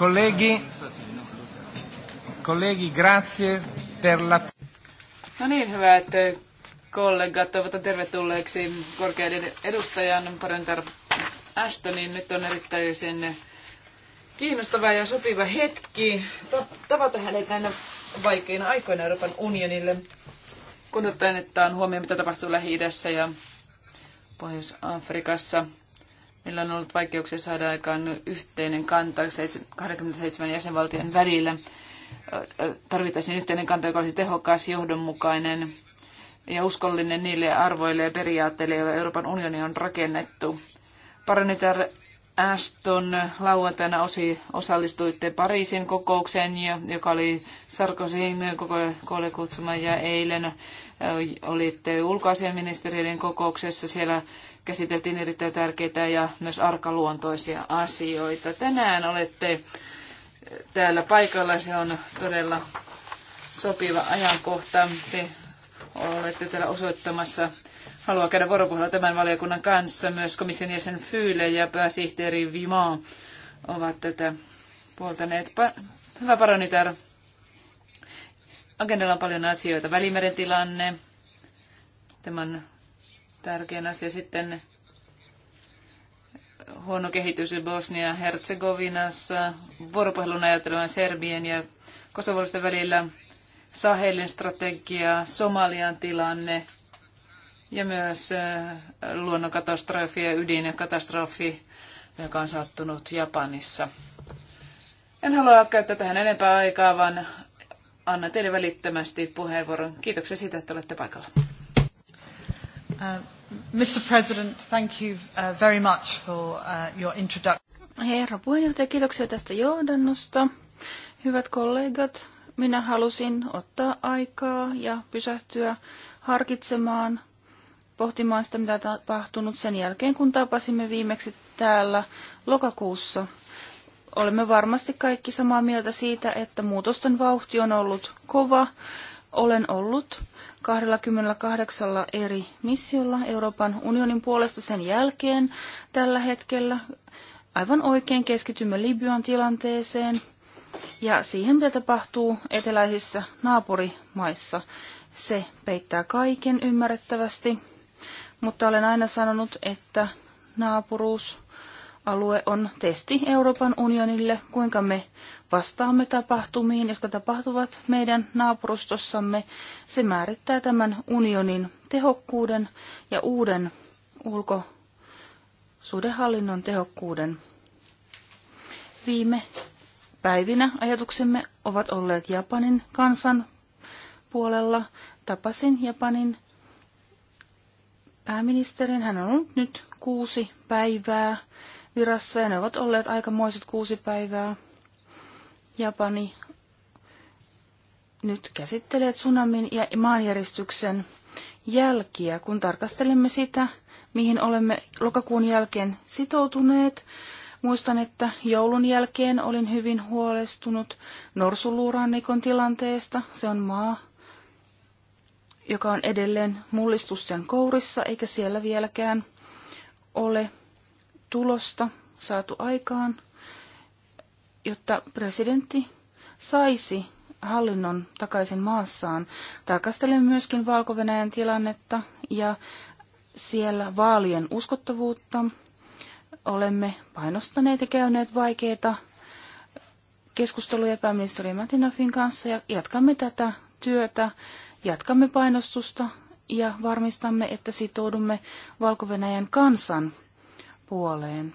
Kollegi, kollegi, grazie per la... No niin, hyvät kollegat, toivotan tervetulleeksi korkeiden edustajan Parentar Ashtonin. Nyt on erittäin kiinnostava ja sopiva hetki tavata hänet näinä vaikeina aikoina Euroopan unionille, kun ottaen, että on huomioon, mitä tapahtuu Lähi-idässä ja Pohjois-Afrikassa. Meillä on ollut vaikeuksia saada aikaan yhteinen kanta 27 jäsenvaltion välillä. Tarvittaisiin yhteinen kanta, joka olisi tehokas, johdonmukainen ja uskollinen niille arvoille ja periaatteille, joilla Euroopan unioni on rakennettu. Parannetaan Ashton lauantaina osi, osallistuitte Pariisin kokoukseen, joka oli Sarkozyn koko kutsuma, ja eilen olitte ulkoasiaministeriöiden kokouksessa. Siellä käsiteltiin erittäin tärkeitä ja myös arkaluontoisia asioita. Tänään olette täällä paikalla, se on todella sopiva ajankohta. Te olette täällä osoittamassa haluaa käydä vuoropuhelua tämän valiokunnan kanssa. Myös komission jäsen Fyyle ja pääsihteeri Vima ovat tätä puoltaneet. Hyvä paronitar. Agendalla on paljon asioita. Välimeren tilanne, tämän tärkein asia sitten huono kehitys Bosnia-Herzegovinassa, vuoropuhelun ajatellaan Serbien ja Kosovolisten välillä, Sahelin strategia, Somalian tilanne ja myös äh, luonnonkatastrofi ja ydinkatastrofi, joka on sattunut Japanissa. En halua käyttää tähän enempää aikaa, vaan annan teille välittömästi puheenvuoron. Kiitoksia siitä, että olette paikalla. Uh, Mr. President, thank you uh, very much for uh, your introduction. Herra puheenjohtaja, kiitoksia tästä johdannosta. Hyvät kollegat, minä halusin ottaa aikaa ja pysähtyä harkitsemaan, pohtimaan sitä, mitä tapahtunut sen jälkeen, kun tapasimme viimeksi täällä lokakuussa. Olemme varmasti kaikki samaa mieltä siitä, että muutosten vauhti on ollut kova. Olen ollut 28 eri missiolla Euroopan unionin puolesta sen jälkeen tällä hetkellä. Aivan oikein keskitymme Libyan tilanteeseen ja siihen, mitä tapahtuu eteläisissä naapurimaissa. Se peittää kaiken ymmärrettävästi, mutta olen aina sanonut, että naapuruusalue on testi Euroopan unionille, kuinka me vastaamme tapahtumiin, jotka tapahtuvat meidän naapurustossamme. Se määrittää tämän unionin tehokkuuden ja uuden ulkosuhdehallinnon tehokkuuden. Viime päivinä ajatuksemme ovat olleet Japanin kansan puolella. Tapasin Japanin pääministerin. Hän on ollut nyt kuusi päivää virassa ja ne ovat olleet aikamoiset kuusi päivää. Japani nyt käsittelee tsunamin ja maanjäristyksen jälkiä, kun tarkastelemme sitä, mihin olemme lokakuun jälkeen sitoutuneet. Muistan, että joulun jälkeen olin hyvin huolestunut norsuluurannikon tilanteesta. Se on maa, joka on edelleen mullistusten kourissa, eikä siellä vieläkään ole tulosta saatu aikaan jotta presidentti saisi hallinnon takaisin maassaan. Tarkastelen myöskin valko tilannetta ja siellä vaalien uskottavuutta. Olemme painostaneet ja käyneet vaikeita keskusteluja pääministeri Matinafin kanssa ja jatkamme tätä työtä, jatkamme painostusta ja varmistamme, että sitoudumme valko kansan puoleen.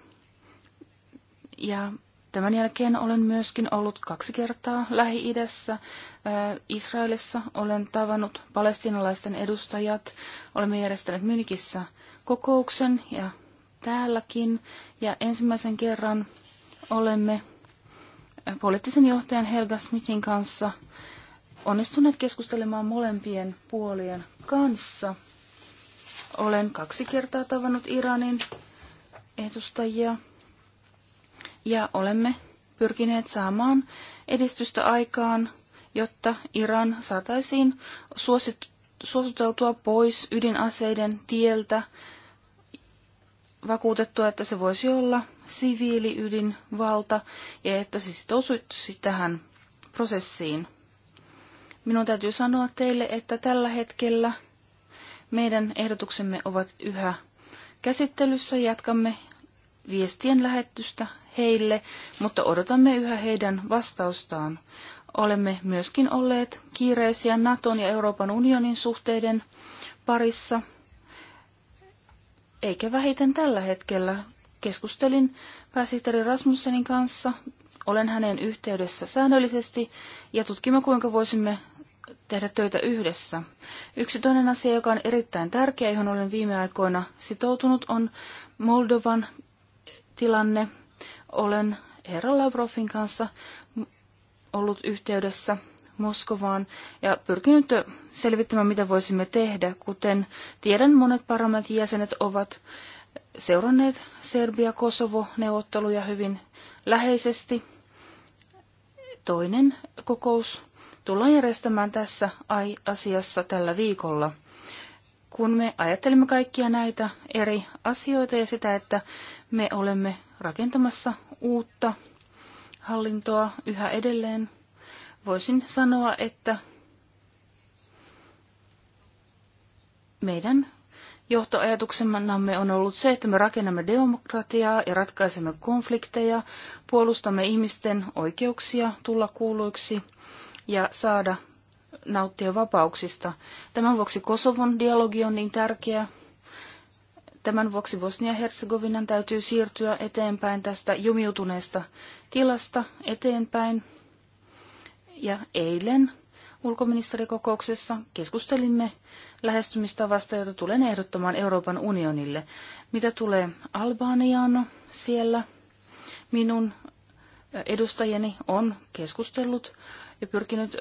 Ja Tämän jälkeen olen myöskin ollut kaksi kertaa Lähi-idässä. Israelissa olen tavannut palestinalaisten edustajat. Olemme järjestäneet Mynikissä kokouksen ja täälläkin. Ja ensimmäisen kerran olemme poliittisen johtajan Helga Smithin kanssa onnistuneet keskustelemaan molempien puolien kanssa. Olen kaksi kertaa tavannut Iranin edustajia ja olemme pyrkineet saamaan edistystä aikaan, jotta Iran saataisiin suosit- suositeltua pois ydinaseiden tieltä, vakuutettua, että se voisi olla siviiliydinvalta ja että se sitoutuisi tähän prosessiin. Minun täytyy sanoa teille, että tällä hetkellä meidän ehdotuksemme ovat yhä käsittelyssä. Jatkamme viestien lähetystä heille, mutta odotamme yhä heidän vastaustaan. Olemme myöskin olleet kiireisiä Naton ja Euroopan unionin suhteiden parissa, eikä vähiten tällä hetkellä. Keskustelin pääsihteeri Rasmussenin kanssa, olen hänen yhteydessä säännöllisesti ja tutkimme kuinka voisimme tehdä töitä yhdessä. Yksi toinen asia, joka on erittäin tärkeä, johon olen viime aikoina sitoutunut, on Moldovan tilanne. Olen herra Lavrovin kanssa ollut yhteydessä Moskovaan ja pyrkinyt selvittämään, mitä voisimme tehdä. Kuten tiedän, monet parlamentin jäsenet ovat seuranneet Serbia-Kosovo-neuvotteluja hyvin läheisesti. Toinen kokous tullaan järjestämään tässä asiassa tällä viikolla kun me ajattelemme kaikkia näitä eri asioita ja sitä, että me olemme rakentamassa uutta hallintoa yhä edelleen, voisin sanoa, että meidän johtoajatuksemme on ollut se, että me rakennamme demokratiaa ja ratkaisemme konflikteja, puolustamme ihmisten oikeuksia tulla kuuluiksi ja saada nauttia vapauksista. Tämän vuoksi Kosovon dialogi on niin tärkeä. Tämän vuoksi Bosnia-Herzegovinan täytyy siirtyä eteenpäin tästä jumiutuneesta tilasta eteenpäin. Ja eilen ulkoministerikokouksessa keskustelimme lähestymistavasta, jota tulen ehdottamaan Euroopan unionille. Mitä tulee Albaniaan siellä, minun edustajani on keskustellut ja pyrkinyt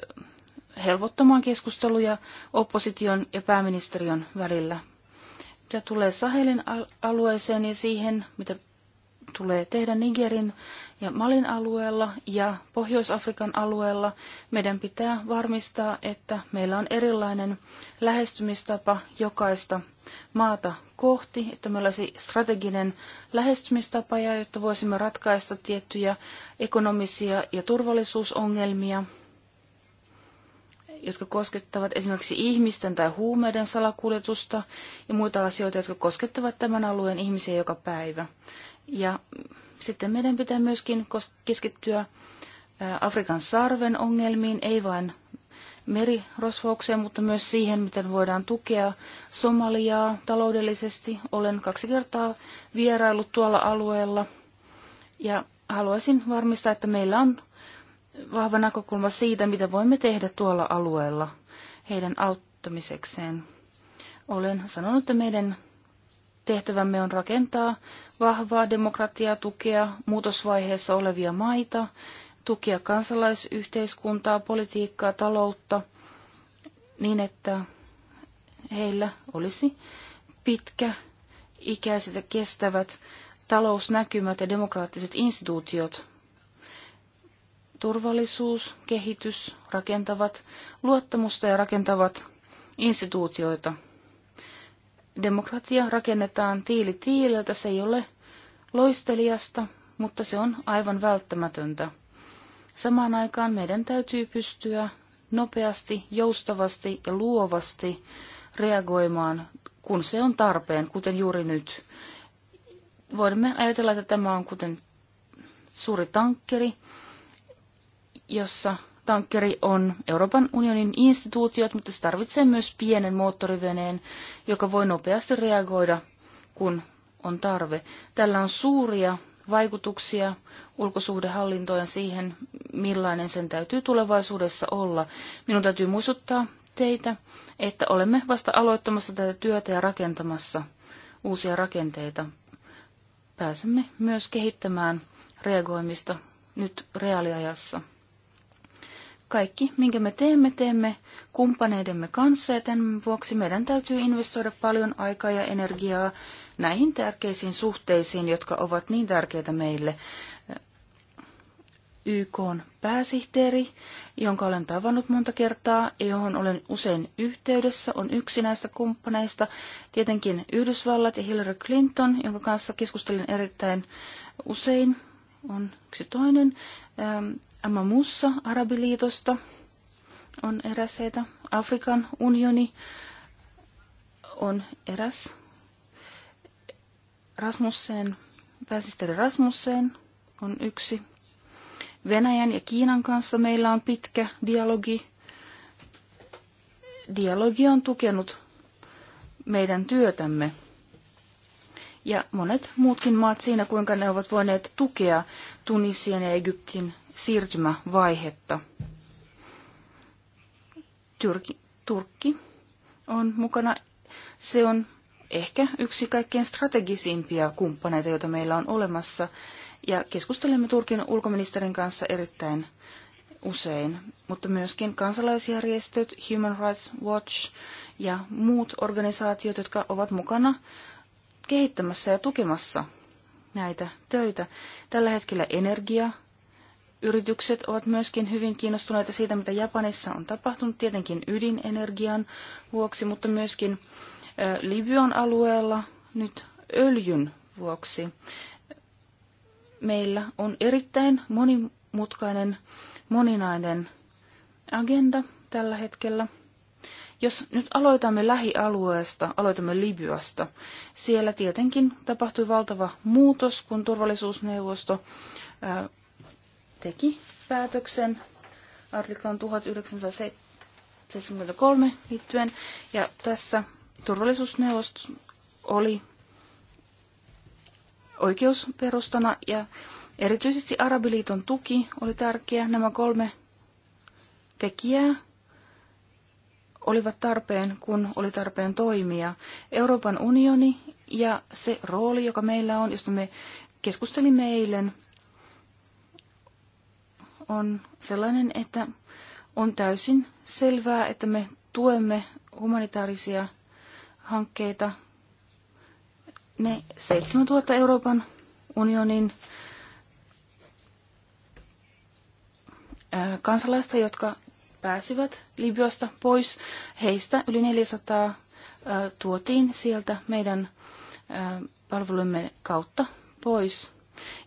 helpottamaan keskusteluja opposition ja pääministeriön välillä. Mitä tulee Sahelin alueeseen ja siihen, mitä tulee tehdä Nigerin ja Malin alueella ja Pohjois-Afrikan alueella, meidän pitää varmistaa, että meillä on erilainen lähestymistapa jokaista maata kohti, että meillä olisi strateginen lähestymistapa, ja jotta voisimme ratkaista tiettyjä ekonomisia ja turvallisuusongelmia – jotka koskettavat esimerkiksi ihmisten tai huumeiden salakuljetusta ja muita asioita, jotka koskettavat tämän alueen ihmisiä joka päivä. Ja sitten meidän pitää myöskin keskittyä Afrikan sarven ongelmiin, ei vain merirosvoukseen, mutta myös siihen, miten voidaan tukea Somaliaa taloudellisesti. Olen kaksi kertaa vieraillut tuolla alueella ja haluaisin varmistaa, että meillä on vahva näkökulma siitä, mitä voimme tehdä tuolla alueella heidän auttamisekseen. Olen sanonut, että meidän tehtävämme on rakentaa vahvaa demokratiaa, tukea muutosvaiheessa olevia maita, tukea kansalaisyhteiskuntaa, politiikkaa, taloutta, niin että heillä olisi pitkä, ikäiset ja kestävät talousnäkymät ja demokraattiset instituutiot turvallisuus, kehitys rakentavat luottamusta ja rakentavat instituutioita. Demokratia rakennetaan tiili tiileltä, se ei ole loistelijasta, mutta se on aivan välttämätöntä. Samaan aikaan meidän täytyy pystyä nopeasti, joustavasti ja luovasti reagoimaan, kun se on tarpeen, kuten juuri nyt. Voimme ajatella, että tämä on kuten suuri tankkeri, jossa tankkeri on Euroopan unionin instituutiot, mutta se tarvitsee myös pienen moottoriveneen, joka voi nopeasti reagoida, kun on tarve. Tällä on suuria vaikutuksia ulkosuhdehallintoon ja siihen, millainen sen täytyy tulevaisuudessa olla. Minun täytyy muistuttaa teitä, että olemme vasta aloittamassa tätä työtä ja rakentamassa uusia rakenteita. Pääsemme myös kehittämään reagoimista nyt reaaliajassa. Kaikki, minkä me teemme, teemme kumppaneidemme kanssa ja tämän vuoksi meidän täytyy investoida paljon aikaa ja energiaa näihin tärkeisiin suhteisiin, jotka ovat niin tärkeitä meille. YK on pääsihteeri, jonka olen tavannut monta kertaa ja johon olen usein yhteydessä, on yksi näistä kumppaneista. Tietenkin Yhdysvallat ja Hillary Clinton, jonka kanssa keskustelin erittäin usein, on yksi toinen. Amamussa Arabiliitosta on eräs heitä. Afrikan unioni on eräs. Rasmussen, pääsisteri Rasmussen on yksi. Venäjän ja Kiinan kanssa meillä on pitkä dialogi. Dialogi on tukenut meidän työtämme ja monet muutkin maat siinä, kuinka ne ovat voineet tukea Tunisian ja Egyptin siirtymävaihetta. Tyrki, Turkki on mukana. Se on ehkä yksi kaikkein strategisimpia kumppaneita, joita meillä on olemassa. Ja keskustelemme Turkin ulkoministerin kanssa erittäin usein, mutta myöskin kansalaisjärjestöt, Human Rights Watch ja muut organisaatiot, jotka ovat mukana kehittämässä ja tukemassa näitä töitä. Tällä hetkellä energia Yritykset ovat myöskin hyvin kiinnostuneita siitä, mitä Japanissa on tapahtunut, tietenkin ydinenergian vuoksi, mutta myöskin Libyan alueella nyt öljyn vuoksi. Meillä on erittäin monimutkainen, moninainen agenda tällä hetkellä. Jos nyt aloitamme lähialueesta, aloitamme Libyasta, siellä tietenkin tapahtui valtava muutos, kun turvallisuusneuvosto ää, teki päätöksen artiklan 1973 liittyen, ja tässä turvallisuusneuvosto oli oikeusperustana ja erityisesti Arabiliiton tuki oli tärkeä. Nämä kolme tekijää olivat tarpeen, kun oli tarpeen toimia. Euroopan unioni ja se rooli, joka meillä on, josta me keskustelimme eilen, on sellainen, että on täysin selvää, että me tuemme humanitaarisia hankkeita. Ne 7000 Euroopan unionin kansalaista, jotka pääsivät Libyasta pois. Heistä yli 400 tuotiin sieltä meidän palvelujemme kautta pois.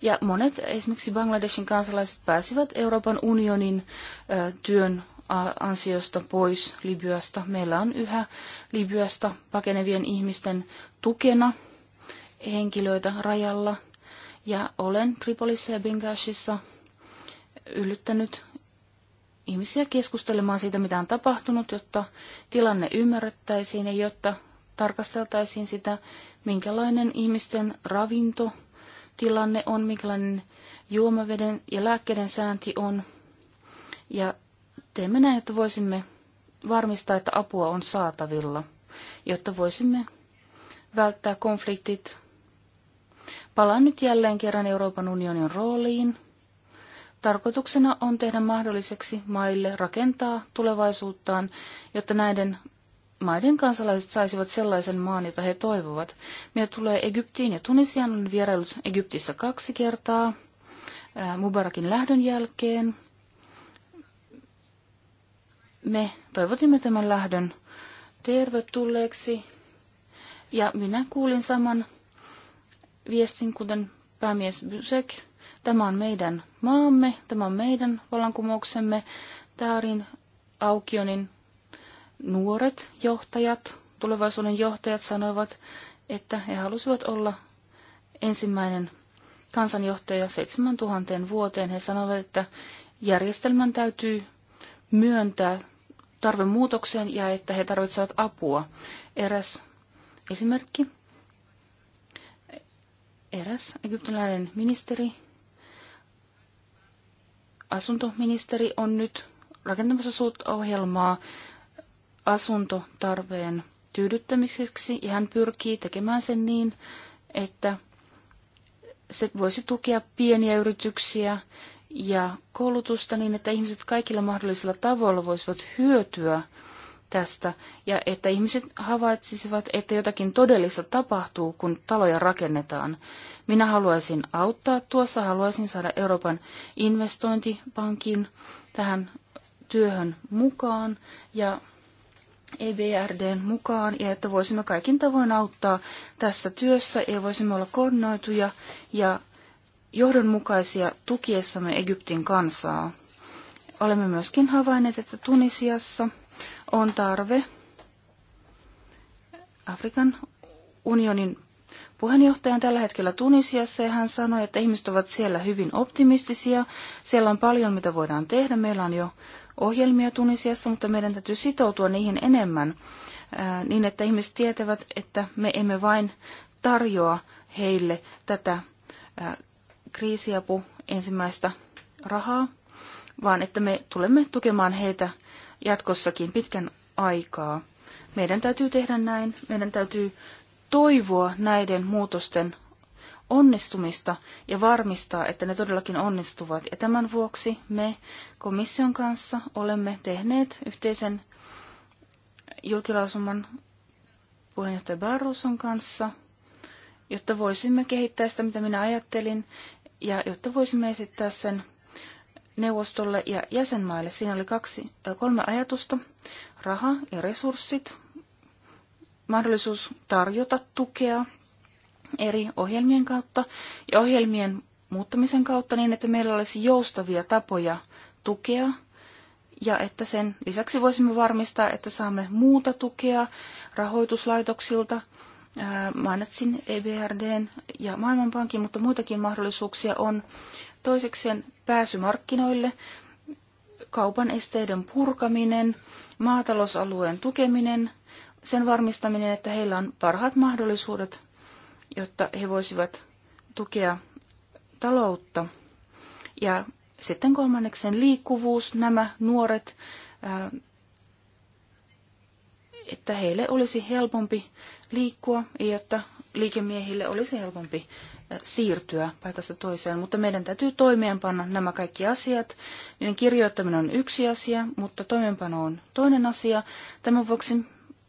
Ja monet, esimerkiksi Bangladeshin kansalaiset, pääsivät Euroopan unionin työn ansiosta pois Libyasta. Meillä on yhä Libyasta pakenevien ihmisten tukena henkilöitä rajalla. Ja olen Tripolissa ja Bengashissa yllyttänyt ihmisiä keskustelemaan siitä, mitä on tapahtunut, jotta tilanne ymmärrettäisiin ja jotta tarkasteltaisiin sitä, minkälainen ihmisten ravintotilanne on, minkälainen juomaveden ja lääkkeiden säänti on. Ja teemme näin, että voisimme varmistaa, että apua on saatavilla, jotta voisimme välttää konfliktit. Palaan nyt jälleen kerran Euroopan unionin rooliin – Tarkoituksena on tehdä mahdolliseksi maille rakentaa tulevaisuuttaan, jotta näiden maiden kansalaiset saisivat sellaisen maan, jota he toivovat. Minä tulee Egyptiin ja Tunisiaan, olen vierailut Egyptissä kaksi kertaa Mubarakin lähdön jälkeen. Me toivotimme tämän lähdön tervetulleeksi ja minä kuulin saman viestin, kuten päämies Bysek Tämä on meidän maamme, tämä on meidän vallankumouksemme. Taarin Aukionin nuoret johtajat, tulevaisuuden johtajat sanoivat, että he halusivat olla ensimmäinen kansanjohtaja 7000 vuoteen. He sanoivat, että järjestelmän täytyy myöntää tarve muutokseen ja että he tarvitsevat apua. Eräs esimerkki. Eräs egyptiläinen ministeri asuntoministeri on nyt rakentamassa suut ohjelmaa asuntotarpeen tyydyttämiseksi ja hän pyrkii tekemään sen niin, että se voisi tukea pieniä yrityksiä ja koulutusta niin, että ihmiset kaikilla mahdollisilla tavoilla voisivat hyötyä tästä ja että ihmiset havaitsisivat, että jotakin todellista tapahtuu, kun taloja rakennetaan. Minä haluaisin auttaa tuossa, haluaisin saada Euroopan investointipankin tähän työhön mukaan ja EBRDn mukaan ja että voisimme kaikin tavoin auttaa tässä työssä ja voisimme olla koordinoituja ja johdonmukaisia tukiessamme Egyptin kansaa. Olemme myöskin havainneet, että Tunisiassa – on tarve Afrikan unionin puheenjohtajan tällä hetkellä Tunisiassa ja hän sanoi, että ihmiset ovat siellä hyvin optimistisia. Siellä on paljon, mitä voidaan tehdä. Meillä on jo ohjelmia Tunisiassa, mutta meidän täytyy sitoutua niihin enemmän niin, että ihmiset tietävät, että me emme vain tarjoa heille tätä kriisiapu ensimmäistä rahaa, vaan että me tulemme tukemaan heitä jatkossakin pitkän aikaa. Meidän täytyy tehdä näin, meidän täytyy toivoa näiden muutosten onnistumista ja varmistaa, että ne todellakin onnistuvat. Ja tämän vuoksi me komission kanssa olemme tehneet yhteisen julkilausuman puheenjohtaja Barroson kanssa, jotta voisimme kehittää sitä, mitä minä ajattelin, ja jotta voisimme esittää sen neuvostolle ja jäsenmaille. Siinä oli kaksi, kolme ajatusta. Raha ja resurssit, mahdollisuus tarjota tukea eri ohjelmien kautta ja ohjelmien muuttamisen kautta niin, että meillä olisi joustavia tapoja tukea ja että sen lisäksi voisimme varmistaa, että saamme muuta tukea rahoituslaitoksilta, mainitsin EBRDn ja Maailmanpankin, mutta muitakin mahdollisuuksia on Toisekseen pääsy markkinoille, kaupan esteiden purkaminen, maatalousalueen tukeminen, sen varmistaminen, että heillä on parhaat mahdollisuudet, jotta he voisivat tukea taloutta. Ja sitten kolmanneksen liikkuvuus, nämä nuoret, äh, että heille olisi helpompi liikkua, jotta liikemiehille olisi helpompi siirtyä paikasta toiseen, mutta meidän täytyy toimeenpanna nämä kaikki asiat. Niiden kirjoittaminen on yksi asia, mutta toimeenpano on toinen asia. Tämän vuoksi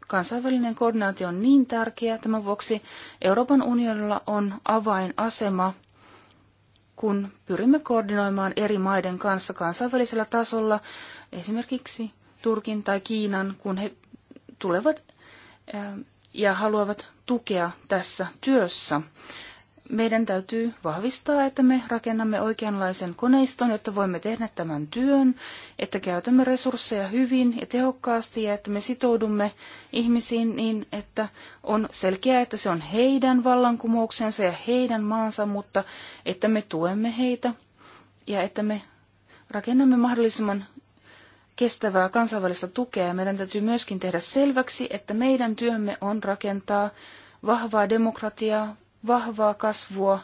kansainvälinen koordinaatio on niin tärkeä. Tämän vuoksi Euroopan unionilla on avainasema, kun pyrimme koordinoimaan eri maiden kanssa kansainvälisellä tasolla, esimerkiksi Turkin tai Kiinan, kun he tulevat ja haluavat tukea tässä työssä meidän täytyy vahvistaa, että me rakennamme oikeanlaisen koneiston, jotta voimme tehdä tämän työn, että käytämme resursseja hyvin ja tehokkaasti ja että me sitoudumme ihmisiin niin, että on selkeää, että se on heidän vallankumouksensa ja heidän maansa, mutta että me tuemme heitä ja että me rakennamme mahdollisimman kestävää kansainvälistä tukea. Meidän täytyy myöskin tehdä selväksi, että meidän työmme on rakentaa vahvaa demokratiaa, vahvaa kasvua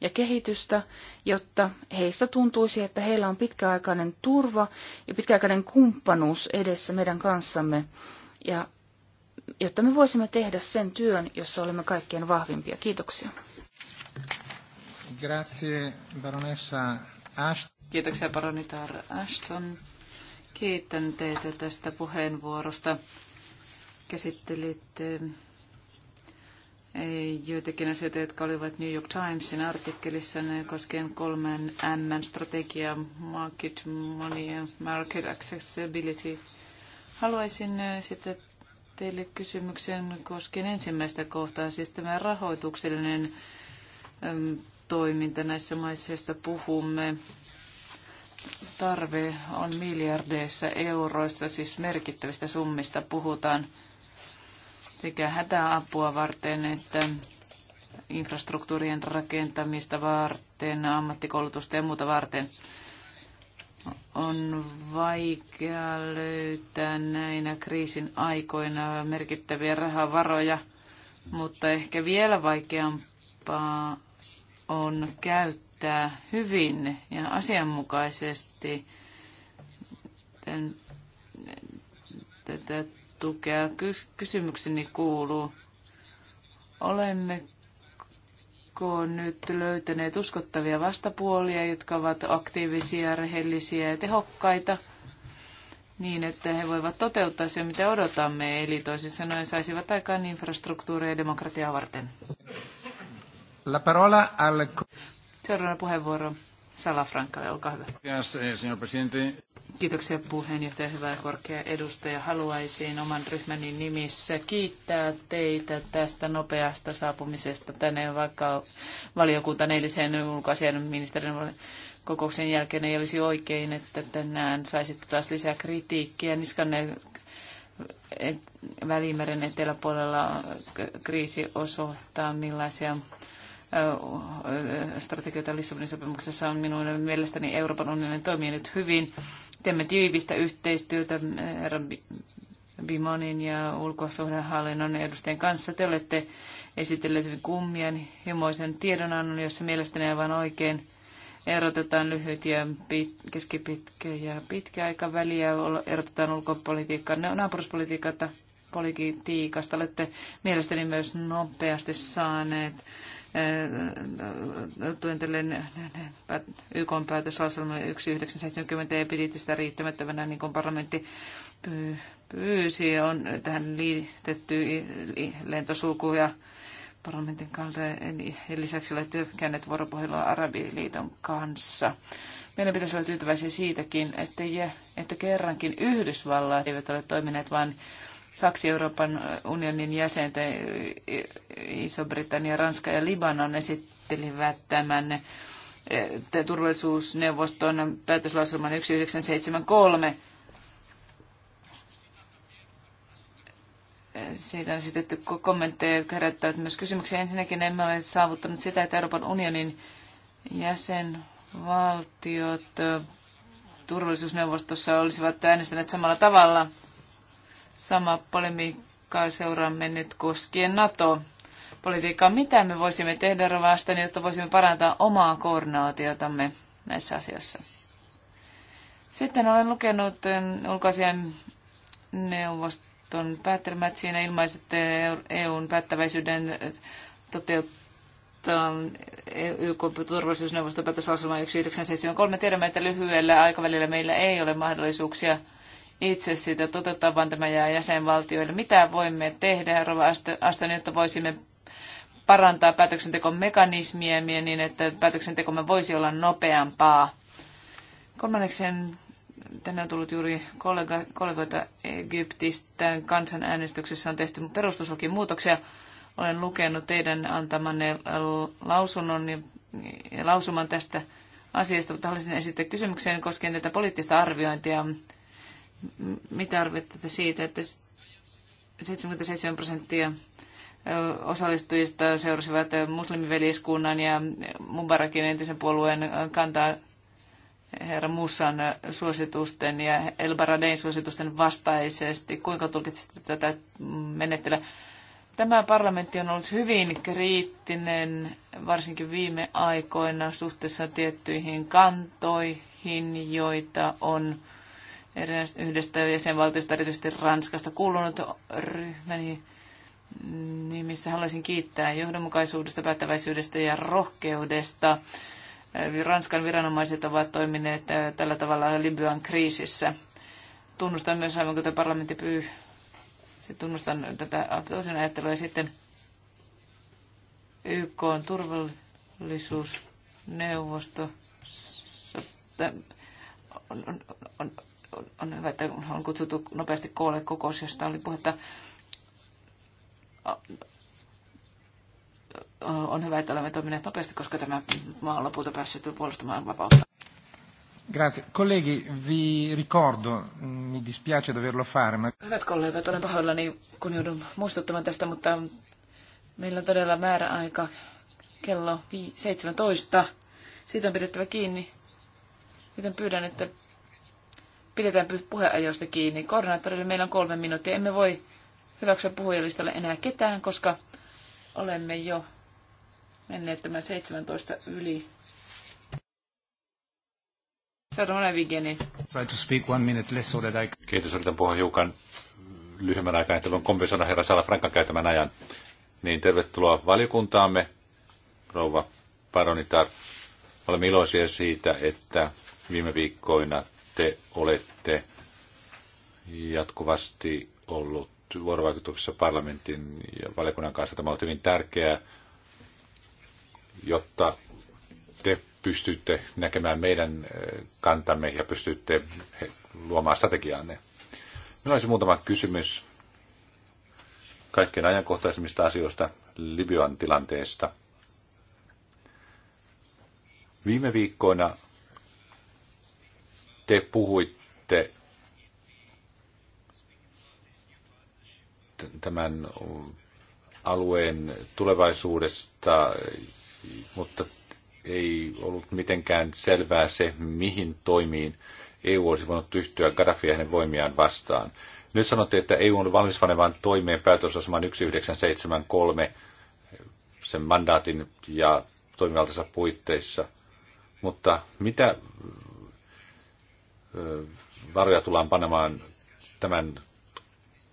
ja kehitystä, jotta heistä tuntuisi, että heillä on pitkäaikainen turva ja pitkäaikainen kumppanuus edessä meidän kanssamme, ja jotta me voisimme tehdä sen työn, jossa olemme kaikkein vahvimpia. Kiitoksia. Grazie, baronessa Ashton. Kiitoksia, baronitar Ashton. Kiitän teitä tästä puheenvuorosta. Käsittelitte joitakin asioita, jotka olivat New York Timesin artikkelissa koskien kolmen M-strategiaa, market money ja market accessibility. Haluaisin äh, sitten teille kysymyksen koskien ensimmäistä kohtaa, siis tämä rahoituksellinen toiminta näissä maissa, joista puhumme. Tarve on miljardeissa euroissa, siis merkittävistä summista puhutaan – sekä hätäapua varten että infrastruktuurien rakentamista varten, ammattikoulutusta ja muuta varten. On vaikea löytää näinä kriisin aikoina merkittäviä rahavaroja, mutta ehkä vielä vaikeampaa on käyttää hyvin ja asianmukaisesti tätä tukea. Kysymykseni kuuluu, olemmeko nyt löytäneet uskottavia vastapuolia, jotka ovat aktiivisia, rehellisiä ja tehokkaita, niin että he voivat toteuttaa se, mitä odotamme, eli toisin sanoen saisivat aikaan infrastruktuuria ja demokratiaa varten. La parola al... Seuraava puheenvuoro Salafrankalle, olkaa hyvä. Gracias, señor presidente. Kiitoksia puheenjohtaja, hyvää korkea edustaja. Haluaisin oman ryhmäni nimissä kiittää teitä tästä nopeasta saapumisesta tänne, vaikka valiokunta eilisen ulkoasian ministerin kokouksen jälkeen ei olisi oikein, että tänään saisitte taas lisää kritiikkiä. Niskanne et, Välimeren eteläpuolella kriisi osoittaa, millaisia strategioita Lissabonin sopimuksessa on minun mielestäni Euroopan unionin toimii nyt hyvin. Teemme tiivistä yhteistyötä mm, herra Bimonin ja ulkosuhdehallinnon edustajien kanssa. Te olette esitelleet hyvin kummian himoisen tiedonannon, jossa mielestäni aivan oikein erotetaan lyhyt ja pit, keskipitkä ja pitkä aikaväli ja erotetaan ulkopolitiikkaa naapuruspolitiikasta. Politiikasta olette mielestäni myös nopeasti saaneet työntelen YK päätöslauselma 1970 ja pidit sitä riittämättömänä, niin kuin parlamentti pyysi. On tähän liitetty lentosulku ja parlamentin kautta. Lisäksi olette käyneet vuoropuhelua Arabiliiton kanssa. Meidän pitäisi olla tyytyväisiä siitäkin, että, että kerrankin Yhdysvallat eivät ole toimineet, vain kaksi Euroopan unionin jäsentä, Iso-Britannia, Ranska ja Libanon, esittelivät tämän eh, turvallisuusneuvoston päätöslauselman 1973. Siitä on esitetty kommentteja, jotka herättävät myös kysymyksiä. Ensinnäkin emme ole saavuttanut sitä, että Euroopan unionin jäsenvaltiot eh, turvallisuusneuvostossa olisivat äänestäneet samalla tavalla – Sama polemiikkaa seuraamme nyt koskien NATO politiikkaa. Mitä me voisimme tehdä rovasta, jotta voisimme parantaa omaa koordinaatiotamme näissä asioissa? Sitten olen lukenut ulkoasian neuvoston päättelmät. Siinä ilmaisette EUn päättäväisyyden toteuttaa YK turvallisuusneuvoston päätöslauselma 1973. Tiedämme, että lyhyellä aikavälillä meillä ei ole mahdollisuuksia – itse sitä toteuttaa, vaan tämä jää jäsenvaltioille. Mitä voimme tehdä, Rova Aston, jotta voisimme parantaa päätöksentekomekanismia niin, että päätöksentekomme voisi olla nopeampaa? Kolmanneksen tänne on tullut juuri kollega, kollegoita Egyptistä. Kansanäänestyksessä on tehty perustuslakimuutoksia. muutoksia. Olen lukenut teidän antamanne lausunnon ja lausuman tästä asiasta, mutta haluaisin esittää kysymyksen koskien tätä poliittista arviointia mitä arvioitte siitä, että 77 prosenttia osallistujista seurasivat muslimiveljeskunnan ja Mubarakin entisen puolueen kantaa herra Mussan suositusten ja El Baradein suositusten vastaisesti. Kuinka tulkitsette tätä menettelyä? Tämä parlamentti on ollut hyvin kriittinen, varsinkin viime aikoina, suhteessa tiettyihin kantoihin, joita on yhdestä jäsenvaltiosta, erityisesti Ranskasta, kuulunut ryhmäni nimissä haluaisin kiittää johdonmukaisuudesta, päättäväisyydestä ja rohkeudesta. Ranskan viranomaiset ovat toimineet tällä tavalla Libyan kriisissä. Tunnustan myös aivan kuten parlamentti pyy. Sitten tunnustan tätä toisen ajattelua ja sitten YK on turvallisuusneuvosto on, on, on, on hyvä, että on kutsuttu nopeasti koolle kokous, josta oli puhetta. On hyvä, että olemme toimineet nopeasti, koska tämä maa on lopulta päässyt puolustamaan vapautta. Grazie. Colleghi, vi ricordo, mm, mi dispiace doverlo fare, ma... Hyvät kollegat, olen pahoillani, kun joudun muistuttamaan tästä, mutta meillä on todella määräaika kello 17. Siitä on pidettävä kiinni, joten pyydän, että Pidetään puheajoista kiinni. Koordinaattorille meillä on kolme minuuttia. Emme voi hyväksyä puhujalistalle enää ketään, koska olemme jo menneet tämän 17 yli. Seuraavana Vigenin. Try to speak one minute less so that I... Kiitos, yritän puhua hiukan lyhyemmän aikaa, että voin kompensoida herra Sala Frankan käytämän ajan. Niin tervetuloa valiokuntaamme, rouva Paronitar. Olemme iloisia siitä, että viime viikkoina te olette jatkuvasti ollut vuorovaikutuksessa parlamentin ja valiokunnan kanssa. Tämä on hyvin tärkeää, jotta te pystytte näkemään meidän eh, kantamme ja pystytte eh, luomaan strategiaanne. Minulla olisi muutama kysymys kaikkein ajankohtaisimmista asioista Libyan tilanteesta. Viime viikkoina te puhuitte tämän alueen tulevaisuudesta, mutta ei ollut mitenkään selvää se, mihin toimiin EU olisi voinut yhtyä ja hänen voimiaan vastaan. Nyt sanotte, että EU on valmis panemaan toimeen päätösosaman 1973 sen mandaatin ja toimivaltaisessa puitteissa. Mutta mitä varoja tullaan panemaan tämän,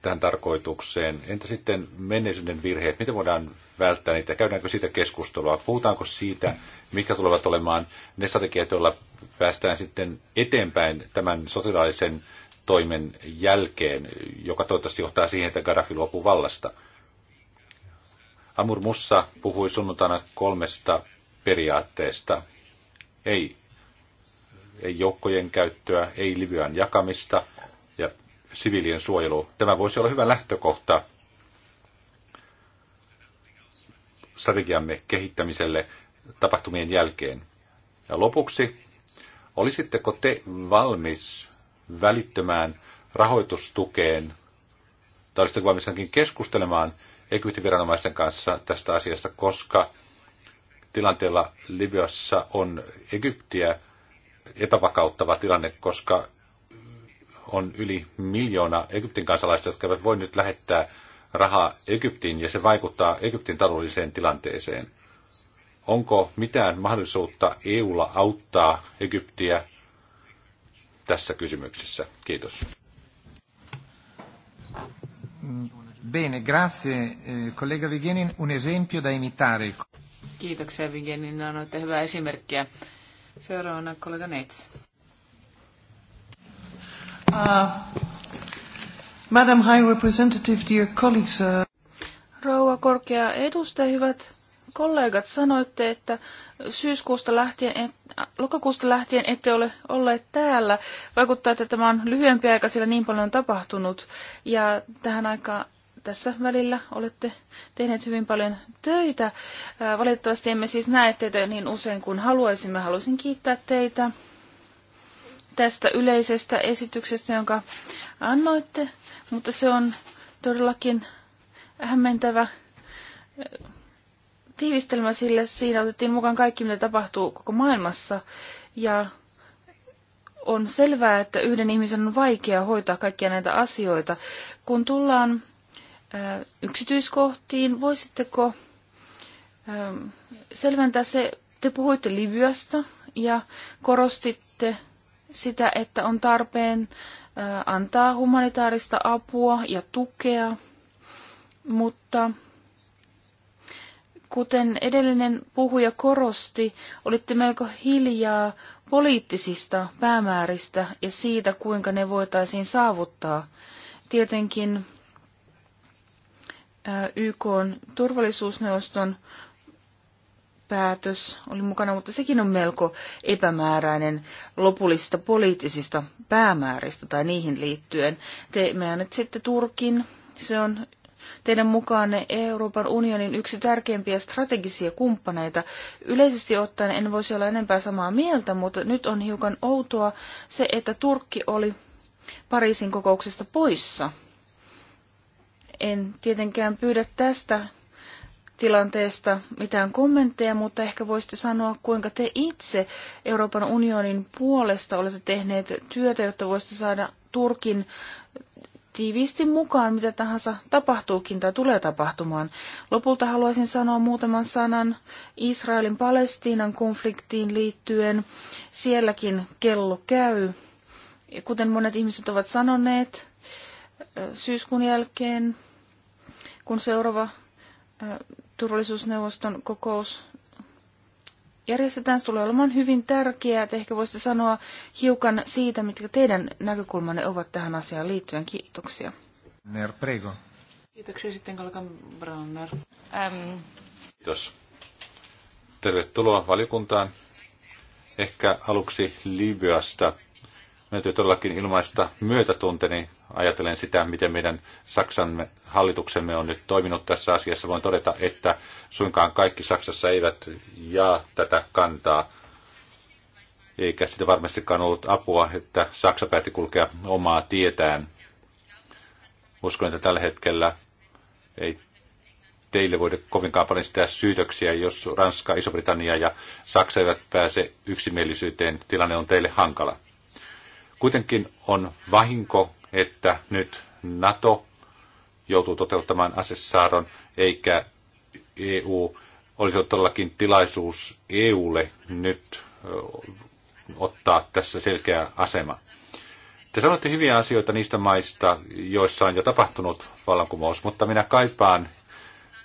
tähän tarkoitukseen. Entä sitten menneisyyden virheet? Miten voidaan välttää niitä? Käydäänkö siitä keskustelua? Puhutaanko siitä, Mikä tulevat olemaan ne strategiat, joilla päästään sitten eteenpäin tämän sotilaallisen toimen jälkeen, joka toivottavasti johtaa siihen, että Gaddafi luopuu vallasta? Amur Mussa puhui sunnuntaina kolmesta periaatteesta. Ei ei joukkojen käyttöä, ei Libyan jakamista ja siviilien suojelu. Tämä voisi olla hyvä lähtökohta strategiamme kehittämiselle tapahtumien jälkeen. Ja lopuksi, olisitteko te valmis välittömään rahoitustukeen, tai olisitteko valmis keskustelemaan Egyptin viranomaisten kanssa tästä asiasta, koska tilanteella Libyassa on Egyptiä epävakauttava tilanne, koska on yli miljoona Egyptin kansalaista, jotka eivät voi nyt lähettää rahaa Egyptiin, ja se vaikuttaa Egyptin taloudelliseen tilanteeseen. Onko mitään mahdollisuutta EUlla auttaa Egyptiä tässä kysymyksessä? Kiitos. Bene, grazie eh, collega Vigenin, un esempio da imitare. Kiitoksia Vigenin, annoitte no, hyvää esimerkkiä Seuraavana kollega Neitz. Uh, Madam High Representative, dear colleagues. Uh... Rouva korkea edustaja, hyvät kollegat, sanoitte, että syyskuusta lähtien, et, lokakuusta lähtien ette ole olleet täällä. Vaikuttaa, että tämä on lyhyempi aika, sillä niin paljon on tapahtunut. Ja tähän aikaan tässä välillä olette tehneet hyvin paljon töitä. Valitettavasti emme siis näe teitä niin usein kuin haluaisimme. Haluaisin kiittää teitä tästä yleisestä esityksestä, jonka annoitte, mutta se on todellakin hämmentävä tiivistelmä, sillä siinä otettiin mukaan kaikki, mitä tapahtuu koko maailmassa. Ja on selvää, että yhden ihmisen on vaikea hoitaa kaikkia näitä asioita. Kun tullaan yksityiskohtiin. Voisitteko selventää se, te puhuitte Libyasta ja korostitte sitä, että on tarpeen antaa humanitaarista apua ja tukea, mutta kuten edellinen puhuja korosti, olitte melko hiljaa poliittisista päämääristä ja siitä, kuinka ne voitaisiin saavuttaa. Tietenkin YK turvallisuusneuvoston päätös oli mukana, mutta sekin on melko epämääräinen lopullisista poliittisista päämääristä tai niihin liittyen. Te sitten Turkin, se on teidän mukaanne Euroopan unionin yksi tärkeimpiä strategisia kumppaneita. Yleisesti ottaen en voisi olla enempää samaa mieltä, mutta nyt on hiukan outoa se, että Turkki oli Pariisin kokouksesta poissa – en tietenkään pyydä tästä tilanteesta mitään kommentteja, mutta ehkä voisitte sanoa, kuinka te itse Euroopan unionin puolesta olette tehneet työtä, jotta voisitte saada Turkin tiiviisti mukaan, mitä tahansa tapahtuukin tai tulee tapahtumaan. Lopulta haluaisin sanoa muutaman sanan Israelin Palestiinan konfliktiin liittyen. Sielläkin kello käy. Kuten monet ihmiset ovat sanoneet, syyskuun jälkeen kun seuraava turvallisuusneuvoston kokous järjestetään, se tulee olemaan hyvin tärkeää. Että ehkä voisitte sanoa hiukan siitä, mitkä teidän näkökulmanne ovat tähän asiaan liittyen. Kiitoksia. Ner, prego. Kiitoksia sitten Kalkan Branner. Ähm. Kiitos. Tervetuloa valiokuntaan. Ehkä aluksi Libyasta. Mä täytyy todellakin ilmaista myötätunteni ajatellen sitä, miten meidän Saksan hallituksemme on nyt toiminut tässä asiassa, voin todeta, että suinkaan kaikki Saksassa eivät jaa tätä kantaa, eikä sitä varmastikaan ollut apua, että Saksa päätti kulkea omaa tietään. Uskon, että tällä hetkellä ei teille voida kovinkaan paljon sitä syytöksiä, jos Ranska, Iso-Britannia ja Saksa eivät pääse yksimielisyyteen. Tilanne on teille hankala. Kuitenkin on vahinko, että nyt NATO joutuu toteuttamaan asessaaron, eikä EU olisi ollut todellakin tilaisuus EUlle nyt ottaa tässä selkeä asema. Te sanotte hyviä asioita niistä maista, joissa on jo tapahtunut vallankumous, mutta minä kaipaan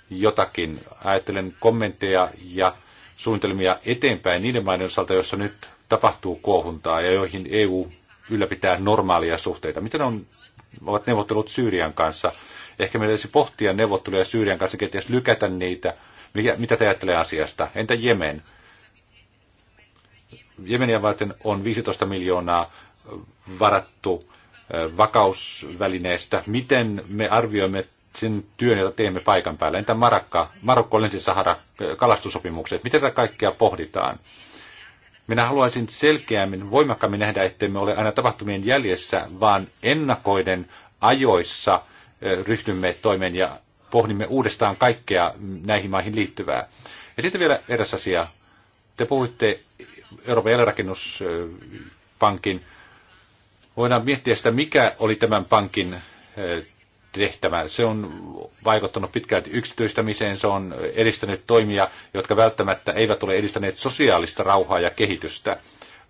jotakin. Ajattelen kommentteja ja suunnitelmia eteenpäin niiden maiden osalta, joissa nyt tapahtuu kohuntaa ja joihin EU ylläpitää normaalia suhteita. Miten on, ovat neuvottelut Syyrian kanssa? Ehkä meidän olisi pohtia neuvotteluja Syyrian kanssa, kenties lykätä niitä. Mikä, mitä te ajattelee asiasta? Entä Jemen? Jemeniä varten on 15 miljoonaa varattu vakausvälineestä. Miten me arvioimme sen työn, jota teemme paikan päällä? Entä Marokko, Länsi-Sahara, kalastusopimukset? Mitä tätä kaikkea pohditaan? Minä haluaisin selkeämmin, voimakkaammin nähdä, ettei me ole aina tapahtumien jäljessä, vaan ennakoiden ajoissa ryhdymme toimeen ja pohdimme uudestaan kaikkea näihin maihin liittyvää. Ja sitten vielä eräs asia. Te puhuitte Euroopan jälleenrakennuspankin. Voidaan miettiä sitä, mikä oli tämän pankin tehtävä. Se on vaikuttanut pitkälti yksityistämiseen, se on edistänyt toimia, jotka välttämättä eivät ole edistäneet sosiaalista rauhaa ja kehitystä.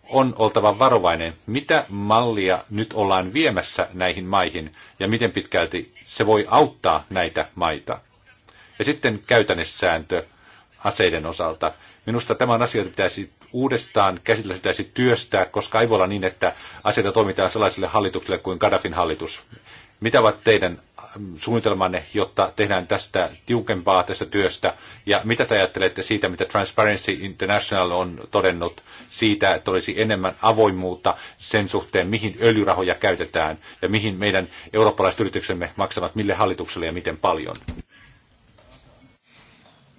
On oltava varovainen, mitä mallia nyt ollaan viemässä näihin maihin ja miten pitkälti se voi auttaa näitä maita. Ja sitten käytännössääntö aseiden osalta. Minusta tämä on asia, pitäisi uudestaan käsitellä, pitäisi työstää, koska ei voi olla niin, että aseita toimitaan sellaisille hallituksille kuin Gaddafin hallitus. Mitä ovat teidän ähm, suunnitelmanne, jotta tehdään tästä tiukempaa tästä työstä? Ja mitä te ajattelette siitä, mitä Transparency International on todennut siitä, että olisi enemmän avoimuutta sen suhteen, mihin öljyrahoja käytetään ja mihin meidän eurooppalaiset yrityksemme maksavat, mille hallitukselle ja miten paljon?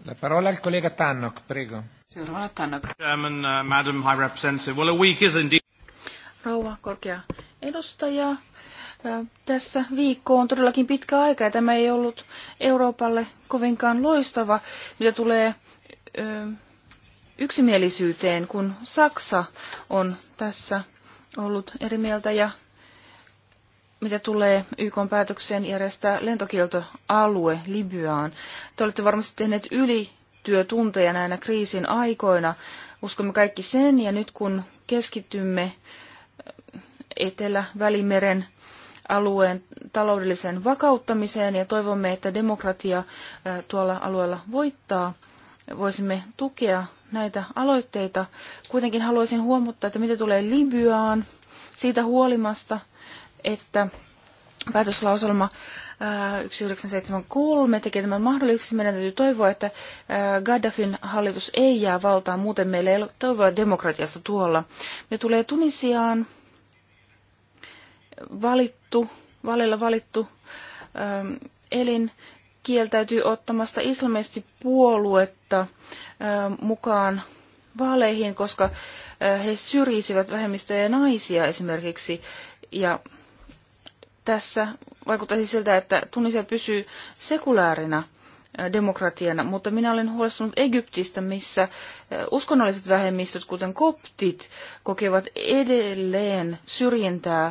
La parola al collega Tannock, prego. Seuraavana Tannock. Chairman, uh, Madam High Representative, well a week is indeed... Rouva korkea edustaja, tässä viikko on todellakin pitkä aika ja tämä ei ollut Euroopalle kovinkaan loistava, mitä tulee yksimielisyyteen, kun Saksa on tässä ollut eri mieltä ja mitä tulee YK päätökseen järjestää lentokieltoalue Libyaan. Te olette varmasti tehneet ylityötunteja näinä kriisin aikoina. Uskomme kaikki sen ja nyt kun keskitymme Etelä-Välimeren alueen taloudelliseen vakauttamiseen ja toivomme, että demokratia tuolla alueella voittaa. Voisimme tukea näitä aloitteita. Kuitenkin haluaisin huomauttaa, että mitä tulee Libyaan, siitä huolimasta, että päätöslauselma 1973 tekee tämän mahdolliseksi. Meidän täytyy toivoa, että Gaddafin hallitus ei jää valtaan, muuten meillä ei ole toivoa demokratiasta tuolla. Me tulee Tunisiaan, valittu, valilla valittu ähm, elin kieltäytyy ottamasta islamistipuoluetta ähm, mukaan vaaleihin, koska äh, he syrjisivät vähemmistöjä ja naisia esimerkiksi. Ja tässä vaikuttaisi siltä, että Tunisia pysyy sekulaarina Äh, demokratiana, mutta minä olen huolestunut Egyptistä, missä äh, uskonnolliset vähemmistöt, kuten koptit, kokevat edelleen syrjintää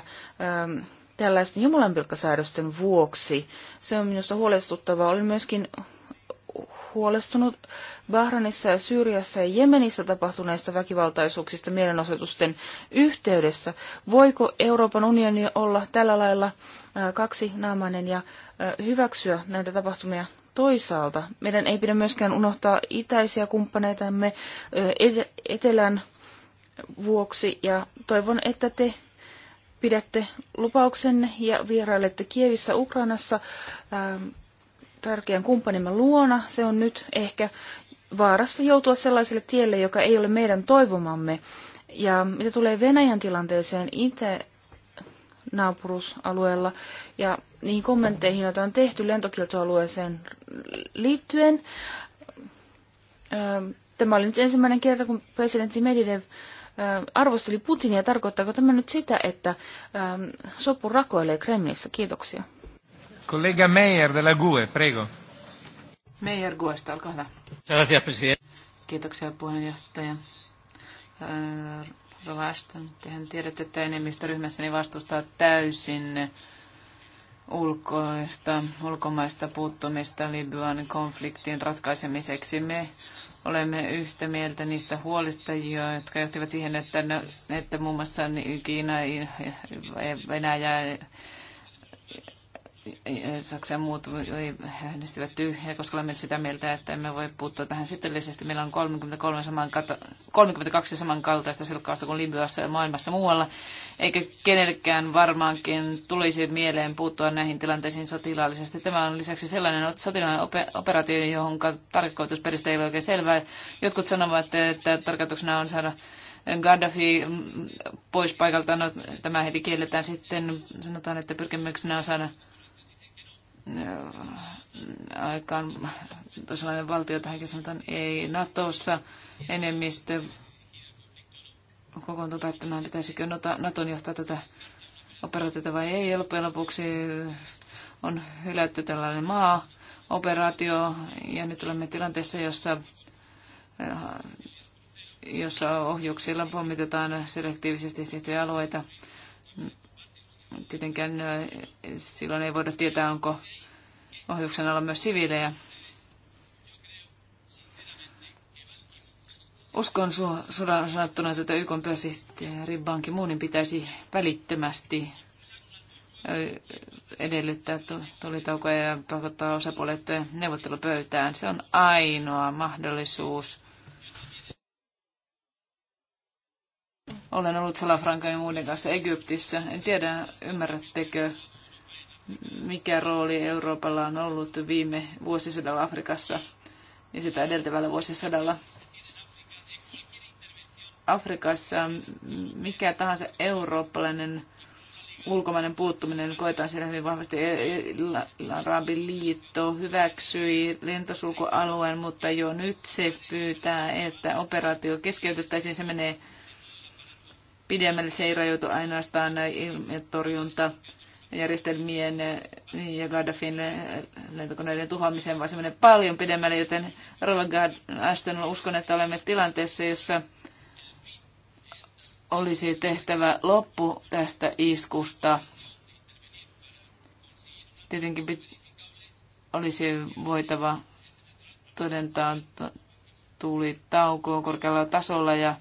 ähm, tällaisten jumalanpilkkasäädösten vuoksi. Se on minusta huolestuttavaa. Olen myöskin huolestunut Bahranissa ja Syyriassa ja Jemenissä tapahtuneista väkivaltaisuuksista mielenosoitusten yhteydessä. Voiko Euroopan unioni olla tällä lailla äh, kaksinaamainen ja hyväksyä näitä tapahtumia Toisaalta meidän ei pidä myöskään unohtaa itäisiä kumppaneitamme etelän vuoksi ja toivon, että te pidätte lupauksenne ja vierailette Kievissä Ukrainassa ähm, tärkeän kumppanimme luona. Se on nyt ehkä vaarassa joutua sellaiselle tielle, joka ei ole meidän toivomamme. Ja mitä tulee Venäjän tilanteeseen itse naapurusalueella ja niihin kommentteihin, joita on tehty lentokieltoalueeseen liittyen. Tämä oli nyt ensimmäinen kerta, kun presidentti Medvedev arvosteli Putinia. Tarkoittaako tämä nyt sitä, että sopu rakoilee Kremlissä? Kiitoksia. Kollega Meijer de la GUE, prego. Meijer GUEsta, olkaa hyvä. Kiitoksia puheenjohtaja. Rovaston, tehän tiedätte, että enemmistö ryhmässäni vastustaa täysin ulkoista, ulkomaista puuttumista Libyan konfliktin ratkaisemiseksi. Me olemme yhtä mieltä niistä huolista, jotka johtivat siihen, että, että muun muassa Kiina, Venäjä Saksan muut äänestivät tyhjää, koska olemme sitä mieltä, että emme voi puuttua tähän sitellisesti. Meillä on 33 saman, 32 samankaltaista selkkausta kuin Libyassa ja maailmassa muualla, eikä kenellekään varmaankin tulisi mieleen puuttua näihin tilanteisiin sotilaallisesti. Tämä on lisäksi sellainen sotilaallinen operaatio, johon tarkoitusperistä ei ole oikein selvää. Jotkut sanovat, että tarkoituksena on saada Gaddafi pois paikalta, no, tämä heti kielletään sitten, sanotaan, että pyrkimyksenä on saada aikaan toisenlainen valtio tähänkin sanotaan ei Natossa enemmistö kokoontuu päättämään, pitäisikö Naton johtaa tätä operaatiota vai ei. Ja loppujen lopuksi on hylätty tällainen maa-operaatio ja nyt olemme tilanteessa, jossa, jossa ohjuksilla pommitetaan selektiivisesti tiettyjä alueita tietenkään silloin ei voida tietää, onko ohjuksen alla myös siviilejä. Uskon suoraan sanottuna, että YK pääsihteeri Ban ki pitäisi välittömästi edellyttää tulitaukoja ja pakottaa osapuolet neuvottelupöytään. Se on ainoa mahdollisuus Olen ollut Salafrankan ja muiden kanssa Egyptissä. En tiedä, ymmärrättekö, mikä rooli Euroopalla on ollut viime vuosisadalla Afrikassa ja sitä edeltävällä vuosisadalla. Afrikassa mikä tahansa eurooppalainen ulkomainen puuttuminen koetaan siellä hyvin vahvasti. E, e, Arabin liitto hyväksyi lentosulkualueen, mutta jo nyt se pyytää, että operaatio keskeytettäisiin. Se menee pidemmälle. Se ei rajoitu ainoastaan torjunta järjestelmien ja Gaddafin lentokoneiden tuhoamiseen, vaan se menee paljon pidemmälle, joten Rova Ashton, uskon, että olemme tilanteessa, jossa olisi tehtävä loppu tästä iskusta. Tietenkin pit- olisi voitava todentaa tuli taukoa korkealla tasolla ja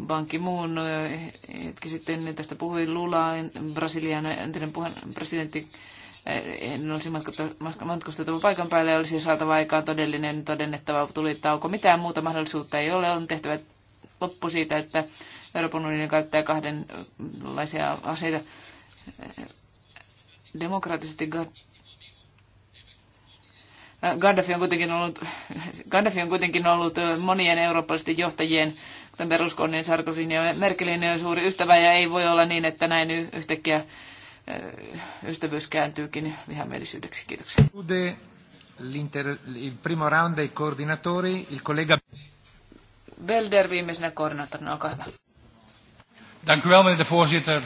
Banki Muun eh, hetki sitten tästä puhui Lula, Brasilian entinen puheen, presidentti, eh, en olisi matkustettava paikan päälle ja olisi saatava aikaa todellinen todennettava tulitauko. Mitään muuta mahdollisuutta ei ole. On tehtävä loppu siitä, että Euroopan unioni käyttää kahdenlaisia aseita. Eh, demokraattisesti Gaddafi on kuitenkin ollut, Gaddafi on kuitenkin ollut monien eurooppalaisten johtajien, kuten Berlusconin, Sarkozyn ja Merkelin suuri ystävä, ja ei voi olla niin, että näin yhtäkkiä ystävyys kääntyykin vihamielisyydeksi. Kiitoksia. Il primo round dei coordinatori, il collega... Belder viimeisenä koordinaattorina, olkaa hyvä. Dank u wel, meneer de voorzitter.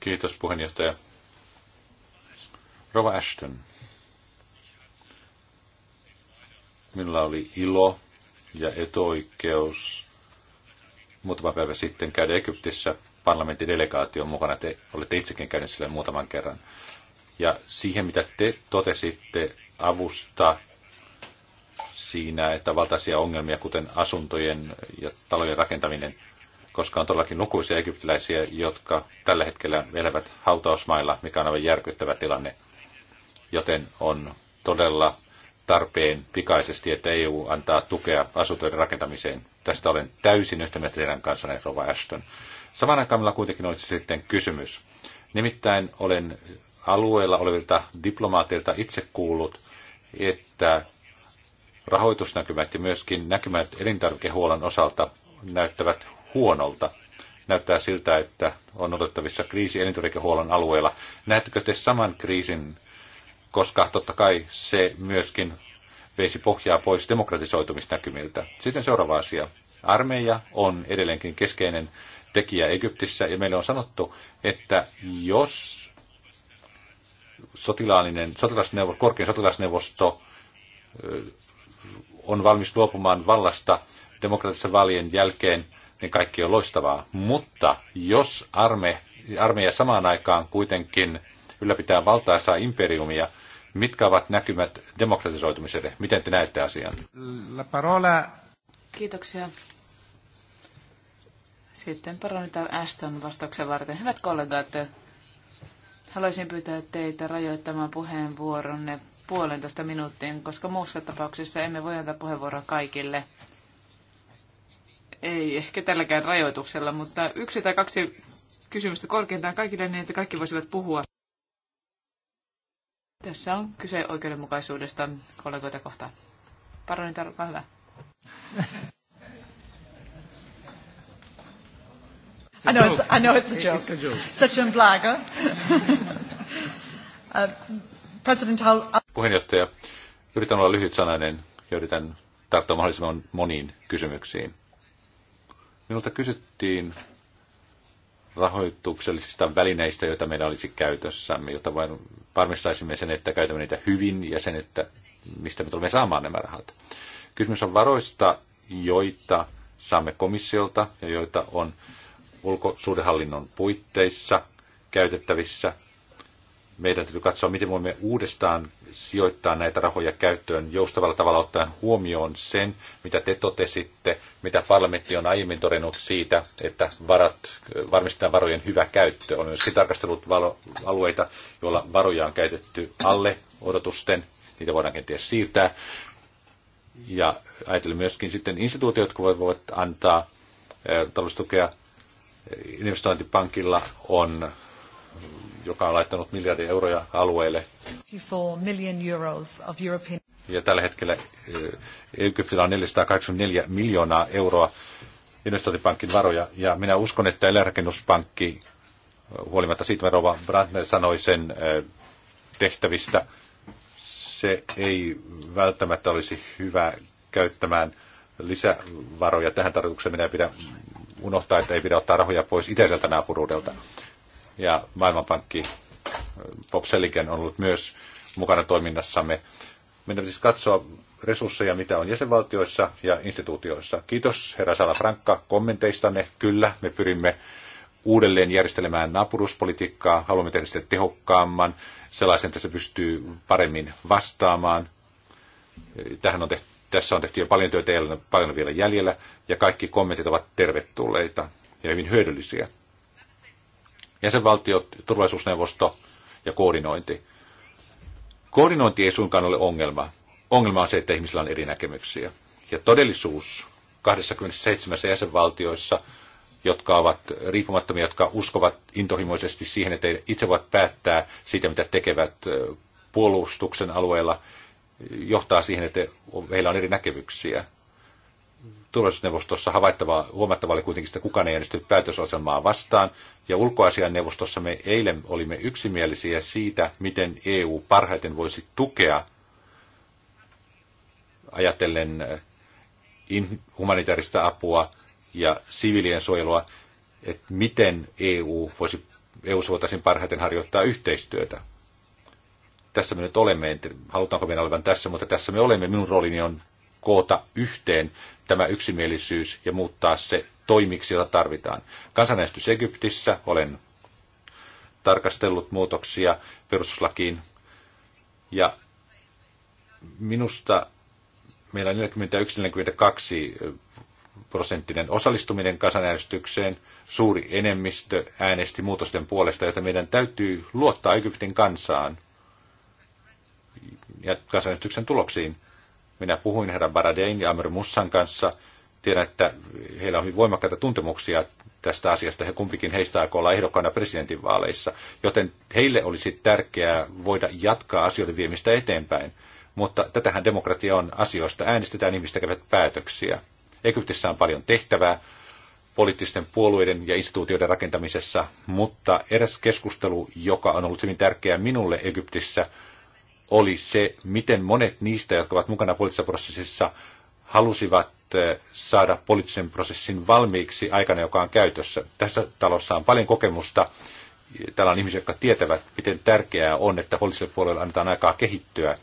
Kiitos puheenjohtaja. Rova Ashton. Minulla oli ilo ja etoikeus, muutama päivä sitten käydä Egyptissä parlamentin delegaation mukana. Te olette itsekin käyneet sille muutaman kerran. Ja siihen, mitä te totesitte avusta siinä, että valtaisia ongelmia, kuten asuntojen ja talojen rakentaminen, koska on todellakin lukuisia egyptiläisiä, jotka tällä hetkellä elävät hautausmailla, mikä on aivan järkyttävä tilanne. Joten on todella tarpeen pikaisesti, että EU antaa tukea asuntojen rakentamiseen. Tästä olen täysin yhtä mieltä teidän kanssanne, Rova Ashton. Saman aikaan minulla kuitenkin olisi sitten kysymys. Nimittäin olen alueella olevilta diplomaatilta itse kuullut, että rahoitusnäkymät ja myöskin näkymät elintarvikehuollon osalta näyttävät huonolta. Näyttää siltä, että on odottavissa kriisi elintarvikehuollon alueella. Näettekö te saman kriisin koska totta kai se myöskin veisi pohjaa pois demokratisoitumisnäkymiltä. Sitten seuraava asia. Armeija on edelleenkin keskeinen tekijä Egyptissä ja meille on sanottu, että jos sotilaallinen, sotilasneuvosto, korkein sotilasneuvosto on valmis luopumaan vallasta demokraattisen vaalien jälkeen, niin kaikki on loistavaa. Mutta jos arme, armeija samaan aikaan kuitenkin ylläpitää valtaisaa imperiumia, Mitkä ovat näkymät demokratisoitumiselle? Miten te näette asian? La parola. Kiitoksia. Sitten parannetaan Aston vastauksen varten. Hyvät kollegat, haluaisin pyytää teitä rajoittamaan puheenvuoronne puolentoista minuuttiin, koska muussa tapauksessa emme voi antaa puheenvuoroa kaikille. Ei ehkä tälläkään rajoituksella, mutta yksi tai kaksi kysymystä korkeintaan kaikille niin, että kaikki voisivat puhua. Tässä on kyse oikeudenmukaisuudesta kollegoita kohtaan. Paroni, olkaa hyvä. I know, it's, I know it's a joke. It's a joke. Such a blagger. uh, President, Hall. Puheenjohtaja, yritän olla lyhyt sanainen ja yritän tarttua mahdollisimman moniin kysymyksiin. Minulta kysyttiin rahoituksellisista välineistä, joita meillä olisi käytössämme, jotta vain varmistaisimme sen, että käytämme niitä hyvin ja sen, että mistä me tulemme saamaan nämä rahat. Kysymys on varoista, joita saamme komissiolta ja joita on ulkosuhdehallinnon puitteissa käytettävissä meidän täytyy katsoa, miten voimme uudestaan sijoittaa näitä rahoja käyttöön joustavalla tavalla ottaen huomioon sen, mitä te totesitte, mitä parlamentti on aiemmin todennut siitä, että varat, varmistetaan varojen hyvä käyttö. On myöskin tarkastellut valo, alueita, joilla varoja on käytetty alle odotusten, niitä voidaan kenties siirtää. Ja ajatellen myöskin sitten instituutiot, jotka voivat antaa taloustukea investointipankilla on joka on laittanut miljardin euroja alueelle. Ja tällä hetkellä eh, Egyptillä on 484 miljoonaa euroa investointipankin varoja. Ja minä uskon, että eläinrakennuspankki, huolimatta siitä, mitä Brandner sanoi sen eh, tehtävistä, se ei välttämättä olisi hyvä käyttämään lisävaroja tähän tarkoitukseen. Minä pidän unohtaa, että ei pidä ottaa rahoja pois itäiseltä naapuruudelta ja Maailmanpankki äh, Bob Seligen on ollut myös mukana toiminnassamme. Meidän pitäisi katsoa resursseja, mitä on jäsenvaltioissa ja instituutioissa. Kiitos herra Frankka kommenteistanne. Kyllä, me pyrimme uudelleen järjestelemään naapuruspolitiikkaa, haluamme tehdä sitä tehokkaamman, sellaisen, että se pystyy paremmin vastaamaan. Tähän on tehty, tässä on tehty jo paljon työtä, ja paljon vielä jäljellä, ja kaikki kommentit ovat tervetulleita ja hyvin hyödyllisiä jäsenvaltiot, turvallisuusneuvosto ja koordinointi. Koordinointi ei suinkaan ole ongelma. Ongelma on se, että ihmisillä on eri näkemyksiä. Ja todellisuus 27 jäsenvaltioissa, jotka ovat riippumattomia, jotka uskovat intohimoisesti siihen, että itse voivat päättää siitä, mitä tekevät puolustuksen alueella, johtaa siihen, että heillä on eri näkemyksiä turvallisuusneuvostossa havaittavaa, huomattavaa oli kuitenkin, että kukaan ei äänestynyt päätösosamaa vastaan. Ja ulkoasianneuvostossa me eilen olimme yksimielisiä siitä, miten EU parhaiten voisi tukea ajatellen eh, humanitaarista apua ja siviilien suojelua, että miten EU voisi, EU voitaisiin parhaiten harjoittaa yhteistyötä. Tässä me nyt olemme, en, halutaanko meidän olevan tässä, mutta tässä me olemme. Minun roolini on koota yhteen tämä yksimielisyys ja muuttaa se toimiksi, jota tarvitaan. Kansanäänestys Egyptissä, olen tarkastellut muutoksia perustuslakiin ja minusta meillä on 41-42 prosenttinen osallistuminen kansanäänestykseen. Suuri enemmistö äänesti muutosten puolesta, jota meidän täytyy luottaa Egyptin kansaan ja kansanäänestyksen tuloksiin. Minä puhuin herran Baradein ja Amr Mussan kanssa. Tiedän, että heillä on hyvin voimakkaita tuntemuksia tästä asiasta. He kumpikin heistä aikoo olla ehdokkaana presidentinvaaleissa, joten heille olisi tärkeää voida jatkaa asioiden viemistä eteenpäin. Mutta tätähän demokratia on asioista. Äänestetään ihmistä tekevät päätöksiä. Egyptissä on paljon tehtävää poliittisten puolueiden ja instituutioiden rakentamisessa, mutta eräs keskustelu, joka on ollut hyvin tärkeä minulle Egyptissä, oli se, miten monet niistä, jotka ovat mukana poliittisessa prosessissa, halusivat eh, saada poliittisen prosessin valmiiksi aikana, joka on käytössä. Tässä talossa on paljon kokemusta. Täällä on ihmisiä, jotka tietävät, miten tärkeää on, että poliittiselle puolelle annetaan aikaa kehittyä.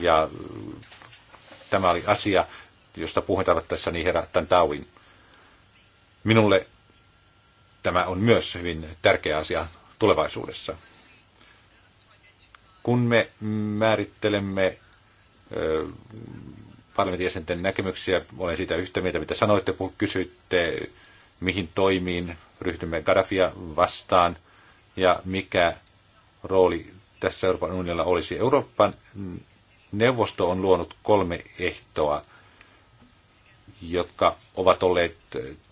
Ja mm, tämä oli asia, josta puhuin tässä niin herra tauin. Minulle tämä on myös hyvin tärkeä asia tulevaisuudessa. Kun me määrittelemme parlamentin jäsenten näkemyksiä, olen siitä yhtä mieltä, mitä sanoitte, kun kysyitte, mihin toimiin ryhdymme Gaddafia vastaan ja mikä rooli tässä Euroopan unionilla olisi. Euroopan neuvosto on luonut kolme ehtoa, jotka ovat olleet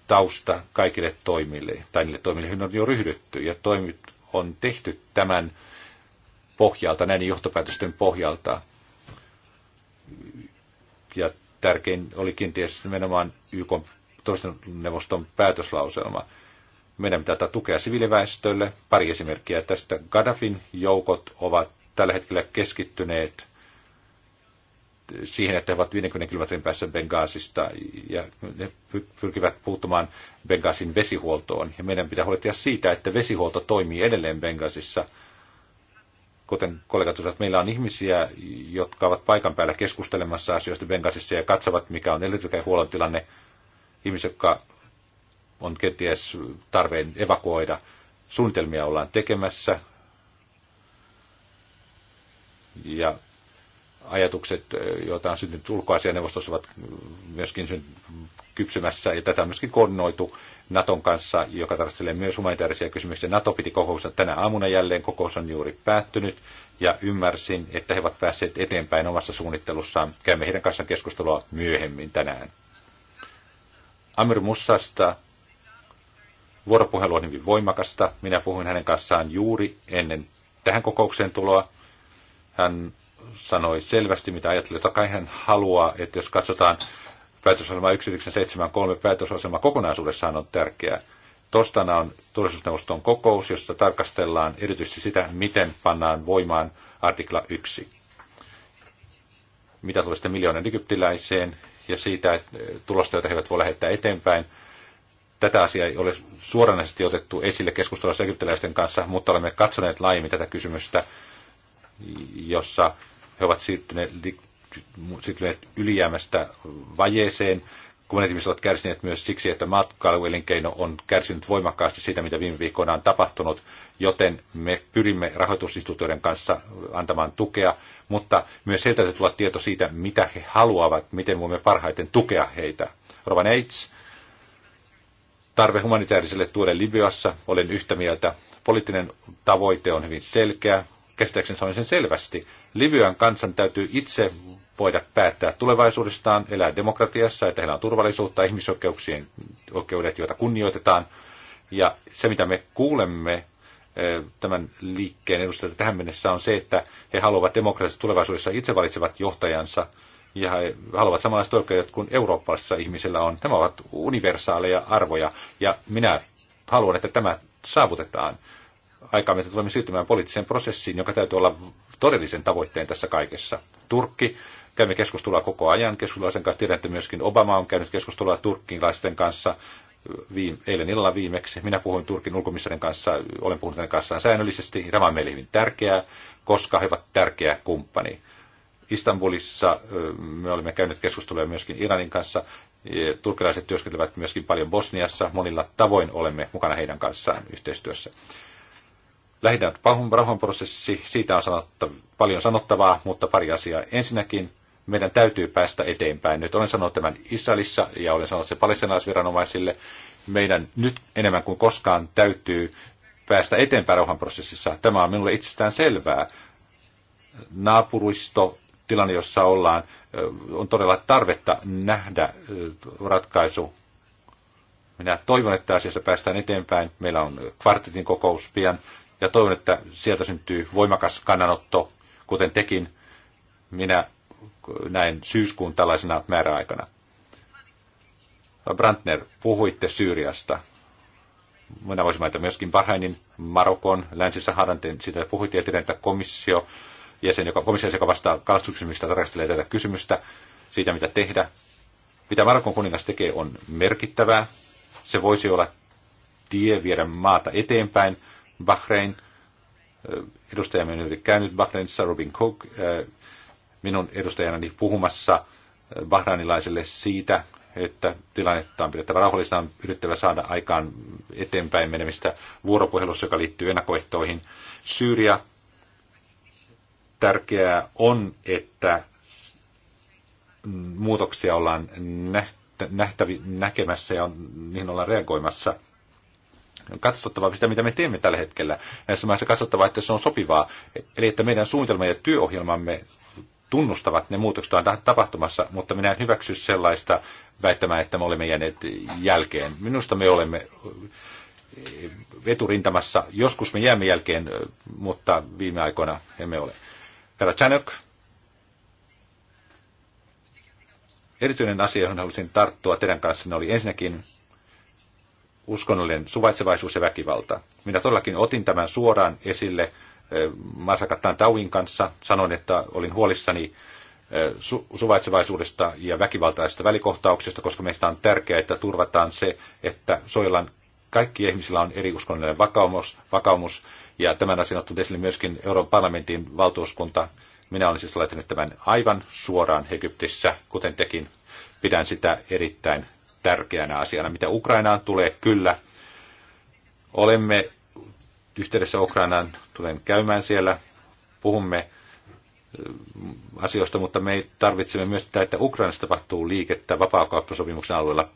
tausta kaikille toimille, tai niille toimille, joihin on jo ryhdytty, ja toimit on tehty tämän pohjalta, näiden johtopäätösten pohjalta. Ja tärkein oli kenties nimenomaan YK toisten neuvoston päätöslauselma. Meidän pitää tätä tukea siviiliväestölle. Pari esimerkkiä tästä. Gaddafin joukot ovat tällä hetkellä keskittyneet siihen, että he ovat 50 kilometrin päässä Bengaasista ja ne pyrkivät puuttumaan Bengaasin vesihuoltoon. Ja meidän pitää huolehtia siitä, että vesihuolto toimii edelleen Bengaasissa – kuten kollegat osaavat, meillä on ihmisiä, jotka ovat paikan päällä keskustelemassa asioista Bengasissa ja katsovat, mikä on elintarvikehuollon tilanne. Ihmiset, jotka on kenties tarveen evakuoida. Suunnitelmia ollaan tekemässä. Ja ajatukset, joita on syntynyt ulkoasianneuvostossa, ovat myöskin kypsymässä. Ja tätä on myöskin koordinoitu Naton kanssa, joka tarkastelee myös humanitaarisia kysymyksiä. Nato piti kokousta tänä aamuna jälleen, kokous on juuri päättynyt, ja ymmärsin, että he ovat päässeet eteenpäin omassa suunnittelussaan. Käymme heidän kanssaan keskustelua myöhemmin tänään. Amir Mussasta vuoropuhelu on hyvin voimakasta. Minä puhuin hänen kanssaan juuri ennen tähän kokoukseen tuloa. Hän sanoi selvästi, mitä ajattelee. Totta kai hän haluaa, että jos katsotaan Päätösasema 1973 päätösasema kokonaisuudessaan on tärkeä. Torstaina on turvallisuusneuvoston kokous, jossa tarkastellaan erityisesti sitä, miten pannaan voimaan artikla 1. Mitä tulee sitten miljoonan egyptiläiseen ja siitä että eh, tulosta, jota he eivät voi lähettää eteenpäin. Tätä asiaa ei ole suoranaisesti otettu esille keskustelussa egyptiläisten kanssa, mutta olemme katsoneet laajemmin tätä kysymystä, jossa he ovat siirtyneet siirtyneet ylijäämästä vajeeseen. Monet ihmiset ovat kärsineet myös siksi, että matkailuelinkeino on kärsinyt voimakkaasti siitä, mitä viime viikkoina on tapahtunut, joten me pyrimme rahoitusinstituutioiden kanssa antamaan tukea, mutta myös heiltä täytyy tulla tieto siitä, mitä he haluavat, miten voimme parhaiten tukea heitä. Rovan Eitz, tarve humanitaariselle tuelle Libyassa, olen yhtä mieltä. Poliittinen tavoite on hyvin selkeä, käsittääkseni sanoin sen selvästi. Libyan kansan täytyy itse voida päättää tulevaisuudestaan, elää demokratiassa, että heillä on turvallisuutta, ihmisoikeuksien oikeudet, joita kunnioitetaan. Ja se, mitä me kuulemme eh, tämän liikkeen edustajilta tähän mennessä on se, että he haluavat demokratiassa tulevaisuudessa itse valitsevat johtajansa ja he haluavat samanlaiset oikeudet kuin Euroopassa ihmisillä on. Nämä ovat universaaleja arvoja ja minä haluan, että tämä saavutetaan. Aikaa me tulemme siirtymään poliittiseen prosessiin, joka täytyy olla todellisen tavoitteen tässä kaikessa. Turkki Käymme keskustelua koko ajan keskustelaisen kanssa. Tiedän, että myöskin Obama on käynyt keskustelua turkkilaisten kanssa viime, eilen illalla viimeksi. Minä puhuin Turkin ulkoministerin kanssa, olen puhunut hänen kanssaan säännöllisesti. Tämä on meille hyvin tärkeää, koska he ovat tärkeä kumppani. Istanbulissa me olemme käyneet keskustelua myöskin Iranin kanssa. E, turkilaiset työskentelevät myöskin paljon Bosniassa. Monilla tavoin olemme mukana heidän kanssaan yhteistyössä. Lähinnä rauhanprosessi, siitä on sanottava, paljon sanottavaa, mutta pari asiaa. Ensinnäkin meidän täytyy päästä eteenpäin. Nyt olen sanonut tämän Israelissa ja olen sanonut se palestinaisviranomaisille. Meidän nyt enemmän kuin koskaan täytyy päästä eteenpäin rauhanprosessissa. Tämä on minulle itsestään selvää. Naapuristo, tilanne, jossa ollaan, on todella tarvetta nähdä ratkaisu. Minä toivon, että asiassa päästään eteenpäin. Meillä on kvartetin kokous pian ja toivon, että sieltä syntyy voimakas kannanotto, kuten tekin. Minä näin syyskuun tällaisena määräaikana. Brantner puhuitte Syyriasta. Minä voisin mainita myöskin Bahrainin, Marokon, Länsi-Saharan, siitä puhuitte, ja että komissio, jäsen, joka, komissio, joka vastaa kalastuksesta, tarkastelee tätä kysymystä siitä, mitä tehdä. Mitä Marokon kuningas tekee, on merkittävää. Se voisi olla tie viedä maata eteenpäin. Bahrein, eh, edustajamme on käynyt Bahreinissa, Robin Cook, eh, minun edustajanani puhumassa eh, bahrainilaisille siitä, että tilannetta on pidettävä rauhallista, on yrittävä saada aikaan eteenpäin menemistä vuoropuhelussa, joka liittyy ennakoehtoihin. Syyria tärkeää on, että muutoksia ollaan nähtävi, näkemässä ja on, niihin ollaan reagoimassa. On katsottava sitä, mitä me teemme tällä hetkellä. Näissä maissa katsottava, että se on sopivaa. Eli että meidän suunnitelma ja työohjelmamme tunnustavat ne muutokset, joita on tapahtumassa, mutta minä en hyväksy sellaista väittämään, että me olemme jääneet jälkeen. Minusta me olemme veturintamassa. Eh, Joskus me jäämme jälkeen, eh, mutta viime aikoina emme ole. Herra Chanuk, erityinen asia, johon halusin tarttua teidän kanssa, oli ensinnäkin uskonnollinen suvaitsevaisuus ja väkivalta. Minä todellakin otin tämän suoraan esille – Marsakattaan Tauin kanssa. Sanoin, että olin huolissani su- suvaitsevaisuudesta ja väkivaltaisesta välikohtauksesta, koska meistä on tärkeää, että turvataan se, että Soilan kaikki ihmisillä on eri uskonnollinen vakaumus, vakaumus ja tämän asian ottanut esille myöskin Euroopan parlamentin valtuuskunta. Minä olen siis laittanut tämän aivan suoraan Egyptissä, kuten tekin. Pidän sitä erittäin tärkeänä asiana. Mitä Ukrainaan tulee, kyllä. Olemme yhteydessä Ukrainaan, tulen käymään siellä, puhumme asioista, mutta me tarvitsemme myös sitä, että Ukrainassa tapahtuu liikettä vapaakauppasopimuksen alueella.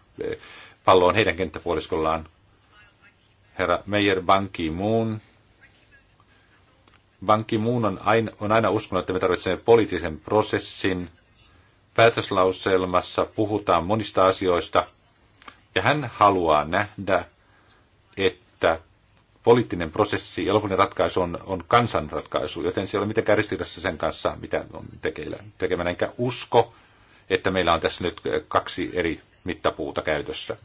Pallo on heidän kenttäpuoliskollaan. Herra Meyer Ban Ki-moon. Ban Ki-moon on aina, on aina uskonut, että me tarvitsemme poliittisen prosessin. Päätöslauselmassa puhutaan monista asioista, ja hän haluaa nähdä, että poliittinen prosessi ja lopullinen ratkaisu on, on kansanratkaisu, joten se ei ole mitenkään ristiriidassa sen kanssa, mitä on tekeillä, tekemään. Enkä usko, että meillä on tässä nyt kaksi eri mittapuuta käytössä.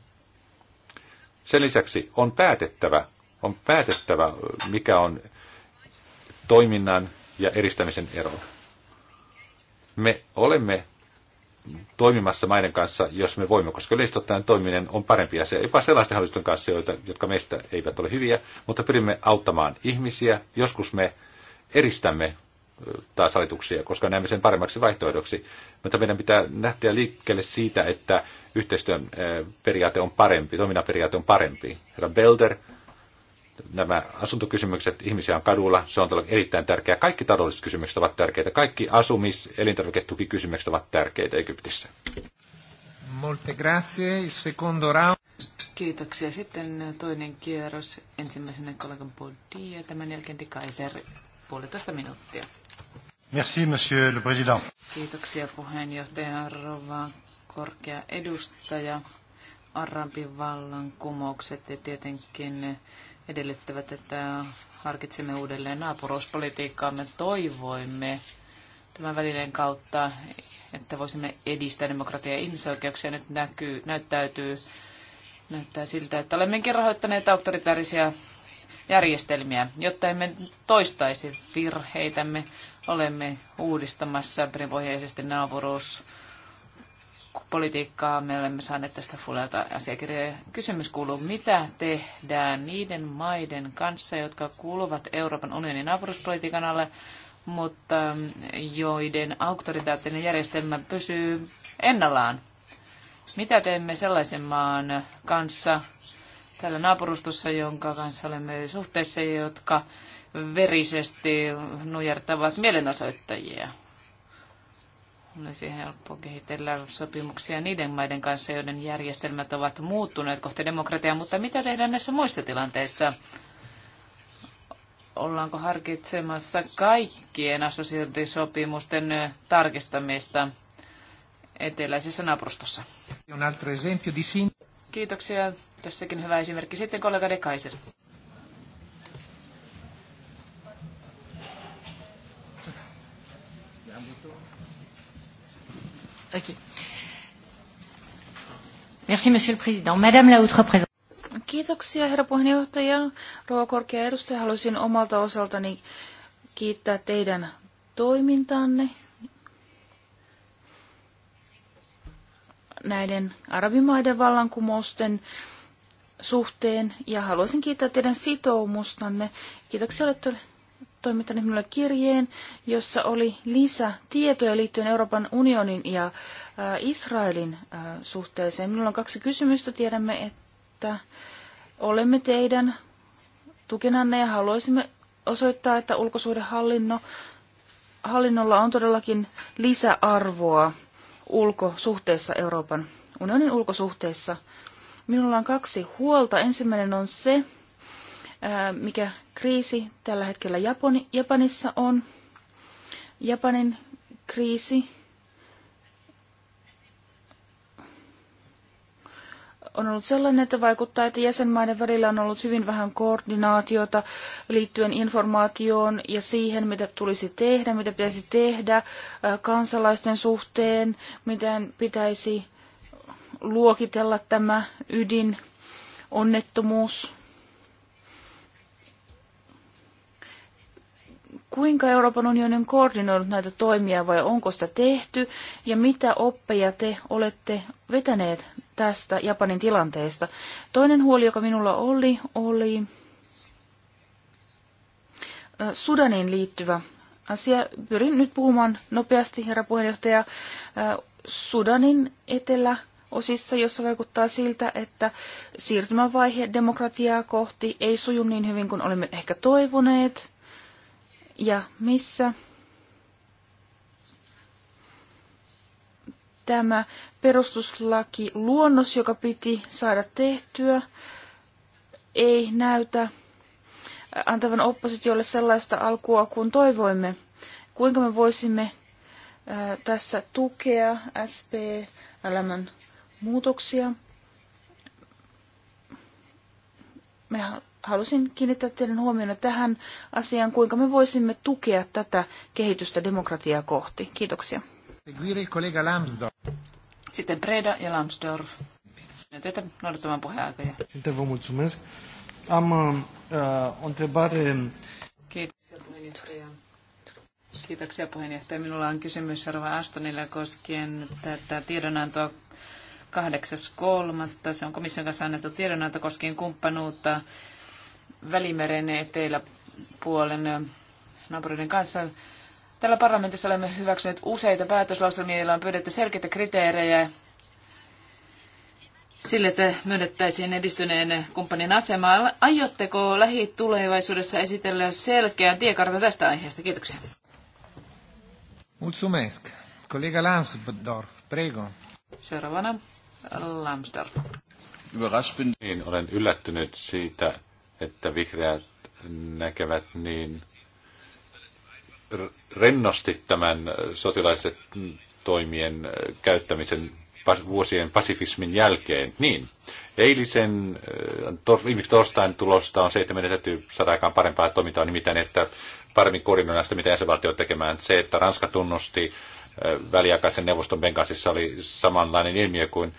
Sen lisäksi on päätettävä, on päätettävä mikä on toiminnan ja eristämisen ero. Me olemme toimimassa maiden kanssa, jos me voimme, koska yleisesti ottaen toiminen on parempi asia, jopa sellaisten hallitusten kanssa, joita, jotka meistä eivät ole hyviä, mutta pyrimme auttamaan ihmisiä. Joskus me eristämme taas hallituksia, koska näemme sen paremmaksi vaihtoehdoksi. Mutta meidän pitää nähtiä liikkeelle siitä, että yhteistyön periaate on parempi, toiminnan periaate on parempi. Herra Belder nämä asuntokysymykset, ihmisiä on kadulla, se on erittäin tärkeää. Kaikki taloudelliset kysymykset ovat tärkeitä. Kaikki asumis- ja elintarviketukikysymykset ovat tärkeitä Egyptissä. Molte grazie. Secondo round. Kiitoksia. Sitten toinen kierros. Ensimmäisenä kollegan Boldi ja tämän jälkeen De Kaiser puolitoista minuuttia. Merci, monsieur le président. Kiitoksia puheenjohtaja Rova, korkea edustaja. Arabin vallankumoukset ja tietenkin edellyttävät, että harkitsemme uudelleen me Toivoimme tämän välineen kautta, että voisimme edistää demokratiaa ja ihmisoikeuksia. Nyt näkyy, näyttäytyy, näyttää siltä, että olemmekin rahoittaneet autoritaarisia järjestelmiä, jotta emme toistaisi virheitämme. Olemme uudistamassa perinpohjaisesti naapuruus politiikkaa. Me olemme saaneet tästä Fulelta asiakirjoja. Kysymys kuuluu, mitä tehdään niiden maiden kanssa, jotka kuuluvat Euroopan unionin naapuruspolitiikan alle, mutta mm, joiden auktoritaattinen järjestelmä pysyy ennallaan? Mitä teemme sellaisen maan kanssa täällä naapurustossa, jonka kanssa olemme suhteessa, jotka verisesti nujertavat mielenosoittajia? olisi helppo kehitellä sopimuksia niiden maiden kanssa, joiden järjestelmät ovat muuttuneet kohti demokratiaa, mutta mitä tehdään näissä muissa tilanteissa? Ollaanko harkitsemassa kaikkien assosiointisopimusten tarkistamista eteläisessä naapurustossa? Kiitoksia. Tässäkin hyvä esimerkki sitten kollega De Kaiser. Merci, Monsieur le Président. Madame la Haute Représentante. Kiitoksia, herra puheenjohtaja. Rouva korkea edustaja, haluaisin omalta osaltani kiittää teidän toimintaanne näiden arabimaiden vallankumousten suhteen ja haluaisin kiittää teidän sitoumustanne. Kiitoksia, olette toimittanut minulle kirjeen, jossa oli lisätietoja liittyen Euroopan unionin ja äh, Israelin äh, suhteeseen. Minulla on kaksi kysymystä. Tiedämme, että olemme teidän tukenanne ja haluaisimme osoittaa, että ulkosuhdehallinnolla on todellakin lisäarvoa ulkosuhteessa Euroopan unionin ulkosuhteessa. Minulla on kaksi huolta. Ensimmäinen on se, mikä kriisi tällä hetkellä Japoni, Japanissa on. Japanin kriisi on ollut sellainen, että vaikuttaa, että jäsenmaiden välillä on ollut hyvin vähän koordinaatiota liittyen informaatioon ja siihen, mitä tulisi tehdä, mitä pitäisi tehdä kansalaisten suhteen, miten pitäisi luokitella tämä ydin onnettomuus kuinka Euroopan unioni on koordinoinut näitä toimia vai onko sitä tehty ja mitä oppeja te olette vetäneet tästä Japanin tilanteesta? Toinen huoli, joka minulla oli, oli Sudaniin liittyvä asia. Pyrin nyt puhumaan nopeasti, herra puheenjohtaja. Sudanin etelä osissa, jossa vaikuttaa siltä, että siirtymävaihe demokratiaa kohti ei suju niin hyvin kuin olimme ehkä toivoneet ja missä tämä perustuslaki luonnos, joka piti saada tehtyä, ei näytä antavan oppositiolle sellaista alkua kuin toivoimme. Kuinka me voisimme tässä tukea SP-elämän muutoksia? Me halusin kiinnittää teidän huomioon tähän asiaan, kuinka me voisimme tukea tätä kehitystä demokratiaa kohti. Kiitoksia. Sitten Preda ja Lambsdorff. Teitä noudattamaan puheenaikoja. Vă mulțumesc. Am uh, uh, o întrebare... Kiitoksia puheenjohtaja. Kiitoksia puheenjohtaja. Minulla on kysymys Arva Astonilla koskien tätä tiedonantoa 8.3. Se on komission kanssa annettu tiedonanto koskien kumppanuutta Välimeren eteläpuolen naapureiden kanssa. Tällä parlamentissa olemme hyväksyneet useita päätöslauselmia, joilla on pyydetty selkeitä kriteerejä sille, että myönnettäisiin edistyneen kumppanin asemaa. Aiotteko lähitulevaisuudessa esitellä selkeän tiekartan tästä aiheesta? Kiitoksia. Mulțumesc. Kollega Lambsdorff, prego. Seuraavana Lambsdorff. Niin, olen yllättynyt siitä, että vihreät näkevät niin rennosti tämän sotilaiset toimien käyttämisen vuosien pasifismin jälkeen. Niin, eilisen äh, tor, viimeksi torstain tulosta on se, että meidän täytyy saada aikaan parempaa toimintaa, nimittäin että paremmin koordinoidaan sitä, mitä jäsenvaltio tekemään. Se, että Ranska tunnusti äh, väliaikaisen neuvoston Benghazissa oli samanlainen ilmiö kuin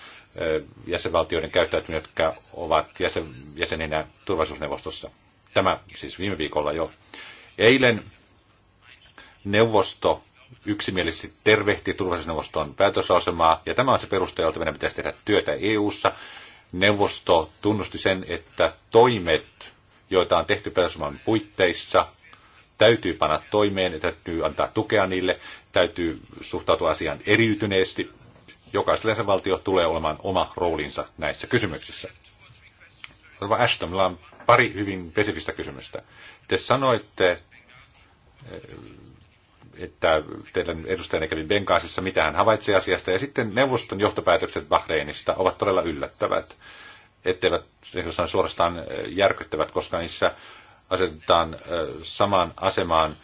jäsenvaltioiden käyttäytyminen, jotka ovat jäsen, jäseninä turvallisuusneuvostossa. Tämä siis viime viikolla jo. Eilen neuvosto yksimielisesti tervehti turvallisuusneuvoston päätösasemaa, ja tämä on se peruste, jolta meidän pitäisi tehdä työtä EU-ssa. Neuvosto tunnusti sen, että toimet, joita on tehty päätösaseman puitteissa, täytyy panna toimeen, täytyy antaa tukea niille, täytyy suhtautua asiaan eriytyneesti, jokaisella jäsenvaltio tulee olemaan oma roolinsa näissä kysymyksissä. Rova Ashton, meillä on pari hyvin spesifistä kysymystä. Te sanoitte, eh, että teidän edustajanne kävi Benkaasissa, mitä hän havaitsi asiasta, ja sitten neuvoston johtopäätökset Bahreinista ovat todella yllättävät, etteivät suorastaan eh, järkyttävät, koska niissä asetetaan eh, samaan asemaan –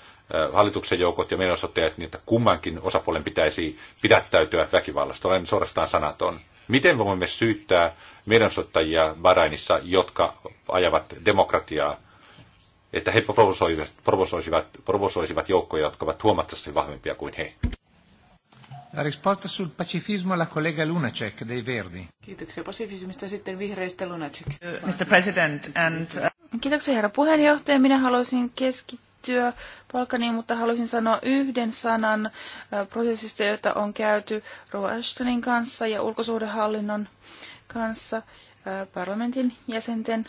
hallituksen joukot ja mielenosoittajat, niin että kummankin osapuolen pitäisi pidättäytyä väkivallasta. Olen suorastaan sanaton. Miten voimme syyttää mielenosoittajia Bahrainissa, jotka ajavat demokratiaa, että he provosoisivat, provosoisivat, provosoisivat joukkoja, jotka ovat huomattavasti vahvempia kuin he? La risposta sul pacifismo alla collega Lunacek dei Verdi. Kiitoksia pasifismista sitten vihreistä Lunacek. Mr. President and... Uh, Kiitoksia herra puheenjohtaja. Minä haluaisin keskittyä työpalkkaniin, mutta haluaisin sanoa yhden sanan prosessista, jota on käyty Rova Ashtonin kanssa ja ulkosuhdehallinnon kanssa, parlamentin jäsenten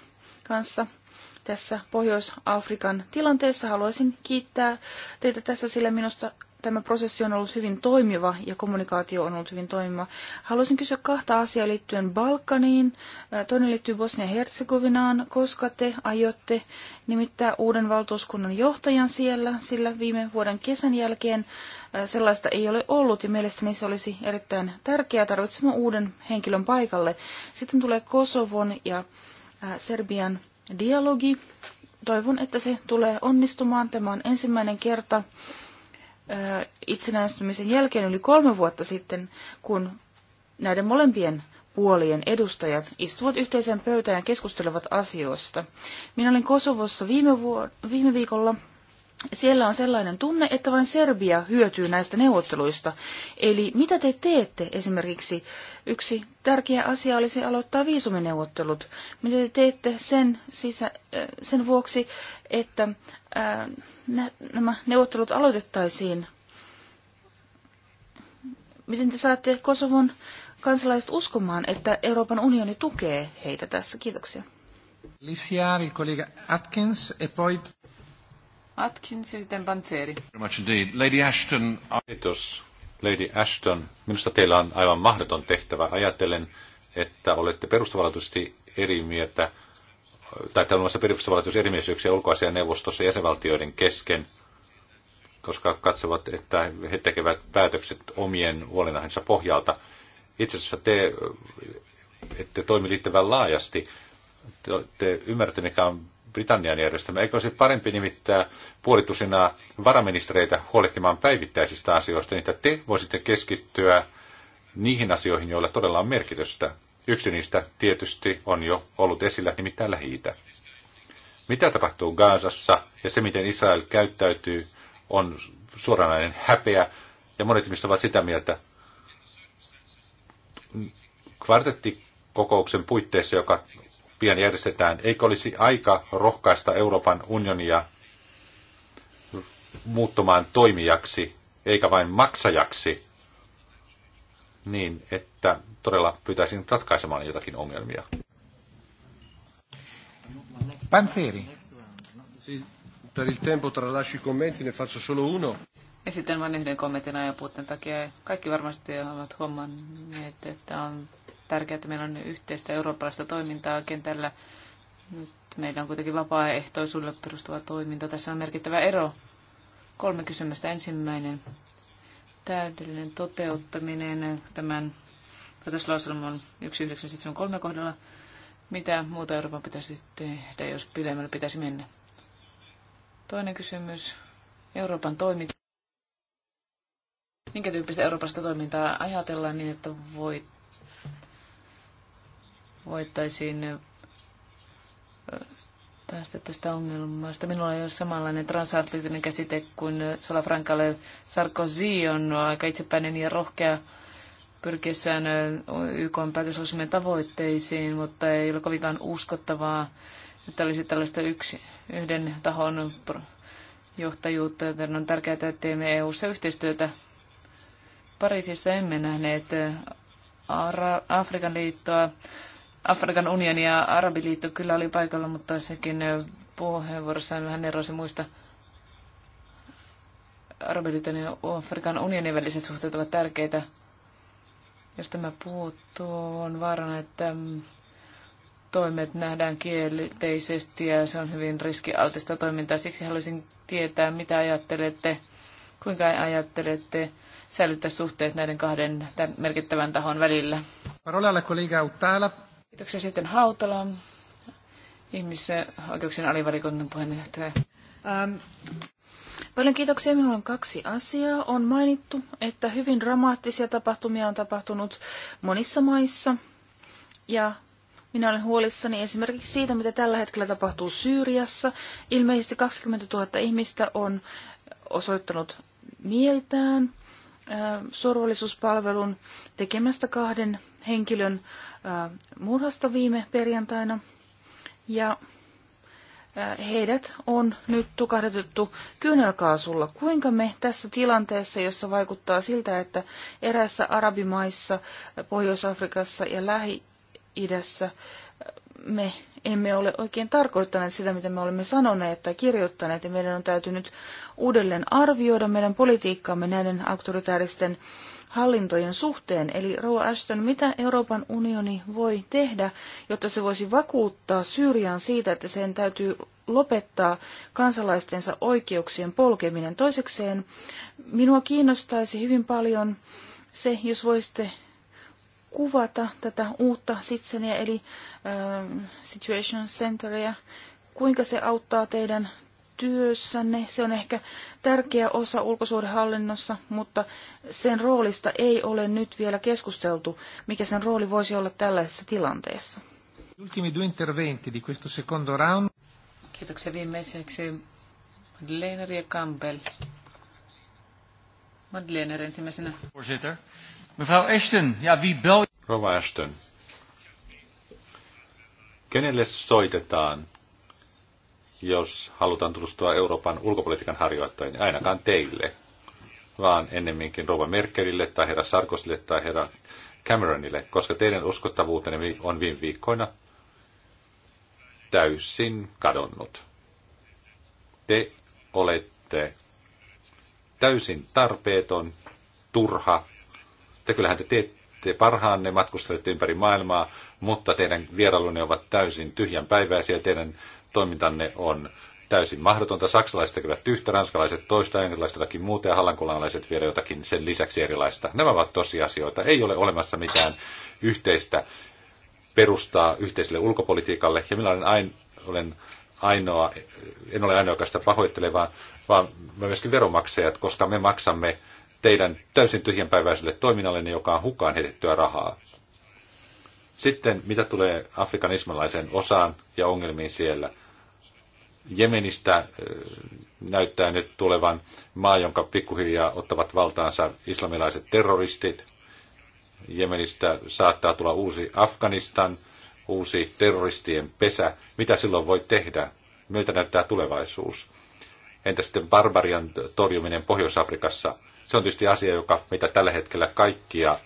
kanssa tässä Pohjois-Afrikan tilanteessa. Haluaisin kiittää teitä tässä, sillä minusta tämä prosessi on ollut hyvin toimiva ja kommunikaatio on ollut hyvin toimiva. Haluaisin kysyä kahta asiaa liittyen Balkaniin. Toinen liittyy Bosnia-Herzegovinaan. Koska te aiotte nimittää uuden valtuuskunnan johtajan siellä, sillä viime vuoden kesän jälkeen sellaista ei ole ollut ja mielestäni se olisi erittäin tärkeää. Tarvitsemme uuden henkilön paikalle. Sitten tulee Kosovon ja Serbian dialogi. Toivon, että se tulee onnistumaan. Tämä on ensimmäinen kerta itsenäistymisen jälkeen yli kolme vuotta sitten, kun näiden molempien puolien edustajat istuvat yhteiseen pöytään ja keskustelevat asioista. Minä olin Kosovossa viime, viime viikolla. Siellä on sellainen tunne, että vain Serbia hyötyy näistä neuvotteluista. Eli mitä te teette esimerkiksi? Yksi tärkeä asia olisi aloittaa viisumineuvottelut. Mitä te teette sen, sisä- sen vuoksi, että nämä neuvottelut aloitettaisiin. Miten te saatte Kosovon kansalaiset uskomaan, että Euroopan unioni tukee heitä tässä? Kiitoksia. Lisia, il collega Atkins e poi... Atkins ja sitten Panzeri. Much indeed. Lady Ashton... Uh- Kiitos. Lady Ashton, minusta teillä on aivan mahdoton tehtävä. Ajattelen, että olette perustavallisesti eri mieltä tai tällaisessa perustuslaatuisessa erimielisyyksiä ulkoasian neuvostossa jäsenvaltioiden kesken, koska katsovat, että he tekevät päätökset omien huolenaihensa pohjalta. Itse asiassa te ette toimi liittävän laajasti. Te, te ymmärrätte, mikä on Britannian järjestelmä. Eikö olisi parempi nimittää puolitusina varaministereitä huolehtimaan päivittäisistä asioista, niin että te voisitte keskittyä niihin asioihin, joilla todella on merkitystä. Yksi niistä tietysti on jo ollut esillä, nimittäin lähi -Itä. Mitä tapahtuu Gaasassa ja se, miten Israel käyttäytyy, on suoranainen häpeä. Ja monet ihmiset ovat sitä mieltä, kvartettikokouksen puitteissa, joka pian järjestetään, eikö olisi aika rohkaista Euroopan unionia muuttumaan toimijaksi, eikä vain maksajaksi, niin että että todella pyytäisin ratkaisemaan jotakin ongelmia. Pansieri. Per il tempo tralasci commenti, ne faccio solo uno. Esitän vain yhden kommentin ajanpuutteen takia. Kaikki varmasti ovat huomanneet, että on tärkeää, että meillä on yhteistä eurooppalaista toimintaa kentällä. Nyt meillä on kuitenkin vapaaehtoisuudelle perustuva toiminta. Tässä on merkittävä ero. Kolme kysymystä. Ensimmäinen, täydellinen toteuttaminen tämän on 1973 kohdalla, mitä muuta Euroopan pitäisi tehdä, jos pidemmälle pitäisi mennä. Toinen kysymys. Euroopan toiminta. Minkä tyyppistä Euroopasta toimintaa ajatellaan niin, että voit, voittaisiin päästä tästä ongelmasta. Minulla ei ole samanlainen transatlanttinen käsite kuin Salafrancalle. Sarkozy on aika itsepäinen ja rohkea pyrkiessään YK päätöslausumien tavoitteisiin, mutta ei ole kovinkaan uskottavaa, että olisi tällaista yksi, yhden tahon johtajuutta, joten on tärkeää, että teemme EU-ssa yhteistyötä. Pariisissa emme nähneet Afrikan liittoa, Afrikan unioni ja Arabiliitto kyllä oli paikalla, mutta sekin puheenvuorossaan vähän erosi muista. Arabiliiton ja Afrikan unionin väliset suhteet ovat tärkeitä jos tämä puuttuu, on vaarana, että mm, toimet nähdään kielteisesti ja se on hyvin riskialtista toimintaa. Siksi haluaisin tietää, mitä ajattelette, kuinka ajattelette säilyttää suhteet näiden kahden merkittävän tahon välillä. Parolalla kollega Hautala. Kiitoksia sitten Hautala, ihmisoikeuksien alivarikon puheenjohtaja. Um. Paljon kiitoksia. Minulla on kaksi asiaa. On mainittu, että hyvin dramaattisia tapahtumia on tapahtunut monissa maissa. Ja minä olen huolissani esimerkiksi siitä, mitä tällä hetkellä tapahtuu Syyriassa. Ilmeisesti 20 000 ihmistä on osoittanut mieltään äh, sorvallisuuspalvelun tekemästä kahden henkilön äh, murhasta viime perjantaina. Ja Äh, heidät on nyt tukahdutettu kyynelkaasulla. Kuinka me tässä tilanteessa, jossa vaikuttaa siltä, että eräissä arabimaissa, Pohjois-Afrikassa ja Lähi-idässä äh, me emme ole oikein tarkoittaneet sitä, mitä me olemme sanoneet tai kirjoittaneet, ja meidän on täytynyt uudelleen arvioida meidän politiikkaamme näiden autoritääristen äh, hallintojen suhteen. Eli Rouva Ashton, mitä Euroopan unioni voi tehdä, jotta se voisi vakuuttaa Syyrian siitä, että sen täytyy lopettaa kansalaistensa oikeuksien polkeminen. Toisekseen minua kiinnostaisi hyvin paljon se, jos voisitte kuvata tätä uutta sitseniä, eli äh, Situation Centeria, kuinka se auttaa teidän työssänne. Se on ehkä tärkeä osa ulkosuhdehallinnossa, mutta sen roolista ei ole nyt vielä keskusteltu, mikä sen rooli voisi olla tällaisessa tilanteessa. Ultimi due interventi di questo secondo round. Kiitoksia viimeiseksi Madeleine ja Campbell. Madeleine ensimmäisenä. Voorzitter. Mevrouw Ashton, ja wie bel... Rova Ashton. Kenelle soitetaan? jos halutaan tutustua Euroopan ulkopolitiikan harjoittajiin, niin ainakaan teille, vaan ennemminkin Rova Merkelille tai herra Sarkosille tai herra Cameronille, koska teidän uskottavuutenne on viime viikkoina täysin kadonnut. Te olette täysin tarpeeton, turha. Te kyllähän te teette parhaanne, matkustelette ympäri maailmaa, mutta teidän vierailunne ovat täysin tyhjänpäiväisiä, teidän toimintanne on täysin mahdotonta. Saksalaiset tekevät yhtä, ranskalaiset toista, englantilaiset jotakin muuta ja hallankulanalaiset vielä jotakin sen lisäksi erilaista. Nämä ovat tosiasioita. Ei ole olemassa mitään yhteistä perustaa yhteiselle ulkopolitiikalle. Ja minä olen, ain, olen ainoa, en ole ainoa, joka sitä pahoittelee, vaan, vaan myöskin veronmaksajat, koska me maksamme teidän täysin tyhjänpäiväiselle toiminnalle, joka on hukaan heitettyä rahaa. Sitten mitä tulee afrikanismalaisen osaan ja ongelmiin siellä – Jemenistä äh, näyttää nyt tulevan maa, jonka pikkuhiljaa ottavat valtaansa islamilaiset terroristit. Jemenistä saattaa tulla uusi Afganistan, uusi terroristien pesä. Mitä silloin voi tehdä? Miltä näyttää tulevaisuus? Entä sitten barbarian torjuminen Pohjois-Afrikassa? Se on tietysti asia, joka meitä tällä hetkellä kaikkia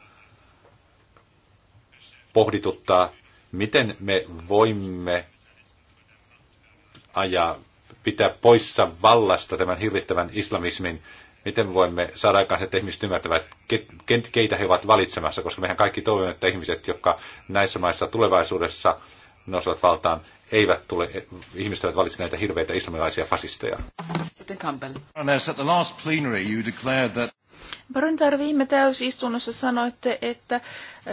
pohdituttaa. Miten me voimme ajaa, pitää poissa vallasta tämän hirvittävän islamismin, miten voimme saada aikaan se, että ihmiset ymmärtävät, keitä he ovat valitsemassa, koska mehän kaikki toivomme, että ihmiset, jotka näissä maissa tulevaisuudessa nousevat valtaan, eivät tule, ihmiset eivät valitse näitä hirveitä islamilaisia fasisteja. Sitten Campbell. Barontar, viime täysistunnossa sanoitte, että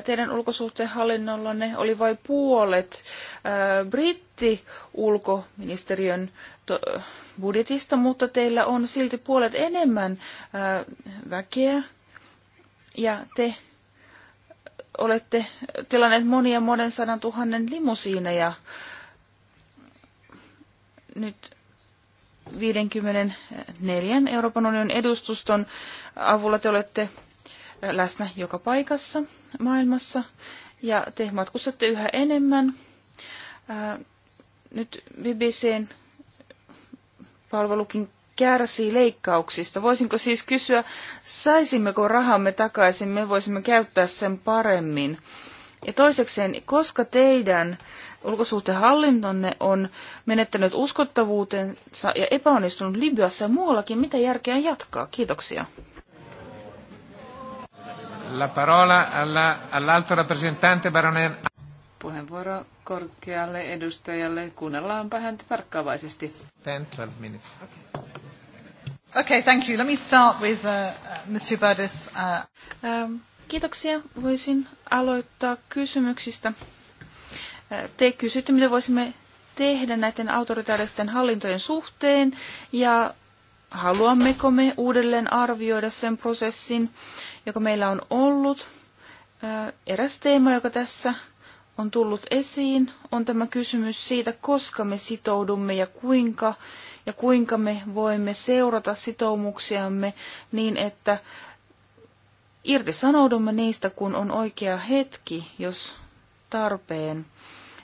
teidän ulkosuhteenhallinnollanne oli vain puolet äh, britti ulkoministeriön budjetista, mutta teillä on silti puolet enemmän äh, väkeä ja te olette tilanneet monia monen sadan tuhannen limusiineja. Nyt 54 Euroopan unionin edustuston avulla te olette läsnä joka paikassa maailmassa ja te matkustatte yhä enemmän. Nyt BBCn palvelukin kärsii leikkauksista. Voisinko siis kysyä, saisimmeko rahamme takaisin, me voisimme käyttää sen paremmin. Ja toisekseen, koska teidän ulkosuhdehallintonne on menettänyt uskottavuutensa ja epäonnistunut Libyassa ja muuallakin, mitä järkeä jatkaa? Kiitoksia. La parola alla, all'alto rappresentante baronen... Puheenvuoro korkealle edustajalle. Kuunnellaanpa häntä tarkkaavaisesti. 10-12 minutes. Okay. thank you. Let me start with uh, uh Mr. Burdis. Uh... Ähm, kiitoksia. Voisin aloittaa kysymyksistä. Te kysytte, mitä voisimme tehdä näiden autoritaaristen hallintojen suhteen ja haluammeko me uudelleen arvioida sen prosessin, joka meillä on ollut. Eräs teema, joka tässä on tullut esiin, on tämä kysymys siitä, koska me sitoudumme ja kuinka, ja kuinka me voimme seurata sitoumuksiamme niin, että irtisanoudumme niistä, kun on oikea hetki, jos tarpeen.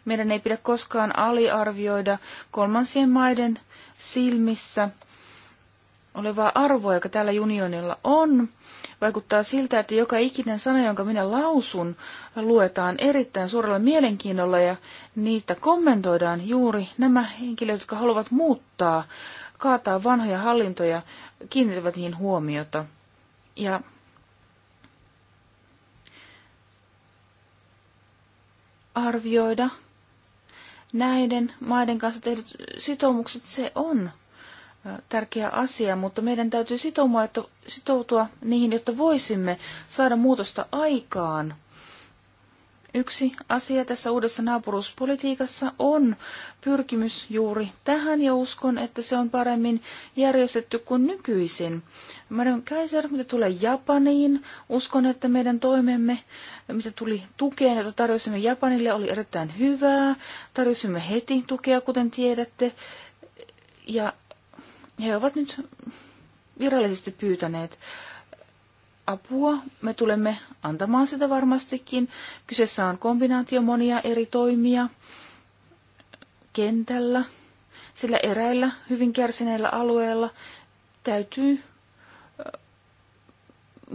Meidän ei pidä koskaan aliarvioida kolmansien maiden silmissä olevaa arvoa, joka tällä unionilla on. Vaikuttaa siltä, että joka ikinen sana, jonka minä lausun, luetaan erittäin suurella mielenkiinnolla ja niitä kommentoidaan juuri nämä henkilöt, jotka haluavat muuttaa, kaataa vanhoja hallintoja, kiinnittävät niihin huomiota. Ja arvioida näiden maiden kanssa tehdyt sitoumukset, se on tärkeä asia, mutta meidän täytyy sitoutua, sitoutua niihin, jotta voisimme saada muutosta aikaan Yksi asia tässä uudessa naapuruuspolitiikassa on pyrkimys juuri tähän ja uskon, että se on paremmin järjestetty kuin nykyisin. Madame Kaiser, mitä tulee Japaniin, uskon, että meidän toimemme, mitä tuli tukeen, jota tarjosimme Japanille, oli erittäin hyvää. Tarjosimme heti tukea, kuten tiedätte, ja he ovat nyt virallisesti pyytäneet apua. Me tulemme antamaan sitä varmastikin. Kyseessä on kombinaatio monia eri toimia kentällä, sillä eräillä hyvin kärsineillä alueilla täytyy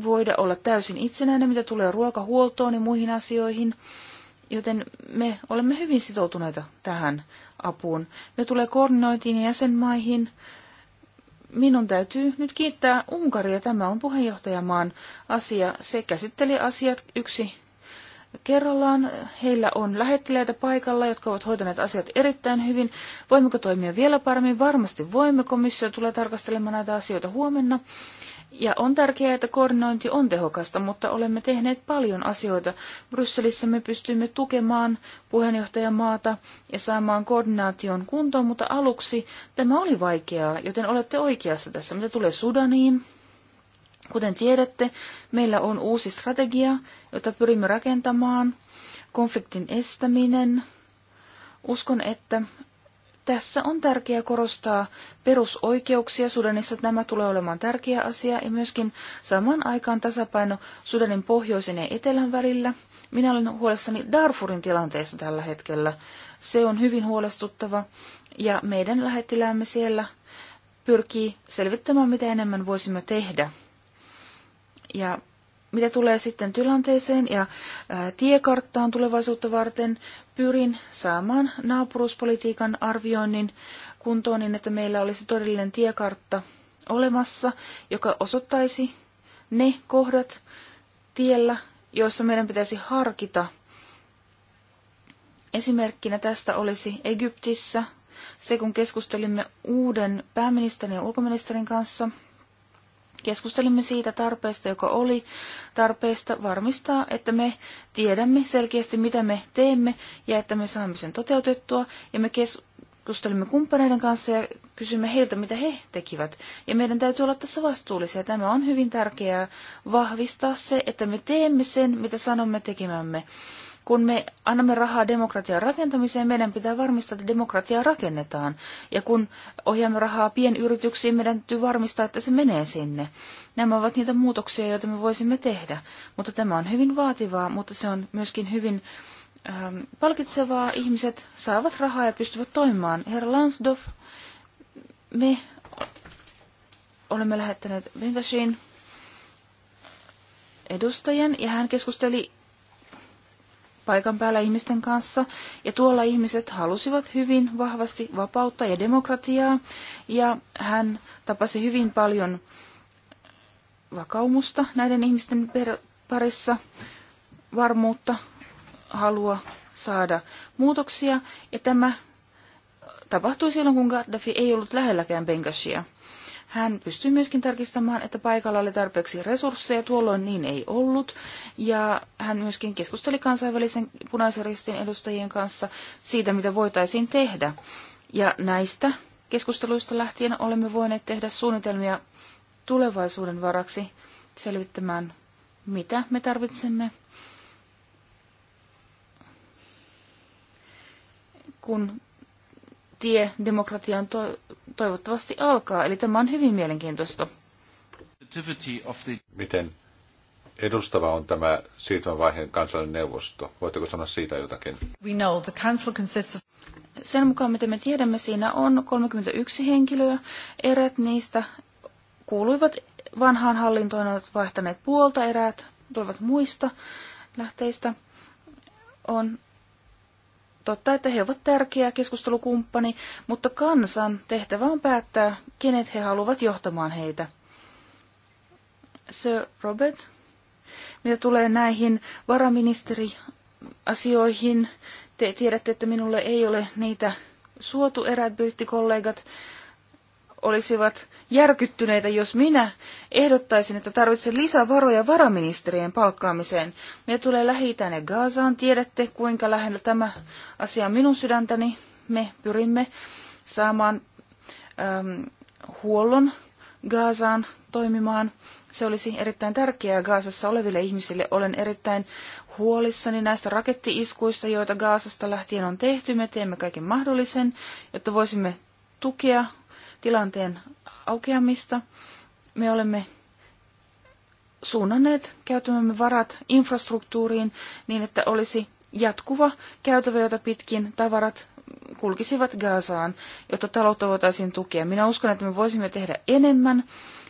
voida olla täysin itsenäinen, mitä tulee ruokahuoltoon ja muihin asioihin, joten me olemme hyvin sitoutuneita tähän apuun. Me tulee koordinointiin ja jäsenmaihin, minun täytyy nyt kiittää Unkaria. Tämä on puheenjohtajamaan asia. Se käsitteli asiat yksi kerrallaan. Heillä on lähettiläitä paikalla, jotka ovat hoitaneet asiat erittäin hyvin. Voimmeko toimia vielä paremmin? Varmasti voimme. Komissio tulee tarkastelemaan näitä asioita huomenna. Ja on tärkeää, että koordinointi on tehokasta, mutta olemme tehneet paljon asioita. Brysselissä me pystymme tukemaan puheenjohtajamaata ja saamaan koordinaation kuntoon, mutta aluksi tämä oli vaikeaa, joten olette oikeassa tässä. Mitä tulee Sudaniin, kuten tiedätte, meillä on uusi strategia, jota pyrimme rakentamaan, konfliktin estäminen. Uskon, että tässä on tärkeää korostaa perusoikeuksia. Sudanissa tämä tulee olemaan tärkeä asia ja myöskin saman aikaan tasapaino Sudanin pohjoisen ja etelän välillä. Minä olen huolessani Darfurin tilanteesta tällä hetkellä. Se on hyvin huolestuttava ja meidän lähettiläämme siellä pyrkii selvittämään, mitä enemmän voisimme tehdä. Ja mitä tulee sitten tilanteeseen ja tiekarttaan tulevaisuutta varten, pyrin saamaan naapuruuspolitiikan arvioinnin kuntoon niin, että meillä olisi todellinen tiekartta olemassa, joka osoittaisi ne kohdat tiellä, joissa meidän pitäisi harkita. Esimerkkinä tästä olisi Egyptissä se, kun keskustelimme uuden pääministerin ja ulkoministerin kanssa – Keskustelimme siitä tarpeesta, joka oli tarpeesta varmistaa, että me tiedämme selkeästi, mitä me teemme ja että me saamme sen toteutettua. Ja me keskustelimme kumppaneiden kanssa ja kysymme heiltä, mitä he tekivät. Ja meidän täytyy olla tässä vastuullisia. Tämä on hyvin tärkeää vahvistaa se, että me teemme sen, mitä sanomme tekemämme. Kun me annamme rahaa demokratian rakentamiseen, meidän pitää varmistaa, että demokratia rakennetaan. Ja kun ohjaamme rahaa pienyrityksiin, meidän täytyy varmistaa, että se menee sinne. Nämä ovat niitä muutoksia, joita me voisimme tehdä. Mutta tämä on hyvin vaativaa, mutta se on myöskin hyvin ähm, palkitsevaa. Ihmiset saavat rahaa ja pystyvät toimimaan. Herra Lansdorf, me olemme lähettäneet Ventashin edustajan ja hän keskusteli paikan päällä ihmisten kanssa, ja tuolla ihmiset halusivat hyvin vahvasti vapautta ja demokratiaa, ja hän tapasi hyvin paljon vakaumusta näiden ihmisten parissa, varmuutta, halua saada muutoksia, ja tämä tapahtui silloin, kun Gaddafi ei ollut lähelläkään Bengashia. Hän pystyi myöskin tarkistamaan, että paikalla oli tarpeeksi resursseja, tuolloin niin ei ollut. Ja hän myöskin keskusteli kansainvälisen punaisen ristin edustajien kanssa siitä, mitä voitaisiin tehdä. Ja näistä keskusteluista lähtien olemme voineet tehdä suunnitelmia tulevaisuuden varaksi selvittämään, mitä me tarvitsemme kun tie demokratiaan to- toivottavasti alkaa. Eli tämä on hyvin mielenkiintoista. Miten edustava on tämä vaiheen kansallinen neuvosto? Voitteko sanoa siitä jotakin? We know the council consists of... Sen mukaan, mitä me tiedämme, siinä on 31 henkilöä. Erät niistä kuuluivat vanhaan hallintoon, ovat vaihtaneet puolta, eräät tulevat muista lähteistä. On totta, että he ovat tärkeä keskustelukumppani, mutta kansan tehtävä on päättää, kenet he haluavat johtamaan heitä. Sir Robert, mitä tulee näihin varaministeriasioihin, te tiedätte, että minulle ei ole niitä suotu eräät brittikollegat olisivat järkyttyneitä, jos minä ehdottaisin, että tarvitsen lisävaroja varaministerien palkkaamiseen. Me tulee lähi ja Gaasaan, tiedätte kuinka lähellä tämä asia on minun sydäntäni. Me pyrimme saamaan ähm, huollon Gaasaan toimimaan. Se olisi erittäin tärkeää Gaasassa oleville ihmisille. Olen erittäin huolissani näistä rakettiiskuista, joita Gaasasta lähtien on tehty. Me teemme kaiken mahdollisen, jotta voisimme tukea tilanteen aukeamista. Me olemme suunnanneet käytämämme varat infrastruktuuriin niin, että olisi jatkuva käytävä, jota pitkin tavarat kulkisivat Gazaan, jotta taloutta voitaisiin tukea. Minä uskon, että me voisimme tehdä enemmän,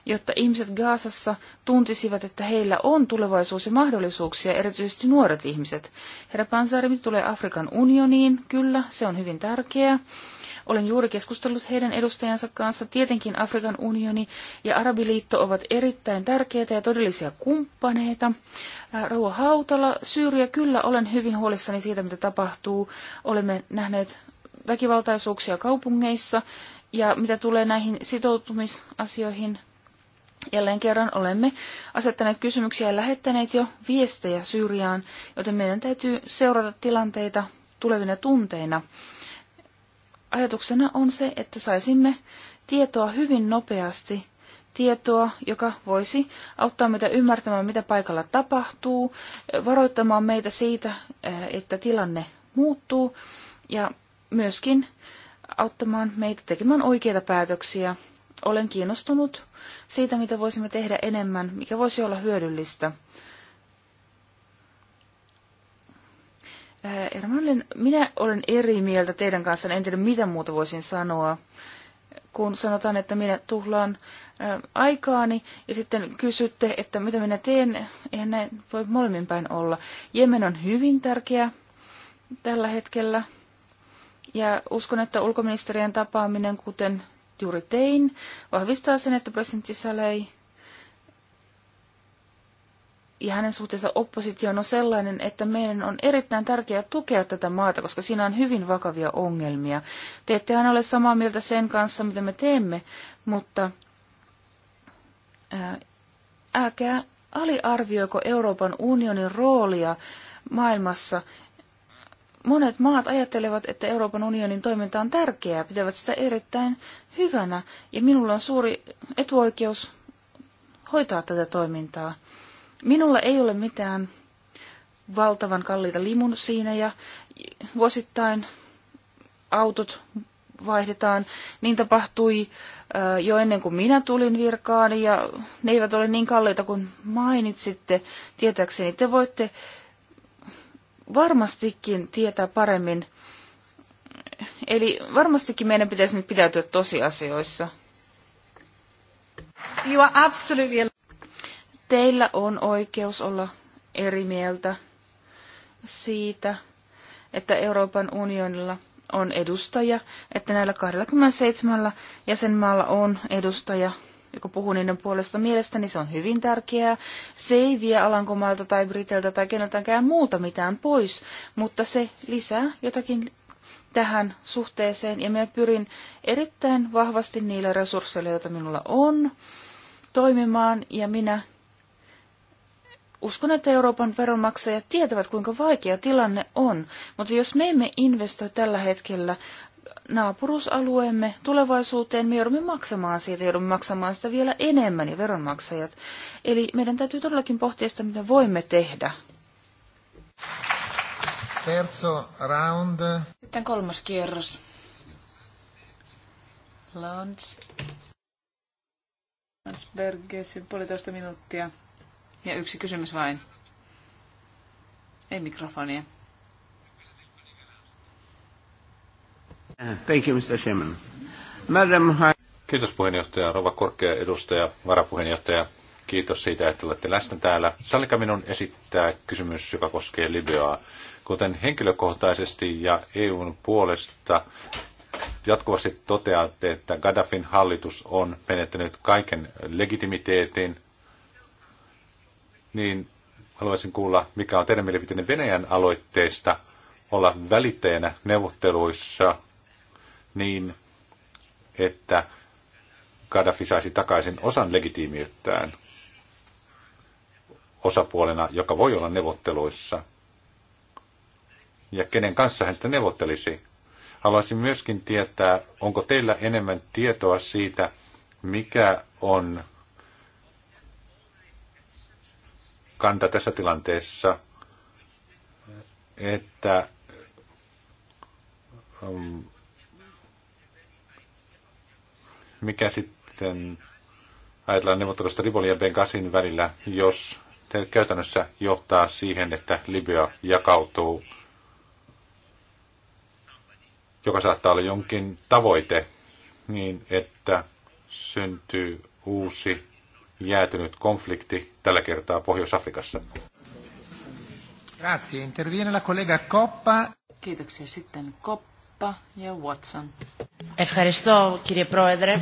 jotta ihmiset Gaasassa tuntisivat, että heillä on tulevaisuus ja mahdollisuuksia, erityisesti nuoret ihmiset. Herra Pansaari, mitä tulee Afrikan unioniin, kyllä, se on hyvin tärkeää. Olen juuri keskustellut heidän edustajansa kanssa. Tietenkin Afrikan unioni ja Arabiliitto ovat erittäin tärkeitä ja todellisia kumppaneita. Rauha Hautala, Syyriä, kyllä olen hyvin huolissani siitä, mitä tapahtuu. Olemme nähneet väkivaltaisuuksia kaupungeissa. Ja mitä tulee näihin sitoutumisasioihin, jälleen kerran olemme asettaneet kysymyksiä ja lähettäneet jo viestejä Syyriaan, joten meidän täytyy seurata tilanteita tulevina tunteina. Ajatuksena on se, että saisimme tietoa hyvin nopeasti, tietoa, joka voisi auttaa meitä ymmärtämään, mitä paikalla tapahtuu, varoittamaan meitä siitä, eh, että tilanne muuttuu ja myöskin auttamaan meitä tekemään oikeita päätöksiä. Olen kiinnostunut siitä, mitä voisimme tehdä enemmän, mikä voisi olla hyödyllistä. Ermanlin, minä olen eri mieltä teidän kanssa, en tiedä mitä muuta voisin sanoa, kun sanotaan, että minä tuhlaan aikaani ja sitten kysytte, että mitä minä teen, eihän näin voi molemmin päin olla. Jemen on hyvin tärkeä tällä hetkellä. Ja uskon, että ulkoministerien tapaaminen, kuten juuri tein, vahvistaa sen, että presidentti Salei ja hänen suhteensa oppositioon on sellainen, että meidän on erittäin tärkeää tukea tätä maata, koska siinä on hyvin vakavia ongelmia. Te ette aina ole samaa mieltä sen kanssa, mitä me teemme, mutta älkää aliarvioiko Euroopan unionin roolia maailmassa Monet maat ajattelevat, että Euroopan unionin toiminta on tärkeää, pitävät sitä erittäin hyvänä, ja minulla on suuri etuoikeus hoitaa tätä toimintaa. Minulla ei ole mitään valtavan kalliita limun vuosittain autot vaihdetaan. Niin tapahtui jo ennen kuin minä tulin virkaan ja ne eivät ole niin kalliita kuin mainitsitte. Tietääkseni te voitte varmastikin tietää paremmin. Eli varmastikin meidän pitäisi nyt pidäytyä tosiasioissa. You are absolutely... Teillä on oikeus olla eri mieltä siitä, että Euroopan unionilla on edustaja, että näillä 27 jäsenmaalla on edustaja joka puhuu niiden puolesta mielestäni, se on hyvin tärkeää. Se ei vie Alankomailta tai Briteltä tai keneltäkään muulta mitään pois, mutta se lisää jotakin tähän suhteeseen ja minä pyrin erittäin vahvasti niillä resursseilla, joita minulla on, toimimaan ja minä uskon, että Euroopan veronmaksajat tietävät, kuinka vaikea tilanne on, mutta jos me emme investoi tällä hetkellä naapurusalueemme tulevaisuuteen, me joudumme maksamaan siitä, joudumme maksamaan sitä vielä enemmän ja veronmaksajat. Eli meidän täytyy todellakin pohtia sitä, mitä voimme tehdä. Terzo round. Sitten kolmas kierros. Lons. Landsbergis, puolitoista minuuttia. Ja yksi kysymys vain. Ei mikrofonia. Thank you, Mr. Chairman. Madam Kiitos puheenjohtaja, rova korkea edustaja, varapuheenjohtaja. Kiitos siitä, että olette läsnä täällä. Sallika minun esittää kysymys, joka koskee Libyaa. Kuten henkilökohtaisesti ja EUn puolesta jatkuvasti toteatte, että Gaddafin hallitus on menettänyt kaiken legitimiteetin, niin haluaisin kuulla, mikä on teidän mielipiteenne Venäjän aloitteista olla välittäjänä neuvotteluissa niin, että Gaddafi saisi takaisin osan legitiimiyttään osapuolena, joka voi olla neuvotteluissa. Ja kenen kanssa hän sitä neuvottelisi. Haluaisin myöskin tietää, onko teillä enemmän tietoa siitä, mikä on kanta tässä tilanteessa, että mm, Mikä sitten ajatellaan neuvottelusta Rivolin ja Benghazin välillä, jos käytännössä johtaa siihen, että Libya jakautuu, joka saattaa olla jonkin tavoite, niin että syntyy uusi jäätynyt konflikti tällä kertaa Pohjois-Afrikassa. Grazie. Interviene la collega Coppa. Kiitoksia sitten Koppa. Κάπα ja Watson. Ευχαριστώ κύριε Πρόεδρε.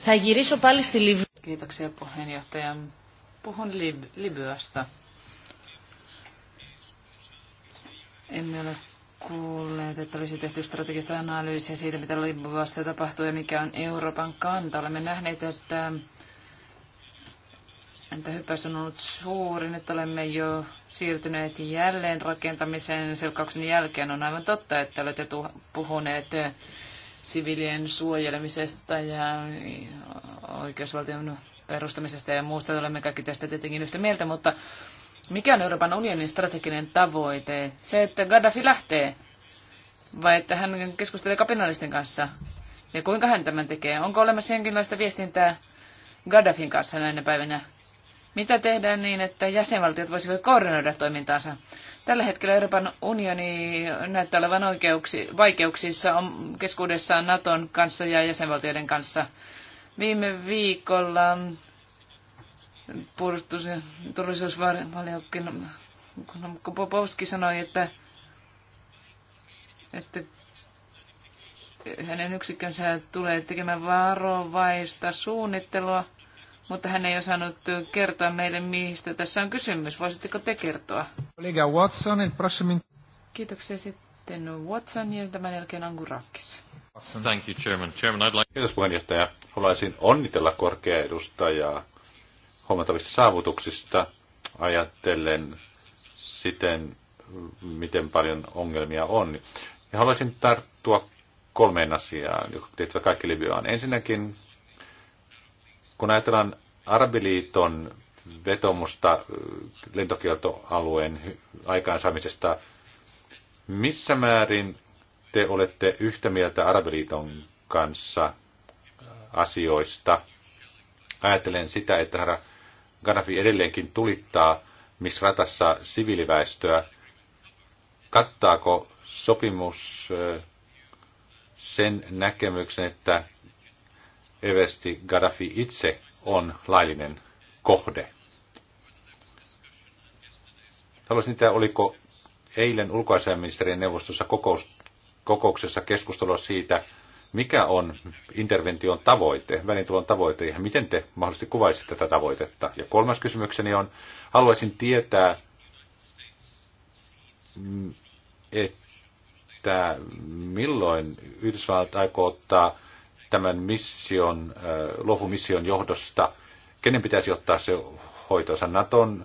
Θα γυρίσω πάλι στη Λιβύη. Kiitoksia puheenjohtaja. Puhun Lib- Libyasta. Emme ole kuulleet, että olisi tehty strategista analyysiä siitä, mitä Libyassa tapahtuu ja mikä on Euroopan kanta. Olemme nähneet, että Entä Hyppäys on ollut suuri. Nyt olemme jo siirtyneet jälleen rakentamiseen. Selkauksen jälkeen on aivan totta, että olette puhuneet sivilien suojelemisesta ja oikeusvaltion perustamisesta ja muusta. Olemme kaikki tästä tietenkin yhtä mieltä, mutta mikä on Euroopan unionin strateginen tavoite? Se, että Gaddafi lähtee vai että hän keskustelee kapinallisten kanssa? Ja kuinka hän tämän tekee? Onko olemassa jonkinlaista viestintää Gaddafin kanssa näinä päivinä? Mitä tehdään niin, että jäsenvaltiot voisivat koordinoida toimintaansa? Tällä hetkellä Euroopan unioni näyttää olevan oikeuksi, vaikeuksissa on keskuudessaan Naton kanssa ja jäsenvaltioiden kanssa. Viime viikolla puolustus- ja turvallisuusvaliokunnan sanoi, että, että hänen yksikkönsä tulee tekemään varovaista suunnittelua mutta hän ei osannut kertoa meille, mistä tässä on kysymys. Voisitteko te kertoa? Kollega Watson, el Kiitoksia sitten Watson ja tämän jälkeen Angurakis. Thank you, Chairman. Chairman, I'd like... Kiitos puheenjohtaja. Haluaisin onnitella korkea edustajaa huomattavista saavutuksista ajattelen siten, miten paljon ongelmia on. Ja haluaisin tarttua kolmeen asiaan, jotka liittyvät kaikki Libyaan. Ensinnäkin kun ajatellaan Arabiliiton vetomusta äh, lentokieltoalueen aikaansaamisesta, missä määrin te olette yhtä mieltä Arabiliiton kanssa äh, asioista? Ajattelen sitä, että herra Gaddafi edelleenkin tulittaa misratassa siviiliväestöä. Kattaako sopimus äh, sen näkemyksen, että Evesti Gaddafi itse on laillinen kohde. Haluaisin tietää, oliko eilen ulkoasiainministerien neuvostossa kokous, kokouksessa keskustelua siitä, mikä on intervention tavoite, välintulon tavoite ja miten te mahdollisesti kuvaisitte tätä tavoitetta. Ja kolmas kysymykseni on, haluaisin tietää, mm, että milloin Yhdysvallat aikoo ottaa tämän mission, äh, lohumission johdosta, kenen pitäisi ottaa se hoitoonsa Naton, äh,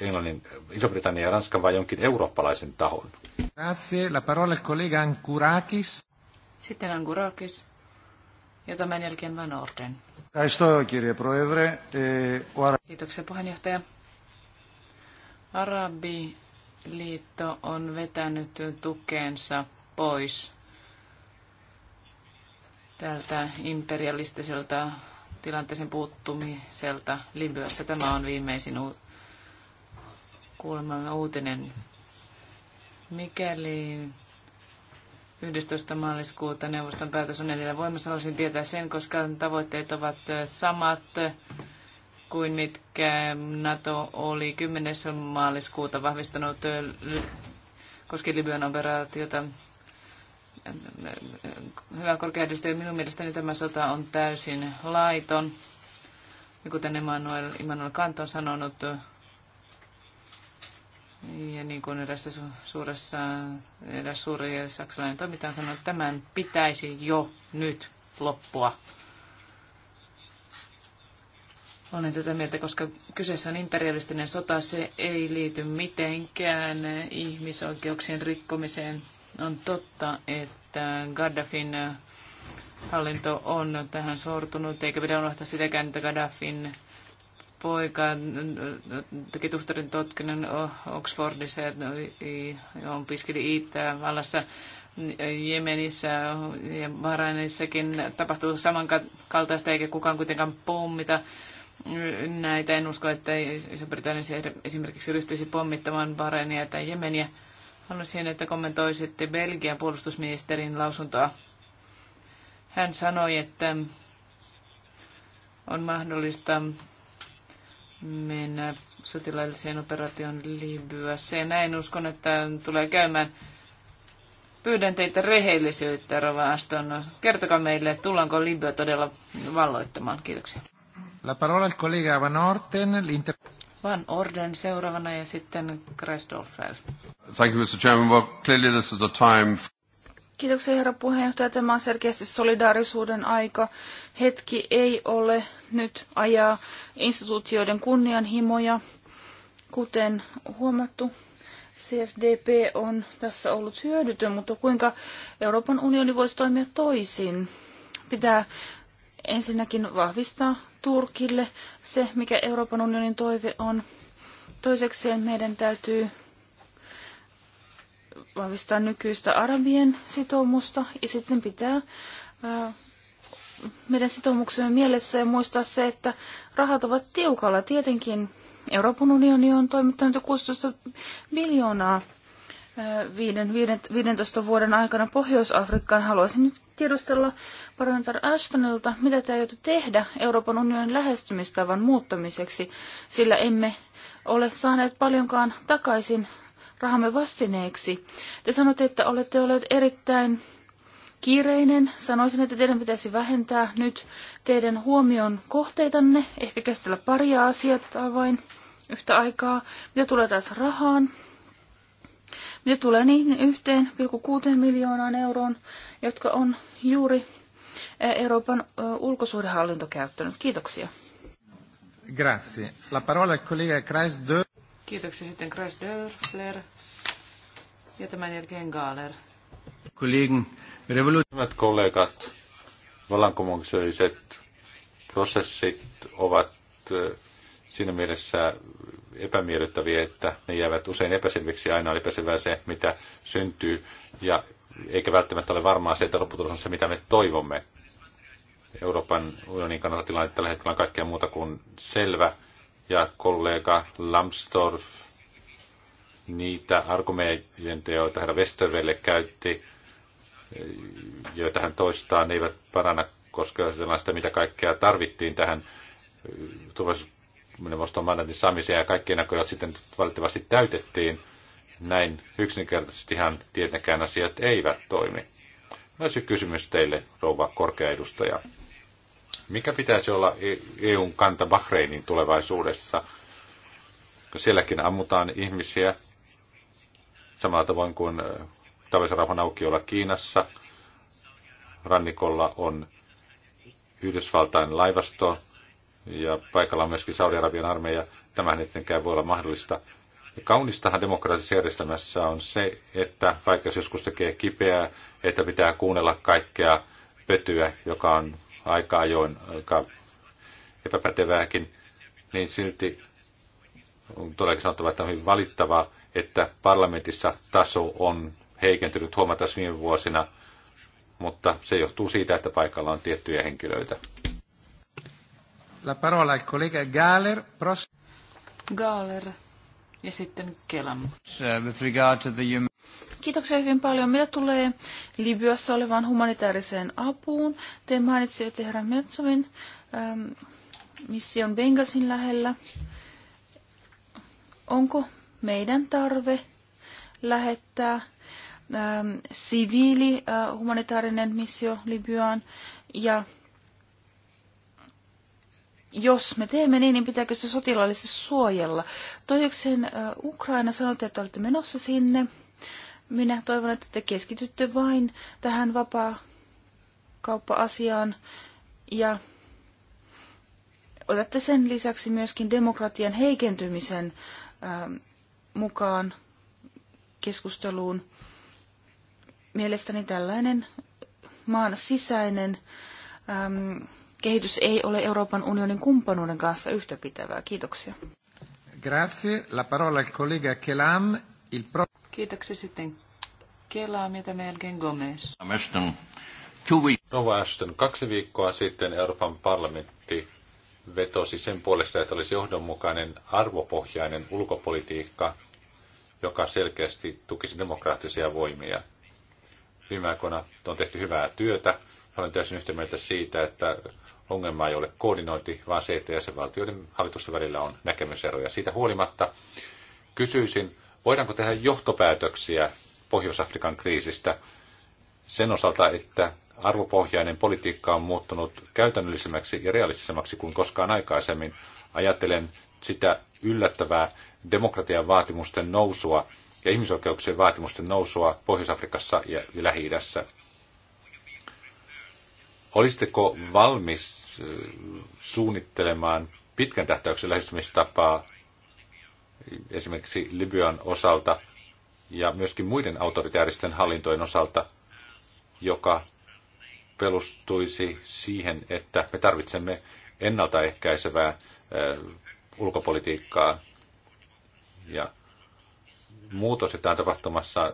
Englannin, äh, Iso-Britannian ja Ranskan vai jonkin eurooppalaisen tahon? Grazie. La parola collega Ankurakis. Sitten Ankurakis ja tämän jälkeen Van Orden. Kiitoksia puheenjohtaja. Arabiliitto on vetänyt tukeensa pois tältä imperialistiselta tilanteeseen puuttumiselta Libyassa. Tämä on viimeisin u- kuulemamme uutinen. Mikäli 11. maaliskuuta neuvoston päätös on edellä voimassa, haluaisin tietää sen, koska tavoitteet ovat samat kuin mitkä NATO oli 10. maaliskuuta vahvistanut koskien Libyan operaatiota hyvä korkeaedustaja, minun mielestäni tämä sota on täysin laiton. Ja kuten Emmanuel, Emmanuel Kant on sanonut, ja niin kuin erässä suuressa, eräs suuri saksalainen toimittaja on sanonut, tämän pitäisi jo nyt loppua. Olen tätä mieltä, koska kyseessä on imperialistinen sota, se ei liity mitenkään ihmisoikeuksien rikkomiseen on totta, että Gaddafin hallinto on tähän sortunut, eikä pidä unohtaa sitäkään, että Gaddafin poika teki tohtorin totkinnon Oxfordissa ja opiskeli Itävallassa. Jemenissä ja Bahrainissakin tapahtuu samankaltaista, eikä kukaan kuitenkaan pommita näitä. En usko, että Iso-Britannia esimerkiksi ryhtyisi pommittamaan Bahrainia tai Jemeniä. Haluaisin, että kommentoisitte Belgian puolustusministerin lausuntoa. Hän sanoi, että on mahdollista mennä sotilaalliseen operaatioon Libyassa. Ja näin uskon, että tulee käymään. Pyydän teitä rehellisyyttä, Rova Aston. Kertokaa meille, tullaanko Libya todella valloittamaan. Kiitoksia. La parola al collega Van Orten. Van Orden seuraavana ja sitten Kreisdorfer. Thank you, Mr. Chairman. Well, clearly this is the time... Kiitoksia herra puheenjohtaja. Tämä on selkeästi solidaarisuuden aika. Hetki ei ole nyt ajaa instituutioiden kunnianhimoja. Kuten huomattu, CSDP on tässä ollut hyödytön, mutta kuinka Euroopan unioni voisi toimia toisin? Pitää ensinnäkin vahvistaa Turkille se, mikä Euroopan unionin toive on. Toisekseen meidän täytyy vahvistaa nykyistä arabien sitoumusta ja sitten pitää äh, meidän sitoumuksemme mielessä ja muistaa se, että rahat ovat tiukalla. Tietenkin Euroopan unioni on toimittanut jo 16 miljoonaa 15 äh, vuoden aikana Pohjois-Afrikkaan. Haluaisin nyt tiedustella parantar Ashtonilta, mitä te aiotte tehdä Euroopan unionin lähestymistavan muuttamiseksi, sillä emme ole saaneet paljonkaan takaisin rahamme vastineeksi. Te sanotte, että olette olleet erittäin kiireinen. Sanoisin, että teidän pitäisi vähentää nyt teidän huomion kohteitanne, ehkä käsitellä paria asiaa vain yhtä aikaa. Mitä tulee taas rahaan, ne tulee niihin 1,6 miljoonaan euroon, jotka on juuri eh, Euroopan eh, ulkosuhdehallinto käyttänyt. Kiitoksia. Grazie. La parola al collega Kreis Dörr. Kiitoksia sitten Kreis Dörfler ja tämän jälkeen Gaaler. Kollegen, Hyvät kollegat, vallankumoukselliset prosessit ovat eh, siinä mielessä epämiellyttäviä, että ne jäävät usein epäselviksi. Aina on epäselvää se, mitä syntyy, ja eikä välttämättä ole varmaa se, että lopputulos on se, mitä me toivomme. Euroopan unionin kannalta tilanne tällä hetkellä on kaikkea muuta kuin selvä, ja kollega Lambsdorff niitä argumentteja, joita herra Westerwelle käytti, joita hän toistaa, ne eivät paranna, koska sellaista, mitä kaikkea tarvittiin tähän turvallisuus neuvoston mandaatin saamiseen ja kaikki ennakkoja sitten valitettavasti täytettiin. Näin yksinkertaisesti ihan tietenkään asiat eivät toimi. Olisi kysymys teille, rouva korkea edustaja. Mikä pitäisi olla EUn e kanta Bahreinin tulevaisuudessa? Sielläkin ammutaan ihmisiä samalla tavoin kuin äh, talvisarauhan aukiolla Kiinassa. Rannikolla on Yhdysvaltain laivasto, ja paikalla on myöskin Saudi-Arabian armeija. Tämähän ettenkään voi olla mahdollista. Kaunistahan demokraattisessa järjestelmässä on se, että vaikka joskus tekee kipeää, että pitää kuunnella kaikkea pötyä, joka on aika ajoin aika epäpätevääkin, niin silti on todellakin sanottava, että on hyvin valittavaa, että parlamentissa taso on heikentynyt huomattavasti viime vuosina, mutta se johtuu siitä, että paikalla on tiettyjä henkilöitä la parola al collega Galler. Pros- Galler ja sitten Kelam. Uh, Kiitoksia hyvin paljon. Mitä tulee Libyassa olevaan humanitaariseen apuun? Te mainitsitte herran Metsovin ähm, mission Bengasin lähellä. Onko meidän tarve lähettää ähm, siviili äh, humanitaarinen missio Libyaan ja jos me teemme niin, niin pitääkö se sotilaallisesti suojella? Toisekseen Ukraina sanoi, että olette menossa sinne. Minä toivon, että te keskitytte vain tähän vapaa-kauppa-asiaan ja otatte sen lisäksi myöskin demokratian heikentymisen mukaan keskusteluun. Mielestäni tällainen maan sisäinen kehitys ei ole Euroopan unionin kumppanuuden kanssa yhtäpitävää. Kiitoksia. Grazie. La parola al collega Kelam. Il pro... Kiitoksia sitten Kelam ja tämän jälkeen Gomez. Nova Ashton, kaksi viikkoa sitten Euroopan parlamentti vetosi sen puolesta, että olisi johdonmukainen arvopohjainen ulkopolitiikka, joka selkeästi tukisi demokraattisia voimia. Viime aikoina on tehty hyvää työtä. Olen täysin yhtä mieltä siitä, että ongelma ei ole koordinointi, vaan se, että jäsenvaltioiden hallitusten välillä on näkemyseroja. Siitä huolimatta kysyisin, voidaanko tehdä johtopäätöksiä Pohjois-Afrikan kriisistä sen osalta, että arvopohjainen politiikka on muuttunut käytännöllisemmäksi ja realistisemmaksi kuin koskaan aikaisemmin. Ajattelen sitä yllättävää demokratian vaatimusten nousua ja ihmisoikeuksien vaatimusten nousua Pohjois-Afrikassa ja Lähi-idässä. Olisitteko valmis suunnittelemaan pitkän tähtäyksen lähestymistapaa esimerkiksi Libyan osalta ja myöskin muiden autoritääristen hallintojen osalta, joka pelustuisi siihen, että me tarvitsemme ennaltaehkäisevää ulkopolitiikkaa. Ja muutos, jota on tapahtumassa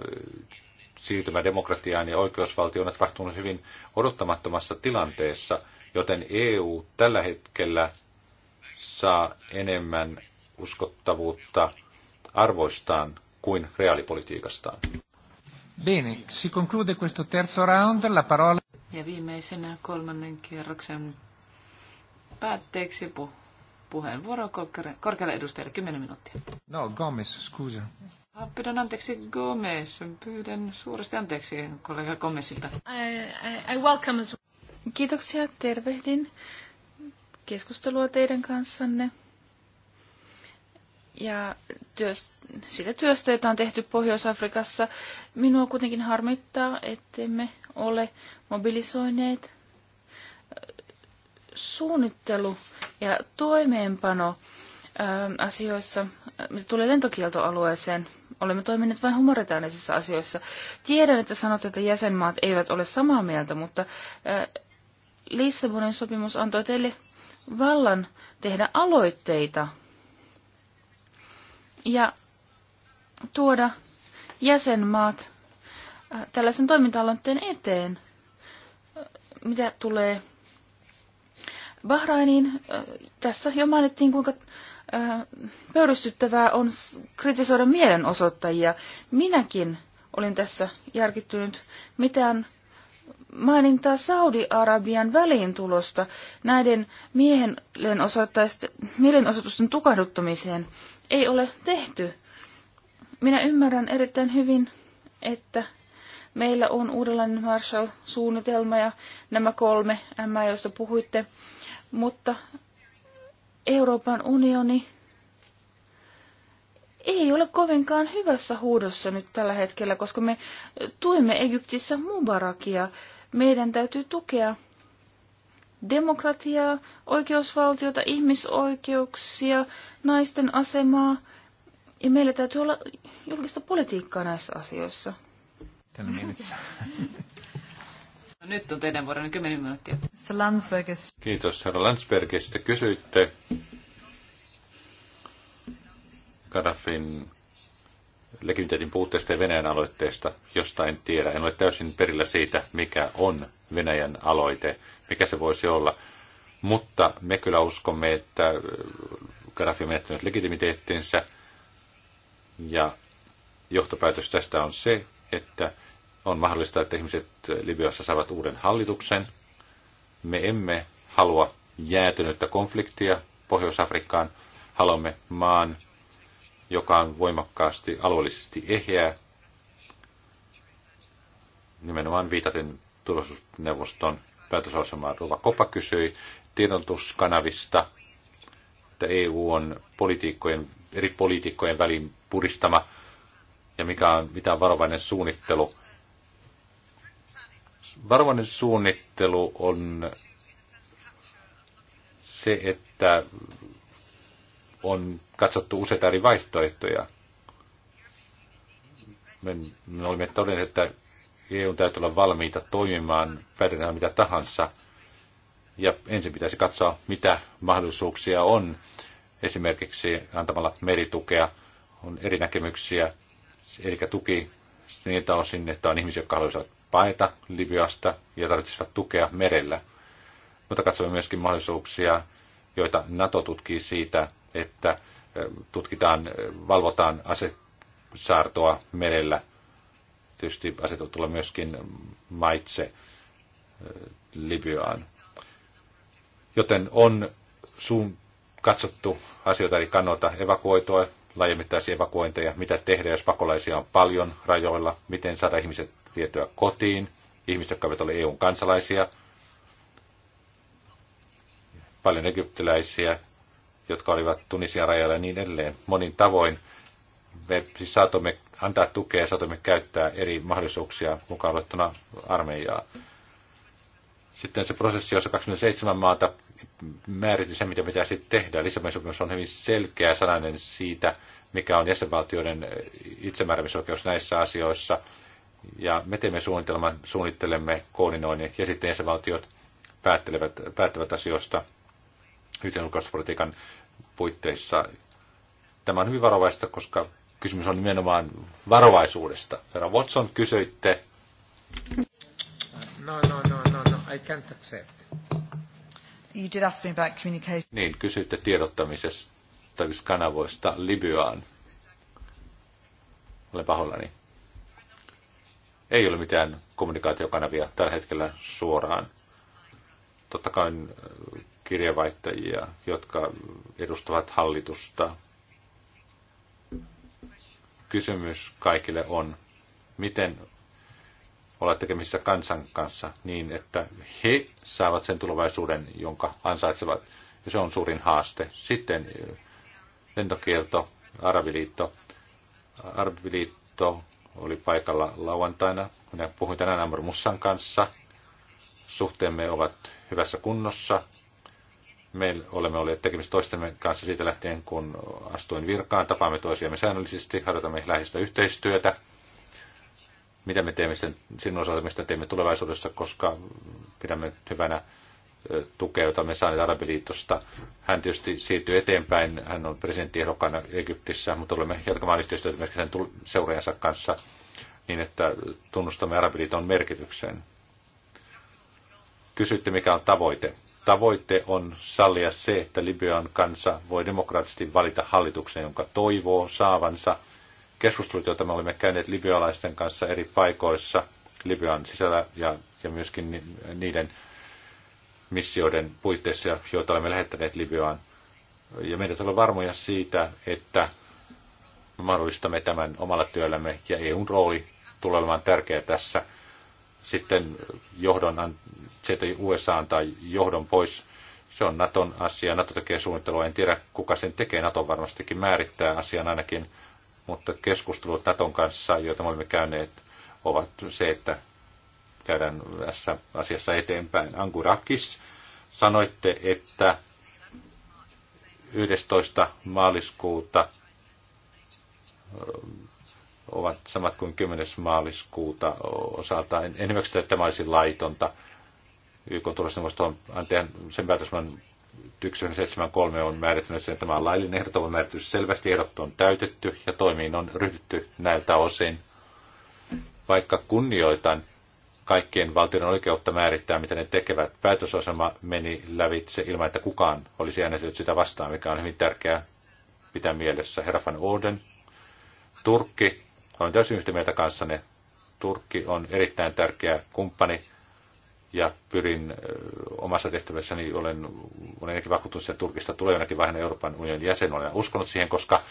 siirtymä demokratiaan ja oikeusvaltioon on tapahtunut hyvin odottamattomassa tilanteessa, joten EU tällä hetkellä saa enemmän uskottavuutta arvoistaan kuin reaalipolitiikastaan. Bene, si conclude questo terzo round, la parola... Ja viimeisenä kolmannen kierroksen päätteeksi pu- puheenvuoro korkealle edustajalle 10 minuuttia. No, Gomez, scusa. Ah, pyydän anteeksi Gomez. Pyydän suuresti anteeksi kollega Gomezilta. I, I, I welcome Kiitoksia. Tervehdin keskustelua teidän kanssanne. Ja työstä, sitä työstä, jota on tehty Pohjois-Afrikassa, minua kuitenkin harmittaa, ettemme ole mobilisoineet äh, suunnittelu- ja toimeenpano äh, asioissa, mitä tulee lentokieltoalueeseen olemme toimineet vain humoritaanisissa asioissa. Tiedän, että sanot, että jäsenmaat eivät ole samaa mieltä, mutta Lissabonin sopimus antoi teille vallan tehdä aloitteita ja tuoda jäsenmaat tällaisen toiminta-aloitteen eteen. Mitä tulee Bahrainiin, tässä jo mainittiin, kuinka pöyristyttävää on kritisoida mielenosoittajia. Minäkin olin tässä järkyttynyt mitään mainintaa Saudi-Arabian väliintulosta näiden mielenosoitusten tukahduttamiseen ei ole tehty. Minä ymmärrän erittäin hyvin, että meillä on uudenlainen Marshall-suunnitelma ja nämä kolme M, joista puhuitte, mutta Euroopan unioni ei ole kovinkaan hyvässä huudossa nyt tällä hetkellä, koska me tuimme Egyptissä Mubarakia. Meidän täytyy tukea demokratiaa, oikeusvaltiota, ihmisoikeuksia, naisten asemaa. Ja meillä täytyy olla julkista politiikkaa näissä asioissa. Ten nyt on teidän vuoronne 10 minuuttia. Kiitos, herra Landsbergistä. Kysyitte Gaddafin legitimiteetin puutteesta ja Venäjän aloitteesta, josta en tiedä. En ole täysin perillä siitä, mikä on Venäjän aloite, mikä se voisi olla. Mutta me kyllä uskomme, että Gaddafi on menettänyt legitimiteettinsä ja johtopäätös tästä on se, että on mahdollista, että ihmiset Libyassa saavat uuden hallituksen. Me emme halua jäätynyttä konfliktia Pohjois-Afrikkaan. Haluamme maan, joka on voimakkaasti alueellisesti ehjää, nimenomaan viitaten turvallisuusneuvoston päätösasemaa Rova Kopa kysyi tiedotuskanavista, että EU on politiikkojen, eri poliitikkojen väliin puristama ja mikä on, mitä on varovainen suunnittelu – varovainen suunnittelu on se, että on katsottu useita eri vaihtoehtoja. Me, me olimme todenneet, että EU täytyy olla valmiita toimimaan, päätetään mitä tahansa. Ja ensin pitäisi katsoa, mitä mahdollisuuksia on. Esimerkiksi antamalla meritukea on eri näkemyksiä, eli tuki on osin, että on ihmisiä, jotka haluaisivat paeta Libyasta ja tarvitsisivat tukea merellä. Mutta katsomme myöskin mahdollisuuksia, joita NATO tutkii siitä, että tutkitaan, valvotaan asesaartoa merellä. Tietysti asetut tulla myöskin maitse Libyaan. Joten on suun katsottu asioita eli kannalta evakuoitua, laajemmittaisia evakuointeja, mitä tehdä, jos pakolaisia on paljon rajoilla, miten saada ihmiset vietyä kotiin, ihmiset, jotka eivät ole EUn kansalaisia, paljon egyptiläisiä, jotka olivat Tunisian rajalla ja niin edelleen, monin tavoin. Me siis saatoimme antaa tukea ja saatoimme käyttää eri mahdollisuuksia mukaan luettuna armeijaa. Sitten se prosessi, jossa 27 maata määritti sen, mitä sitten tehdä. Lissabonin sopimus on hyvin selkeä sananen siitä, mikä on jäsenvaltioiden itsemääräämisoikeus näissä asioissa – ja me teemme suunnitelman, suunnittelemme koordinoinnin ja sitten jäsenvaltiot päättelevät, päättävät asioista yhteen ulkoispolitiikan puitteissa. Tämä on hyvin varovaista, koska kysymys on nimenomaan varovaisuudesta. Herra Watson, kysyitte. No, no, no, no, no, I can't accept. You did ask me about communication. Niin, kysyitte tiedottamisesta kanavoista Libyaan. Olen pahoillani ei ole mitään kommunikaatiokanavia tällä hetkellä suoraan. Totta kai äh, kirjavaihtajia, jotka edustavat hallitusta. Kysymys kaikille on, miten olet tekemisissä kansan kanssa niin, että he saavat sen tulevaisuuden, jonka ansaitsevat. Ja se on suurin haaste. Sitten äh, lentokielto, Arabiliitto. Arabiliitto oli paikalla lauantaina. Minä puhuin tänään Amor Mussan kanssa. Suhteemme ovat hyvässä kunnossa. Me olemme olleet tekemistä toistemme kanssa siitä lähtien, kun astuin virkaan. Tapaamme toisiamme säännöllisesti, harjoitamme läheistä yhteistyötä. Mitä me teemme sen, sinun osalta, mistä teemme tulevaisuudessa, koska pidämme hyvänä tukea, jota me saaneet Arabiliitosta. Hän tietysti siirtyy eteenpäin, hän on presidenttiehdokkaana Egyptissä, mutta olemme jatkamaan yhteistyötä myös hänen seuraajansa kanssa niin, että tunnustamme Arabiliiton merkityksen. Kysytte, mikä on tavoite. Tavoitte on sallia se, että Libyan kansa voi demokraattisesti valita hallituksen, jonka toivoo saavansa. Keskustelut, joita me olemme käyneet libyalaisten kanssa eri paikoissa, Libyan sisällä ja, ja myöskin niiden missioiden puitteissa, joita olemme lähettäneet Libyaan. Ja meidän on varmoja siitä, että me mahdollistamme tämän omalla työllämme ja EUn rooli tulee olemaan tärkeä tässä. Sitten johdon, se, että USA antaa johdon pois, se on Naton asia. Nato tekee suunnittelua, en tiedä kuka sen tekee. Nato varmastikin määrittää asian ainakin, mutta keskustelut Naton kanssa, joita me olemme käyneet, ovat se, että käydään tässä asiassa eteenpäin. Angurakis, sanoitte, että 11. maaliskuuta ovat samat kuin 10. maaliskuuta osalta. En, en hyväksytä, että tämä olisi laitonta. YK turvallisuusneuvosto on antajan sen päätösman 173 on määrittänyt sen, että tämä on laillinen ehdot on selvästi, ehdot on täytetty ja toimiin on ryhdytty näiltä osin. Vaikka kunnioitan kaikkien valtioiden oikeutta määrittää, mitä ne tekevät. Päätösasema meni lävitse ilman, että kukaan olisi äänestynyt sitä vastaan, mikä on hyvin tärkeää pitää mielessä. Herra van Orden, Turkki, olen täysin yhtä mieltä kanssanne. Turkki on erittäin tärkeä kumppani ja pyrin omassa tehtävässäni, olen, olen ainakin vakuuttunut, että Turkista tulee jonakin vähän Euroopan unionin jäsen. Olen uskonut siihen, koska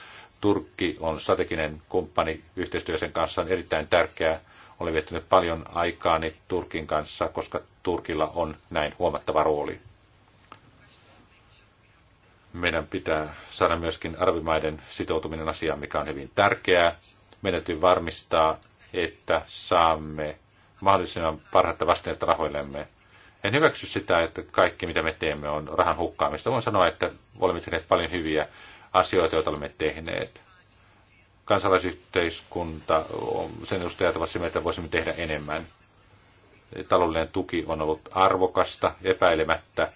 Turkki on strateginen kumppani yhteistyö sen kanssa on erittäin tärkeää olen viettänyt paljon aikaani Turkin kanssa, koska Turkilla on näin huomattava rooli. Meidän pitää saada myöskin arvimaiden sitoutuminen asiaan, mikä on hyvin tärkeää. Meidän täytyy varmistaa, että saamme mahdollisimman parhaita vastineita rahoillemme. En hyväksy sitä, että kaikki mitä me teemme on rahan hukkaamista. Voin sanoa, että olemme tehneet paljon hyviä asioita, joita olemme tehneet kansalaisyhteiskunta, sen edustajat ovat että voisimme tehdä enemmän. Taloudellinen tuki on ollut arvokasta, epäilemättä,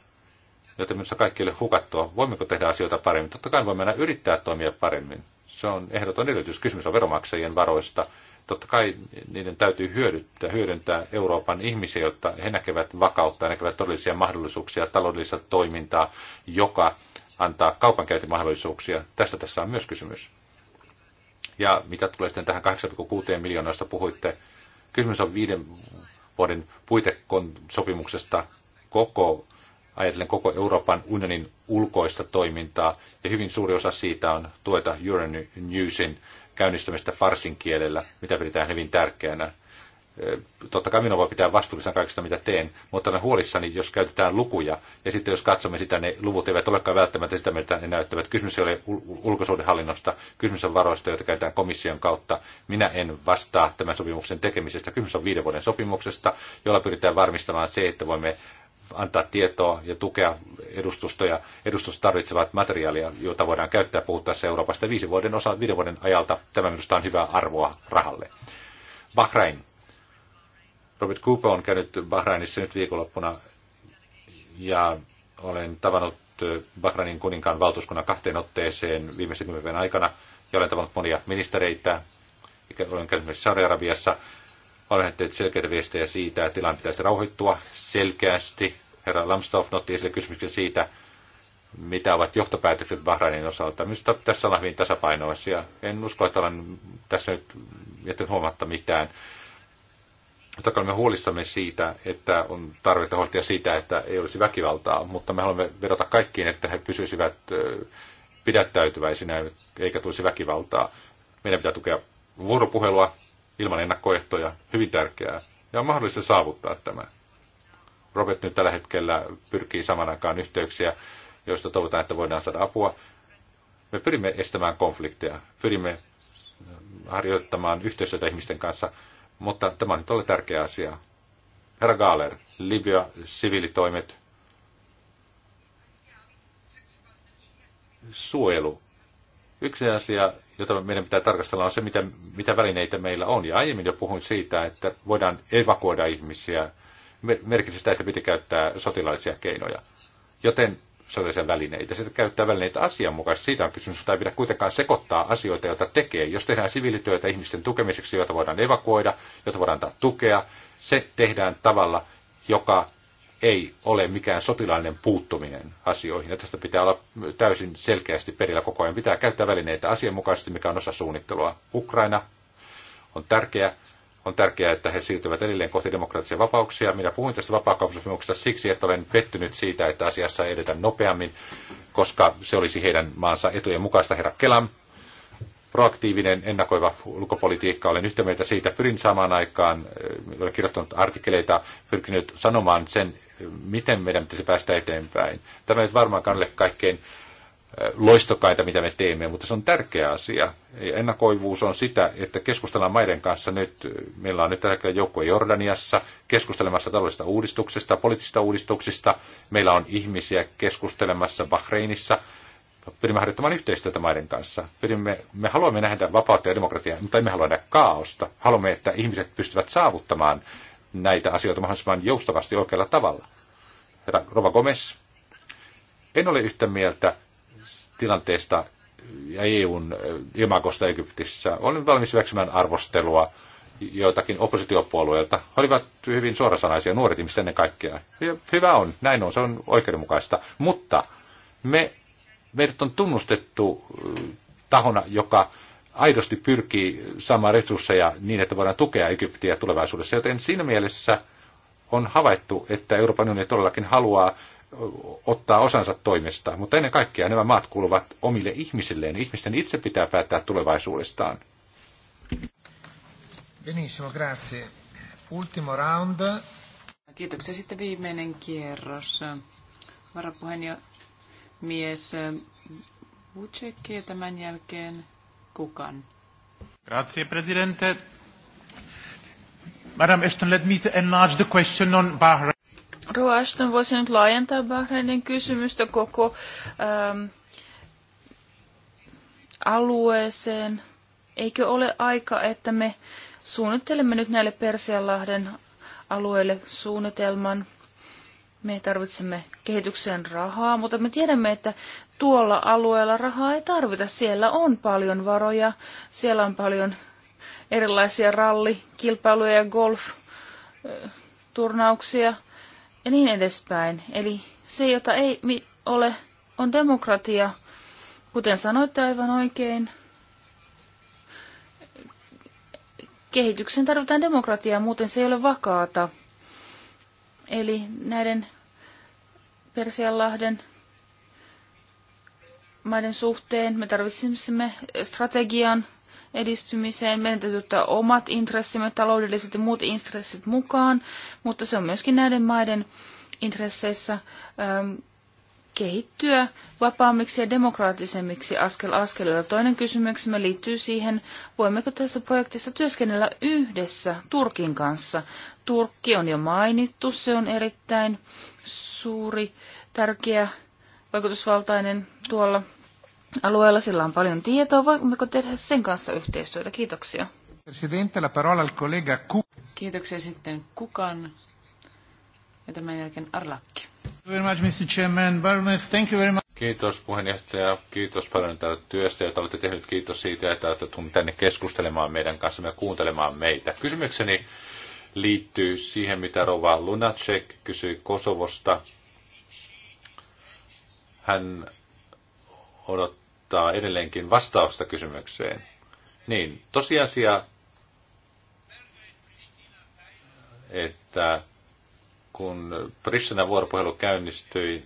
joten minusta kaikki ei ole hukattua. Voimmeko tehdä asioita paremmin? Totta kai voimme aina yrittää toimia paremmin. Se on ehdoton edellytys. Kysymys on veromaksajien varoista. Totta kai niiden täytyy hyödyttää, hyödyntää Euroopan ihmisiä, jotta he näkevät vakautta ja näkevät todellisia mahdollisuuksia, taloudellista toimintaa, joka antaa kaupankäyntimahdollisuuksia. Tästä tässä on myös kysymys. Ja mitä tulee sitten tähän 8,6 miljoonaa, josta puhuitte, kysymys on viiden vuoden sopimuksesta koko, ajatellen koko Euroopan unionin ulkoista toimintaa, ja hyvin suuri osa siitä on tueta Euronewsin käynnistämistä farsin kielellä, mitä pidetään hyvin tärkeänä. Totta kai minua voi pitää vastuullisena kaikesta, mitä teen, mutta olen huolissani, jos käytetään lukuja. Ja sitten jos katsomme sitä, ne luvut eivät olekaan välttämättä sitä, miltä ne näyttävät. Kysymys ei ole ulkosuudenhallinnosta, kysymys on varoista, joita käytetään komission kautta. Minä en vastaa tämän sopimuksen tekemisestä. Kysymys on viiden vuoden sopimuksesta, jolla pyritään varmistamaan se, että voimme antaa tietoa ja tukea edustustoja. Edustus tarvitsevat materiaalia, jota voidaan käyttää puhuttaessa Euroopasta viisi vuoden osa, viiden vuoden ajalta. Tämä minusta on hyvää arvoa rahalle. Bahrain. Robert Cooper on käynyt Bahrainissa nyt viikonloppuna ja olen tavannut Bahrainin kuninkaan valtuuskunnan kahteen otteeseen viimeisen kymmenen aikana ja olen tavannut monia ministereitä. Olen käynyt myös Saudi-Arabiassa. Olen lähettänyt selkeitä viestejä siitä, että tilanne pitäisi rauhoittua selkeästi. Herra Lambsdorff otti esille kysymyksen siitä, mitä ovat johtopäätökset Bahrainin osalta. Minusta tässä on hyvin tasapainoisia. En usko, että olen tässä nyt jättänyt huomatta mitään. Totta kai me huolissamme siitä, että on tarvetta huolehtia siitä, että ei olisi väkivaltaa, mutta me haluamme vedota kaikkiin, että he pysyisivät pidättäytyväisinä eikä tulisi väkivaltaa. Meidän pitää tukea vuoropuhelua ilman ennakkoehtoja, hyvin tärkeää, ja on mahdollista saavuttaa tämä. Robert nyt tällä hetkellä pyrkii saman aikaan yhteyksiä, joista toivotaan, että voidaan saada apua. Me pyrimme estämään konflikteja, pyrimme harjoittamaan yhteistyötä ihmisten kanssa – mutta tämä on nyt oli tärkeä asia. Herra Gaaler, Libya, siviilitoimet, suojelu. Yksi asia, jota meidän pitää tarkastella, on se, mitä, mitä välineitä meillä on. Ja aiemmin jo puhuin siitä, että voidaan evakuoida ihmisiä. Merkitsi sitä, että piti käyttää sotilaallisia keinoja. Joten sellaisia välineitä. Se käyttää välineitä asianmukaisesti. Siitä on kysymys, että ei pidä kuitenkaan sekoittaa asioita, joita tekee. Jos tehdään siviilityötä ihmisten tukemiseksi, joita voidaan evakuoida, joita voidaan antaa tukea, se tehdään tavalla, joka ei ole mikään sotilaallinen puuttuminen asioihin. Ja tästä pitää olla täysin selkeästi perillä koko ajan. Pitää käyttää välineitä asianmukaisesti, mikä on osa suunnittelua. Ukraina on tärkeä on tärkeää, että he siirtyvät edelleen kohti demokraattisia vapauksia. Minä puhuin tästä vapaakauppasopimuksesta siksi, että olen pettynyt siitä, että asiassa ei edetä nopeammin, koska se olisi heidän maansa etujen mukaista. Herra Kelam, proaktiivinen, ennakoiva ulkopolitiikka. Olen yhtä mieltä siitä. Pyrin samaan aikaan, eh, olen kirjoittanut artikkeleita, pyrkinyt sanomaan sen, eh, miten meidän pitäisi päästä eteenpäin. Tämä ei varmaankaan ole kaikkein loistokaita, mitä me teemme, mutta se on tärkeä asia. Ennakoivuus on sitä, että keskustellaan maiden kanssa nyt, meillä on nyt tällä hetkellä joukko Jordaniassa, keskustelemassa taloudellisista uudistuksista, poliittisista uudistuksista, meillä on ihmisiä keskustelemassa Bahreinissa, pyrimme harjoittamaan yhteistyötä maiden kanssa. Pyrimme, me haluamme nähdä vapautta ja demokratiaa, mutta emme halua nähdä kaaosta. Haluamme, että ihmiset pystyvät saavuttamaan näitä asioita mahdollisimman joustavasti oikealla tavalla. Herra Rova Gomez, en ole yhtä mieltä tilanteesta ja EUn ilmakosta Egyptissä. Olin valmis hyväksymään arvostelua joitakin oppositiopuolueilta. He olivat hyvin suorasanaisia, nuoret ihmiset ennen kaikkea. Hyvä on, näin on, se on oikeudenmukaista. Mutta me, meidät on tunnustettu tahona, joka aidosti pyrkii saamaan resursseja niin, että voidaan tukea Egyptiä tulevaisuudessa. Joten siinä mielessä on havaittu, että Euroopan unioni todellakin haluaa ottaa osansa toimesta, mutta ennen kaikkea nämä maat kuuluvat omille ihmisilleen. Ihmisten itse pitää päättää tulevaisuudestaan. Benissimo, grazie. Ultimo round. Kiitoksia. Sitten viimeinen kierros. Varapuheenjohtajamies Vucek ja tämän jälkeen Kukan. Grazie, presidente. Madam Ashton, let me enlarge the question on Bahrain. Rua Ashton nyt laajentaa Bahrainin kysymystä koko ähm, alueeseen. Eikö ole aika, että me suunnittelemme nyt näille Persianlahden alueille suunnitelman? Me tarvitsemme kehitykseen rahaa, mutta me tiedämme, että tuolla alueella rahaa ei tarvita. Siellä on paljon varoja, siellä on paljon erilaisia rallikilpailuja ja golf-turnauksia äh, – ja niin edespäin. Eli se, jota ei ole, on demokratia, kuten sanoitte aivan oikein. Kehityksen tarvitaan demokratiaa, muuten se ei ole vakaata. Eli näiden Persianlahden maiden suhteen me tarvitsisimme strategian, edistymiseen. Meidän täytyy ottaa omat intressimme, taloudelliset ja muut intressit mukaan, mutta se on myöskin näiden maiden intresseissä ähm, kehittyä vapaammiksi ja demokraattisemmiksi askel askeleella. Toinen kysymyksemme liittyy siihen, voimmeko tässä projektissa työskennellä yhdessä Turkin kanssa. Turkki on jo mainittu, se on erittäin suuri, tärkeä, vaikutusvaltainen tuolla alueella. Sillä on paljon tietoa. Voimmeko tehdä sen kanssa yhteistyötä? Kiitoksia. Presidente, la parola al collega Ku. Kiitoksia sitten Kukan ja tämän jälkeen Arlakki. Kiitos puheenjohtaja, kiitos paljon tätä työstä, jota olette tehnyt. Kiitos siitä, että olette tullut tänne keskustelemaan meidän kanssamme ja kuuntelemaan meitä. Kysymykseni liittyy siihen, mitä Rova Lunacek kysyi Kosovosta. Hän odottaa edelleenkin vastausta kysymykseen. Niin, tosiasia, että kun Pristinan vuoropuhelu käynnistyi,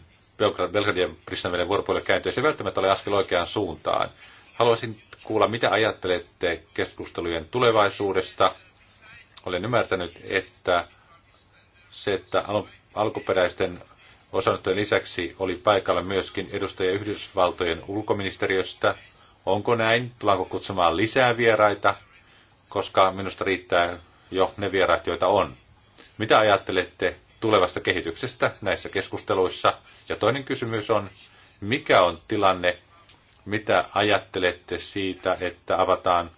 Belgradin ja Pristinan vuoropuhelu käynnistyi, se ei välttämättä ole askel oikeaan suuntaan. Haluaisin kuulla, mitä ajattelette keskustelujen tulevaisuudesta. Olen ymmärtänyt, että se, että alkuperäisten Osanottojen lisäksi oli paikalla myöskin edustaja Yhdysvaltojen ulkoministeriöstä. Onko näin? Tullaanko kutsumaan lisää vieraita? Koska minusta riittää jo ne vieraat, joita on. Mitä ajattelette tulevasta kehityksestä näissä keskusteluissa? Ja toinen kysymys on, mikä on tilanne, mitä ajattelette siitä, että avataan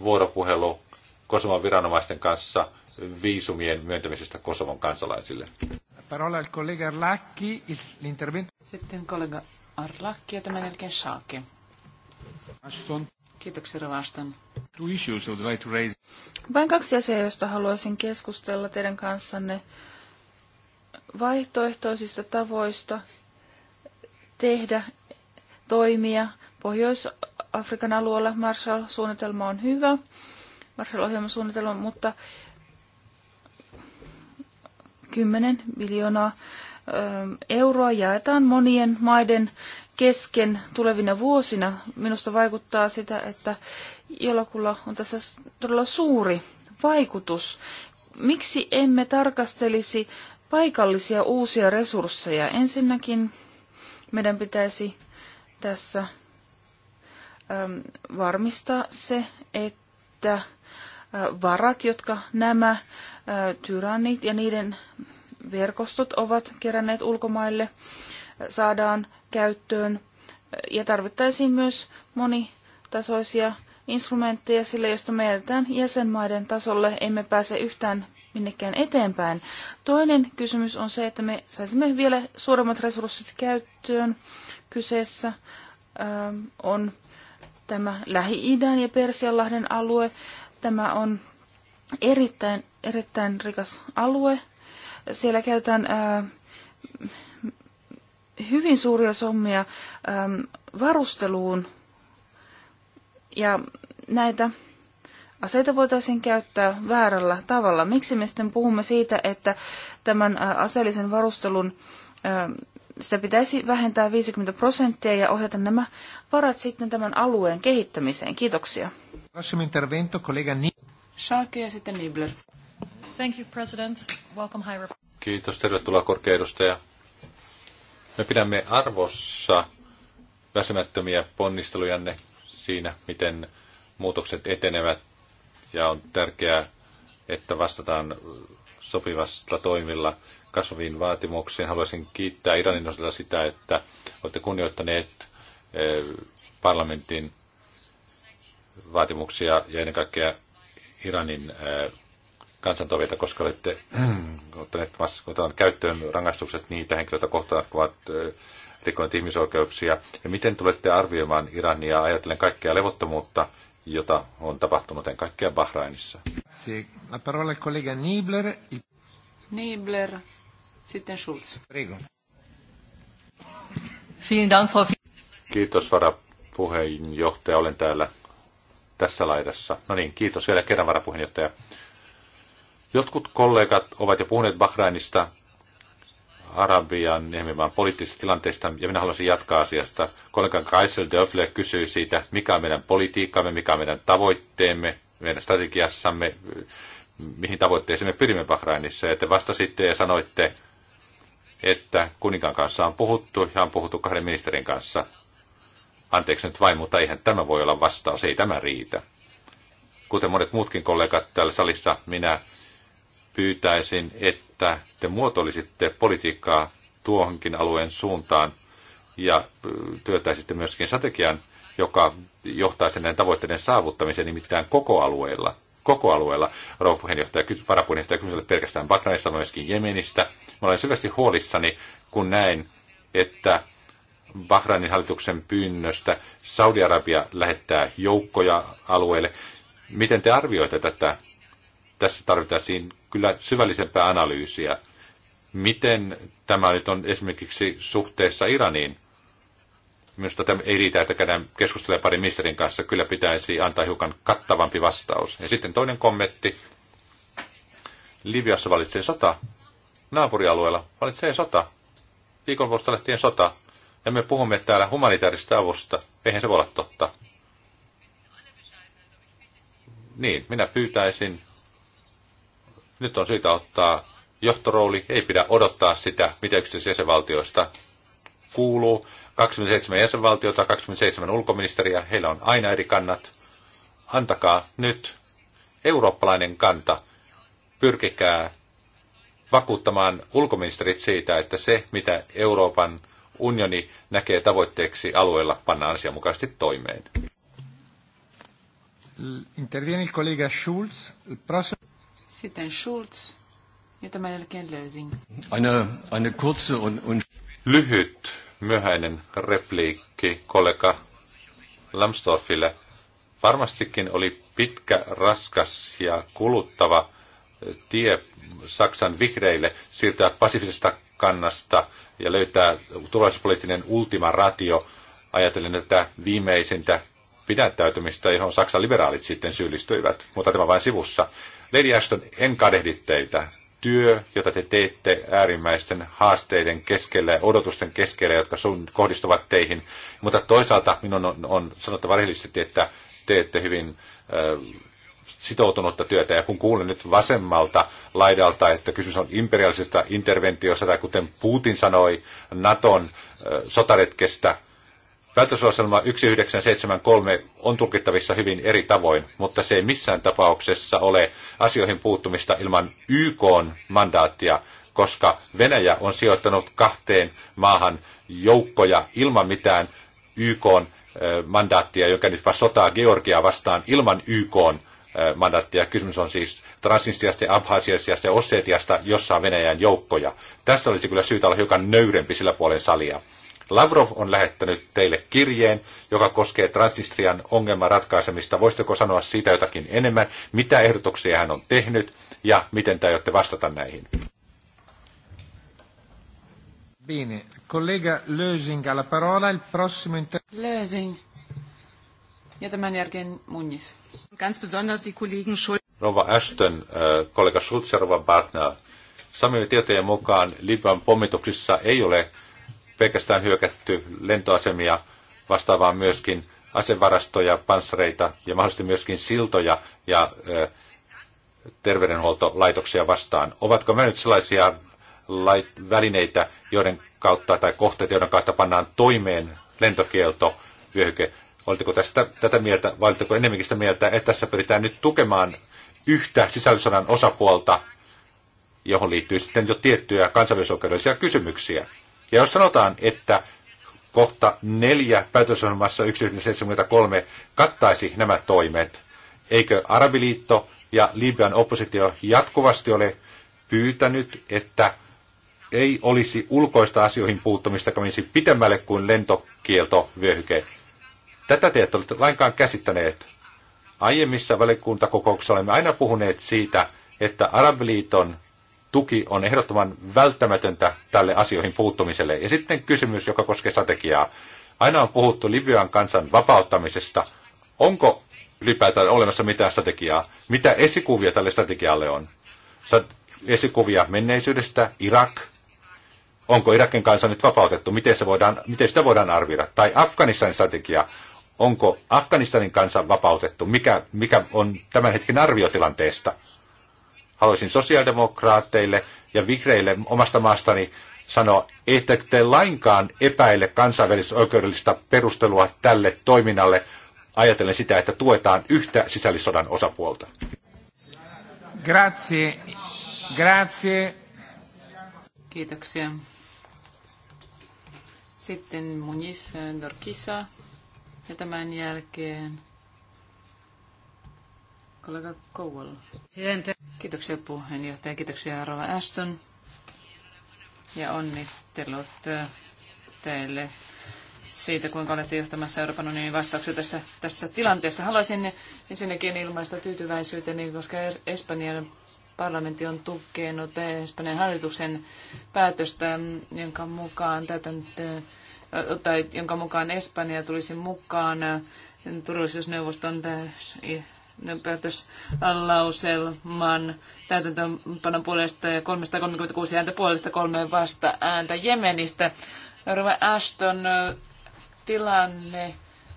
vuoropuhelu Kosovan viranomaisten kanssa viisumien myöntämisestä Kosovon kansalaisille? parola al collega Arlacchi, l'intervento... Sitten Arlacchi ja tämän jälkeen Saake. Kiitoksia Two issues I would like to raise. Vain kaksi asiaa, joista haluaisin keskustella teidän kanssanne. Vaihtoehtoisista tavoista tehdä toimia Pohjois-Afrikan alueella. Marshall-suunnitelma on hyvä, Marshall-ohjelmasuunnitelma, mutta 10 miljoonaa euroa jaetaan monien maiden kesken tulevina vuosina. Minusta vaikuttaa sitä, että jollakulla on tässä todella suuri vaikutus. Miksi emme tarkastelisi paikallisia uusia resursseja? Ensinnäkin meidän pitäisi tässä varmistaa se, että varat, jotka nämä äh, tyrannit ja niiden verkostot ovat keränneet ulkomaille, äh, saadaan käyttöön. Äh, ja tarvittaisiin myös monitasoisia instrumentteja, sillä jos me jätetään jäsenmaiden tasolle, emme pääse yhtään minnekään eteenpäin. Toinen kysymys on se, että me saisimme vielä suuremmat resurssit käyttöön. Kyseessä ähm, on tämä Lähi-idän ja Persianlahden alue. Tämä on erittäin, erittäin rikas alue. Siellä käytetään ää, hyvin suuria sommia ää, varusteluun ja näitä aseita voitaisiin käyttää väärällä tavalla. Miksi me sitten puhumme siitä, että tämän aseellisen varustelun sitä pitäisi vähentää 50 prosenttia ja ohjata nämä varat sitten tämän alueen kehittämiseen? Kiitoksia. Prossimo intervento, kollega Ni. Shaki ja sitten Nibler. Thank you, President. Welcome, High Kiitos, tervetuloa korkea edustaja. Me pidämme arvossa väsymättömiä ponnistelujanne siinä, miten muutokset etenevät ja on tärkeää, että vastataan sopivasta toimilla kasvaviin vaatimuksiin. Haluaisin kiittää Iranin osalta sitä, että olette kunnioittaneet eh, parlamentin vaatimuksia ja ennen kaikkea Iranin kansantoveita, koska olette ottaneet otan käyttöön rangaistukset niitä henkilöitä kohtaan, jotka ovat rikkoneet ihmisoikeuksia. Ja miten tulette arvioimaan Irania ajatellen kaikkea levottomuutta, jota on tapahtunut ennen kaikkea Bahrainissa? La parola collega Nibler. Nibler, sitten Schulz. Prego. Kiitos varapuheenjohtaja. Olen täällä tässä laidassa. No niin, kiitos vielä kerran varapuheenjohtaja. Jotkut kollegat ovat jo puhuneet Bahrainista, Arabian nimenomaan poliittisesta tilanteesta, ja minä haluaisin jatkaa asiasta. Kollega Kaisel Döfle kysyy siitä, mikä on meidän politiikkamme, mikä on meidän tavoitteemme, meidän strategiassamme, mihin tavoitteeseen me pyrimme Bahrainissa. Ja te vastasitte ja sanoitte, että kuninkaan kanssa on puhuttu ja on puhuttu kahden ministerin kanssa. Anteeksi nyt vain, mutta eihän tämä voi olla vastaus, ei tämä riitä. Kuten monet muutkin kollegat täällä salissa, minä pyytäisin, että te muotoilisitte politiikkaa tuohonkin alueen suuntaan ja työtäisitte myöskin strategian, joka johtaisi näiden tavoitteiden saavuttamiseen nimittäin koko alueella. Koko alueella, rouva puheenjohtaja, varapuheenjohtaja kysyi pelkästään Bahrainista, myöskin Jemenistä. Mä olen syvästi huolissani, kun näin, että Bahrainin hallituksen pyynnöstä Saudi-Arabia lähettää joukkoja alueelle. Miten te arvioitte tätä? Tässä tarvitaan kyllä syvällisempää analyysiä. Miten tämä nyt on esimerkiksi suhteessa Iraniin? Minusta tämä ei riitä, että käydään keskustelua parin ministerin kanssa. Kyllä pitäisi antaa hiukan kattavampi vastaus. Ja sitten toinen kommentti. Libyassa valitsee sota. Naapurialueella valitsee sota. Viikonvuosta lähtien sota. Ja me puhumme täällä humanitaarista avusta. Eihän se voi olla totta. Niin, minä pyytäisin. Nyt on syytä ottaa johtorooli. Ei pidä odottaa sitä, mitä yksityisistä jäsenvaltioista kuuluu. 27 jäsenvaltiota, 27 ulkoministeriä, heillä on aina eri kannat. Antakaa nyt eurooppalainen kanta. Pyrkikää vakuuttamaan ulkoministerit siitä, että se, mitä Euroopan unioni näkee tavoitteeksi alueella panna asianmukaisesti toimeen. Interviene il collega Schulz. Il prossimo... Sitten Schulz ja tämän jälkeen Lösing. Eine, eine kurze und, und... Lyhyt, myöhäinen repliikki kollega Lambsdorffille. Varmastikin oli pitkä, raskas ja kuluttava tie Saksan vihreille siirtyä pasifisesta kannasta ja löytää turvallisuuspoliittinen ultima ratio, ajatellen, että viimeisintä pidättäytymistä, johon Saksan liberaalit sitten syyllistyivät, mutta tämä vain sivussa. Lady Ashton, en kadehdi teitä. Työ, jota te teette äärimmäisten haasteiden keskellä ja odotusten keskellä, jotka sun kohdistuvat teihin, mutta toisaalta minun on, on sanottava rehellisesti, että teette hyvin äh, sitoutunutta työtä. Ja kun kuulen nyt vasemmalta laidalta, että kysymys on imperialisesta interventiosta tai kuten Putin sanoi, Naton sotaretkestä, Päätösohjelma 1973 on tulkittavissa hyvin eri tavoin, mutta se ei missään tapauksessa ole asioihin puuttumista ilman YK mandaattia, koska Venäjä on sijoittanut kahteen maahan joukkoja ilman mitään YK mandaattia, joka nyt vaan sotaa Georgiaa vastaan ilman YK mandaattia. Kysymys on siis Transnistriasta, Abhasiasta ja Ossetiasta, jossa on Venäjän joukkoja. Tässä olisi kyllä syytä olla hiukan nöyrempi sillä puolen salia. Lavrov on lähettänyt teille kirjeen, joka koskee Transnistrian ongelman ratkaisemista. Voisitteko sanoa siitä jotakin enemmän? Mitä ehdotuksia hän on tehnyt ja miten te aiotte vastata näihin? Bene, collega Lösing alla parola, il prossimo inter... Lösing. Ja tämän jälkeen Munjis. Ganz besonders die Kollegen Rova Ashton, äh, kollega Schulz ja Rova Bartner. Samien tietojen mukaan Libyan pommituksissa ei ole pelkästään hyökätty lentoasemia, vastaavaan myöskin asevarastoja, panssareita ja mahdollisesti myöskin siltoja ja ö, äh, terveydenhuoltolaitoksia vastaan. Ovatko nämä nyt sellaisia lait, välineitä, joiden kautta tai kohteita, joiden kautta pannaan toimeen lentokielto, vyöhyke, Oletteko tästä, tätä mieltä, vai oletteko enemmänkin sitä mieltä, että tässä pyritään nyt tukemaan yhtä sisällissodan osapuolta, johon liittyy sitten jo tiettyjä kansainvälisoikeudellisia kysymyksiä. Ja jos sanotaan, että kohta neljä päätösohjelmassa 1973 kattaisi nämä toimet, eikö Arabiliitto ja Libyan oppositio jatkuvasti ole pyytänyt, että ei olisi ulkoista asioihin puuttumista, joka menisi pitemmälle kuin lentokielto lentokieltovyöhyke. Tätä te ette ole lainkaan käsittäneet. Aiemmissa valiokuntakokouksissa olemme aina puhuneet siitä, että Arabiliiton tuki on ehdottoman välttämätöntä tälle asioihin puuttumiselle. Ja sitten kysymys, joka koskee strategiaa. Aina on puhuttu Libyan kansan vapauttamisesta. Onko ylipäätään olemassa mitään strategiaa? Mitä esikuvia tälle strategialle on? Esikuvia menneisyydestä, Irak, onko Irakin kansa nyt vapautettu, miten, se voidaan, miten sitä voidaan arvioida, tai Afganistanin strategia, Onko Afganistanin kansa vapautettu? Mikä, mikä on tämän hetken arviotilanteesta? Haluaisin sosiaaldemokraatteille ja vihreille omasta maastani sanoa, että te lainkaan epäile kansainvälisoikeudellista perustelua tälle toiminnalle ajatellen sitä, että tuetaan yhtä sisällissodan osapuolta. Grazie. Grazie. Kiitoksia. Sitten Munif Dorkisa. Ja tämän jälkeen kollega Kouvola. Kiitoksia puheenjohtaja, kiitoksia Rova Aston. Ja onnittelut teille siitä, kuinka olette johtamassa Euroopan unionin vastauksia tästä, tässä tilanteessa. Haluaisin ensinnäkin ilmaista tyytyväisyyteni, koska er-, Espanjan parlamentti on tukenut Espanjan hallituksen päätöstä, jonka mukaan täytäntöön tai jonka mukaan Espanja tulisi mukaan turvallisuusneuvoston no, päätöslauselman täytäntöönpanon puolesta ja 336 ääntä puolesta kolme vasta ääntä Jemenistä. Rova Ashton tilanne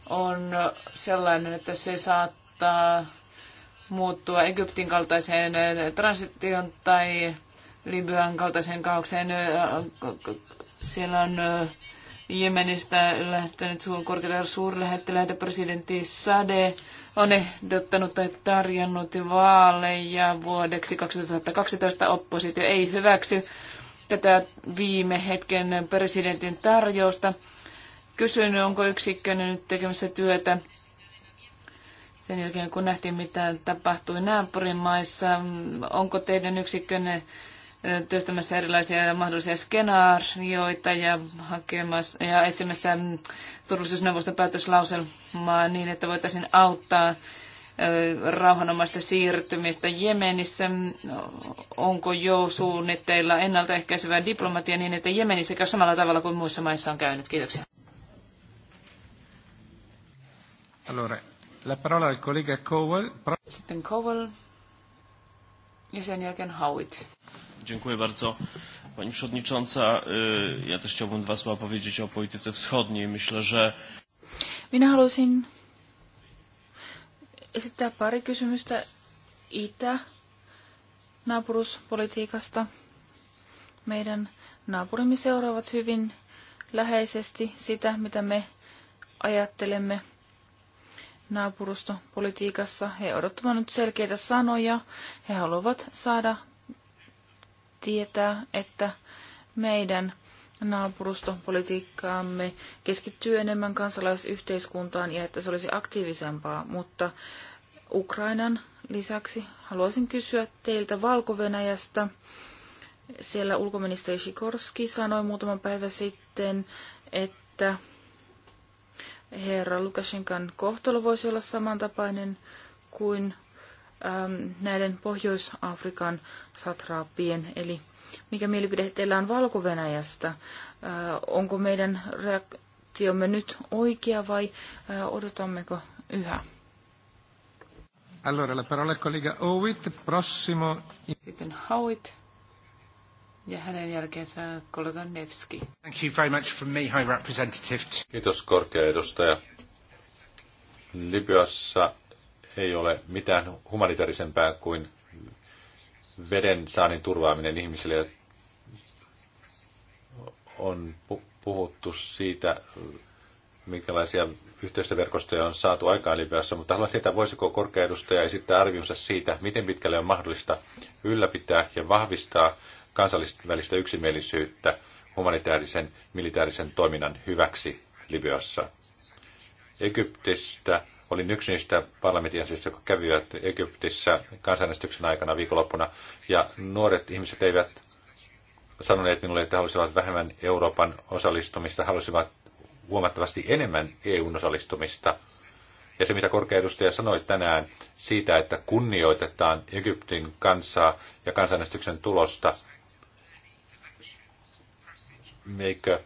on sellainen, että se saattaa muuttua Egyptin kaltaiseen transition tai Libyan kaltaiseen kaaukseen. Siellä on Jemenistä lähtenyt korkeita suurlähettiläitä presidentti Sade on ehdottanut tai tarjonnut vaaleja vuodeksi 2012. Oppositio ei hyväksy tätä viime hetken presidentin tarjousta. Kysyn, onko yksikkö nyt tekemässä työtä sen jälkeen, kun nähtiin, mitä tapahtui naapurimaissa. Onko teidän yksikkönne työstämässä erilaisia mahdollisia skenaarioita ja, hakemassa, ja etsimässä turvallisuusneuvoston päätöslauselmaa niin, että voitaisiin auttaa rauhanomaista siirtymistä Jemenissä. Onko jo suunnitteilla ennaltaehkäisevää diplomatia niin, että Jemenissä käy samalla tavalla kuin muissa maissa on käynyt? Kiitoksia. Allora, la parola al collega Cowell. Sitten Cowell ja sen jälkeen Howitt. Dziękuję bardzo. Pani Przewodnicząca, ja też chciałbym dwa słowa powiedzieć o polityce wschodniej. Myślę, że... Minä haluaisin esittää pari kysymystä itä-naapuruspolitiikasta. Meidän naapurimme seuraavat hyvin läheisesti sitä, mitä me ajattelemme naapurustopolitiikassa. He odottavat nyt selkeitä sanoja. He haluavat saada tietää, että meidän naapurustopolitiikkaamme keskittyy enemmän kansalaisyhteiskuntaan ja että se olisi aktiivisempaa, mutta Ukrainan lisäksi haluaisin kysyä teiltä valko -Venäjästä. Siellä ulkoministeri Sikorski sanoi muutama päivä sitten, että herra Lukashenkan kohtalo voisi olla samantapainen kuin Ähm, näiden Pohjois-Afrikan satraappien, eli mikä mielipide teillä on valko -Venäjästä? Äh, onko meidän reaktiomme nyt oikea vai äh, odotammeko yhä? Allora, la parola al collega Howitt, prossimo... Sitten Howitt ja hänen jälkeensä kollega Nevski. Thank you very much from me, High Representative. Kiitos korkea edustaja. Libyassa ei ole mitään humanitaarisempää kuin veden saannin turvaaminen ihmisille. On puhuttu siitä, minkälaisia yhteistyöverkostoja on saatu aikaan Libyassa, mutta haluan tietää, voisiko korkea edustaja esittää arvionsa siitä, miten pitkälle on mahdollista ylläpitää ja vahvistaa kansallista yksimielisyyttä humanitaarisen militaarisen toiminnan hyväksi Libyassa. Egyptistä Olin yksi niistä parlamentin jäsenistä, jotka kävivät Egyptissä kansanäänestyksen aikana viikonloppuna. Ja nuoret ihmiset eivät sanoneet minulle, että halusivat vähemmän Euroopan osallistumista, halusivat huomattavasti enemmän EUn osallistumista. Ja se, mitä korkea edustaja sanoi tänään siitä, että kunnioitetaan Egyptin kansaa ja kansanäänestyksen tulosta, meikö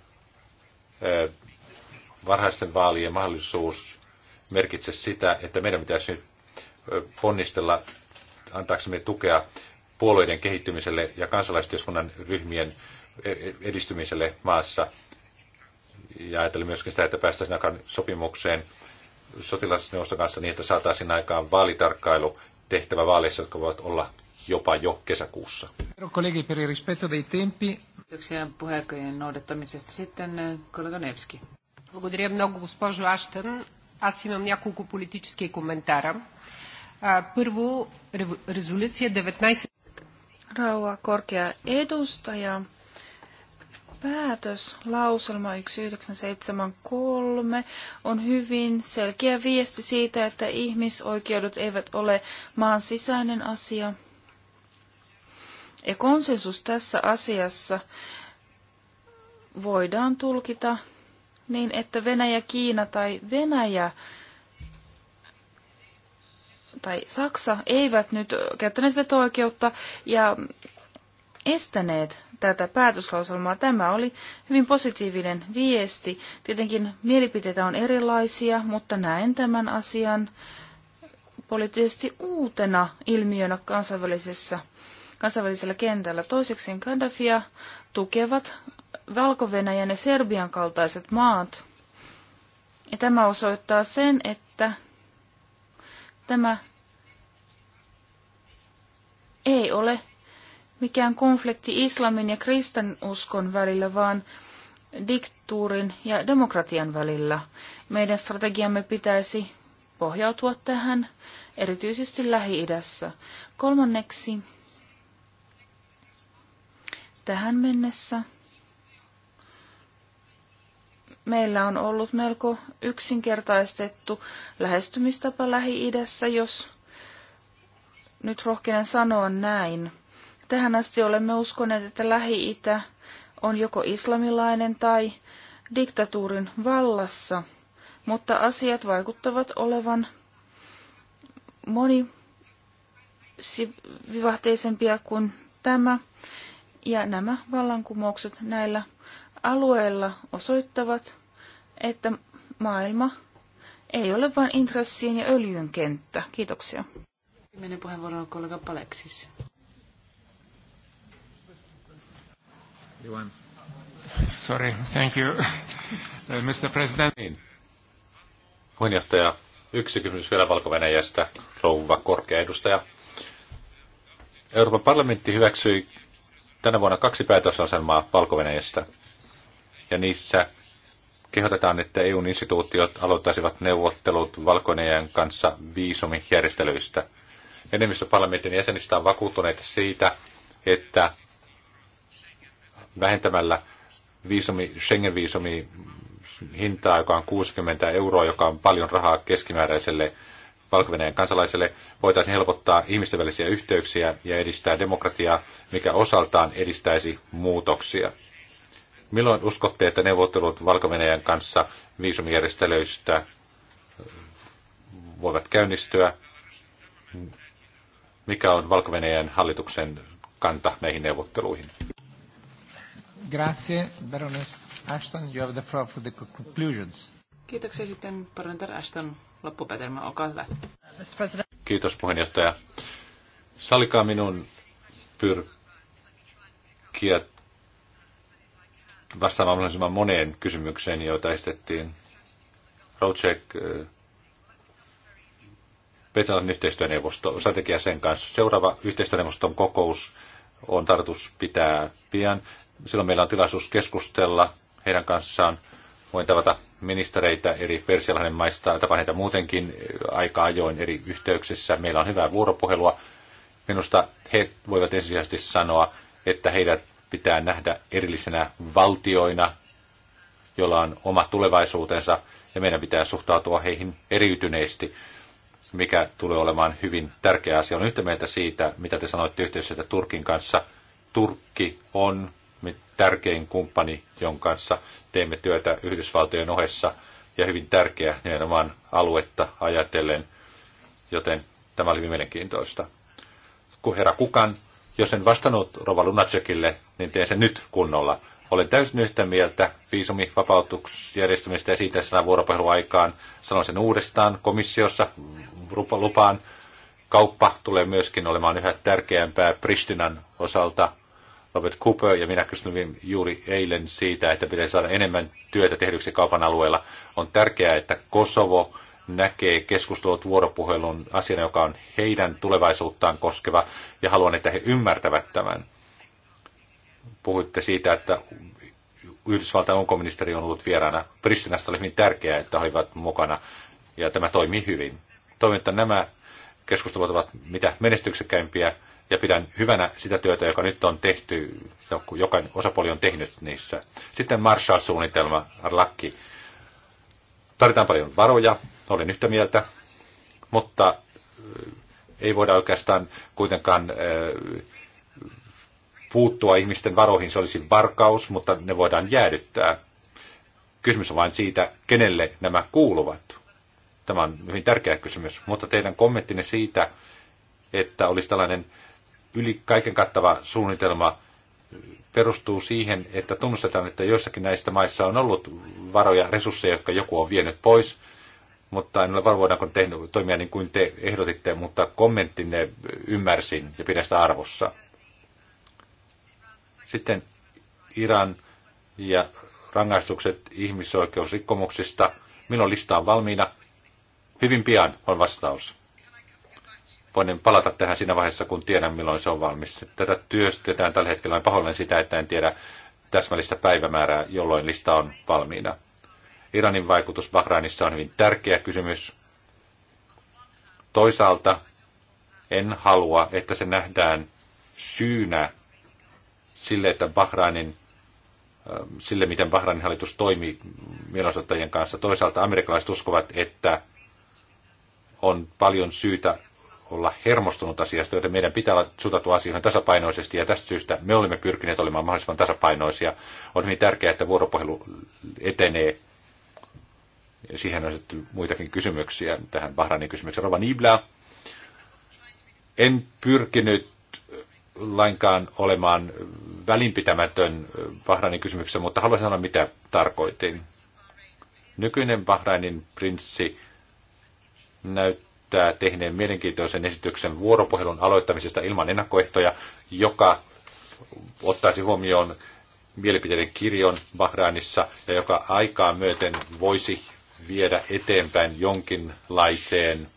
varhaisten vaalien mahdollisuus merkitse sitä, että meidän pitäisi nyt ponnistella antaaksemme tukea puolueiden kehittymiselle ja kansalaistyöskunnan ryhmien e, e, edistymiselle maassa. Ja ajattelin myöskin sitä, että päästäisiin aikaan sopimukseen sotilasneuvoston kanssa niin, että saataisiin aikaan vaalitarkkailu tehtävä vaaleissa, jotka voivat olla jopa jo kesäkuussa. Kollegi, per rispetto dei tempi. Kiitoksia puheenjohtajien noudattamisesta. Sitten kollega Nevski. Благодаря много, госпожо Аштън. Аз имам няколко политически коментара. А, първо, резолюция 19... Рауа korkea edustaja. Päätös lauselma 1973 on hyvin selkeä viesti siitä, että ihmisoikeudet eivät ole maan sisäinen asia. Ja konsensus tässä asiassa voidaan tulkita niin, että Venäjä, Kiina tai Venäjä tai Saksa eivät nyt käyttäneet veto-oikeutta ja estäneet tätä päätöslauselmaa. Tämä oli hyvin positiivinen viesti. Tietenkin mielipiteitä on erilaisia, mutta näen tämän asian poliittisesti uutena ilmiönä kansainvälisessä, kansainvälisellä kentällä. Toiseksi Gaddafia tukevat valko ja Serbian kaltaiset maat. Ja tämä osoittaa sen, että tämä ei ole mikään konflikti islamin ja kristanuskon välillä, vaan diktuurin ja demokratian välillä. Meidän strategiamme pitäisi pohjautua tähän, erityisesti Lähi-idässä. Kolmanneksi, tähän mennessä meillä on ollut melko yksinkertaistettu lähestymistapa Lähi-idässä, jos nyt rohkenen sanoa näin. Tähän asti olemme uskoneet, että Lähi-itä on joko islamilainen tai diktatuurin vallassa, mutta asiat vaikuttavat olevan moni vivahteisempia kuin tämä. Ja nämä vallankumoukset näillä alueilla osoittavat, että maailma ei ole vain intressien ja öljyn kenttä. Kiitoksia. Viimeinen puheenvuoro on kollega Paleksis. Sorry, thank you, Mr. President. Niin. Puheenjohtaja, yksi kysymys vielä valko rouva korkea edustaja. Euroopan parlamentti hyväksyi tänä vuonna kaksi päätösasemaa valko ja niissä kehotetaan, että EUn instituutiot aloittaisivat neuvottelut valko kanssa viisumijärjestelyistä. Enemmistö parlamentin jäsenistä on vakuuttuneita siitä, että vähentämällä viisumi, Schengen-viisumi hintaa, joka on 60 euroa, joka on paljon rahaa keskimääräiselle valko kansalaiselle voitaisiin helpottaa ihmisten välisiä yhteyksiä ja edistää demokratiaa, mikä osaltaan edistäisi muutoksia. Milloin uskotte, että neuvottelut valko kanssa viisumijärjestelyistä voivat käynnistyä? Mikä on valko hallituksen kanta näihin neuvotteluihin? Grazie, Baroness Ashton. You have the floor for the conclusions. Kiitoksia sitten, Baroness Ashton loppupäätelmä, olkaa hyvä. Kiitos puheenjohtaja. Salikaa minun pyrkiä vastaamaan mahdollisimman moneen kysymykseen, joita estettiin. Rocek, eh, Petsalan yhteistyöneuvosto, strategia sen kanssa. Seuraava yhteistyöneuvoston kokous on tarkoitus pitää pian. Silloin meillä on tilaisuus keskustella heidän kanssaan Voin tavata ministereitä eri Persialahden maista, tapaan heitä muutenkin aika ajoin eri yhteyksissä. Meillä on hyvää vuoropuhelua. Minusta he voivat ensisijaisesti sanoa, että heidät pitää nähdä erillisenä valtioina, jolla on oma tulevaisuutensa, ja meidän pitää suhtautua heihin eriytyneesti, mikä tulee olemaan hyvin tärkeä asia. On yhtä mieltä siitä, mitä te sanoitte yhteistyötä Turkin kanssa. Turkki on tärkein kumppani, jonka kanssa teemme työtä Yhdysvaltojen ohessa ja hyvin tärkeä nimenomaan aluetta ajatellen, joten tämä oli hyvin mielenkiintoista. Kun herra Kukan, jos en vastannut Rova Lunacekille, niin teen sen nyt kunnolla. Olen täysin yhtä mieltä viisumivapautusjärjestämistä ja siitä sanan vuoropuheluaikaan. Sanon sen uudestaan komissiossa lupaan. Kauppa tulee myöskin olemaan yhä tärkeämpää Pristinan osalta Robert Cooper ja minä kysyin juuri eilen siitä, että pitäisi saada enemmän työtä tehdyksi kaupan alueella. On tärkeää, että Kosovo näkee keskustelut vuoropuhelun asiana, joka on heidän tulevaisuuttaan koskeva, ja haluan, että he ymmärtävät tämän. Puhuitte siitä, että Yhdysvaltain ulkoministeri on ollut vieraana. Pristinasta oli hyvin tärkeää, että he olivat mukana, ja tämä toimii hyvin. Toivon, että nämä keskustelut ovat mitä menestyksekkäimpiä ja pidän hyvänä sitä työtä, joka nyt on tehty, jokainen osapuoli on tehnyt niissä. Sitten Marshall-suunnitelma, Arlakki. Tarvitaan paljon varoja, olen yhtä mieltä, mutta äh, ei voida oikeastaan kuitenkaan äh, puuttua ihmisten varoihin, se olisi varkaus, mutta ne voidaan jäädyttää. Kysymys on vain siitä, kenelle nämä kuuluvat. Tämä on hyvin tärkeä kysymys, mutta teidän kommenttinne siitä, että olisi tällainen yli kaiken kattava suunnitelma perustuu siihen, että tunnustetaan, että joissakin näistä maissa on ollut varoja, resursseja, jotka joku on vienyt pois, mutta en ole varma, voidaanko tehnyt, toimia niin kuin te ehdotitte, mutta kommenttinne ymmärsin ja pidän sitä arvossa. Sitten Iran ja rangaistukset ihmisoikeusrikkomuksista. Minun lista on valmiina? Hyvin pian on vastaus voin palata tähän siinä vaiheessa, kun tiedän, milloin se on valmis. Tätä työstetään tällä hetkellä. Olen pahoillani sitä, että en tiedä täsmällistä päivämäärää, jolloin lista on valmiina. Iranin vaikutus Bahrainissa on hyvin tärkeä kysymys. Toisaalta en halua, että se nähdään syynä sille, että Bahrainin, ähm, sille miten Bahrainin hallitus toimii mielenosoittajien kanssa. Toisaalta amerikkalaiset uskovat, että on paljon syytä olla hermostunut asiasta, joten meidän pitää olla suhtautua asioihin tasapainoisesti ja tästä syystä me olemme pyrkineet olemaan mahdollisimman tasapainoisia. On hyvin tärkeää, että vuoropuhelu etenee. Ja siihen on sitten muitakin kysymyksiä tähän Bahrainin kysymykseen. Rova Nibla, en pyrkinyt lainkaan olemaan välinpitämätön Bahrainin kysymyksessä, mutta haluaisin sanoa, mitä tarkoitin. Nykyinen Bahrainin prinssi näyttää esittää tehneen mielenkiintoisen esityksen vuoropuhelun aloittamisesta ilman ennakkoehtoja, joka ottaisi huomioon mielipiteiden kirjon Bahrainissa ja joka aikaa myöten voisi viedä eteenpäin jonkinlaiseen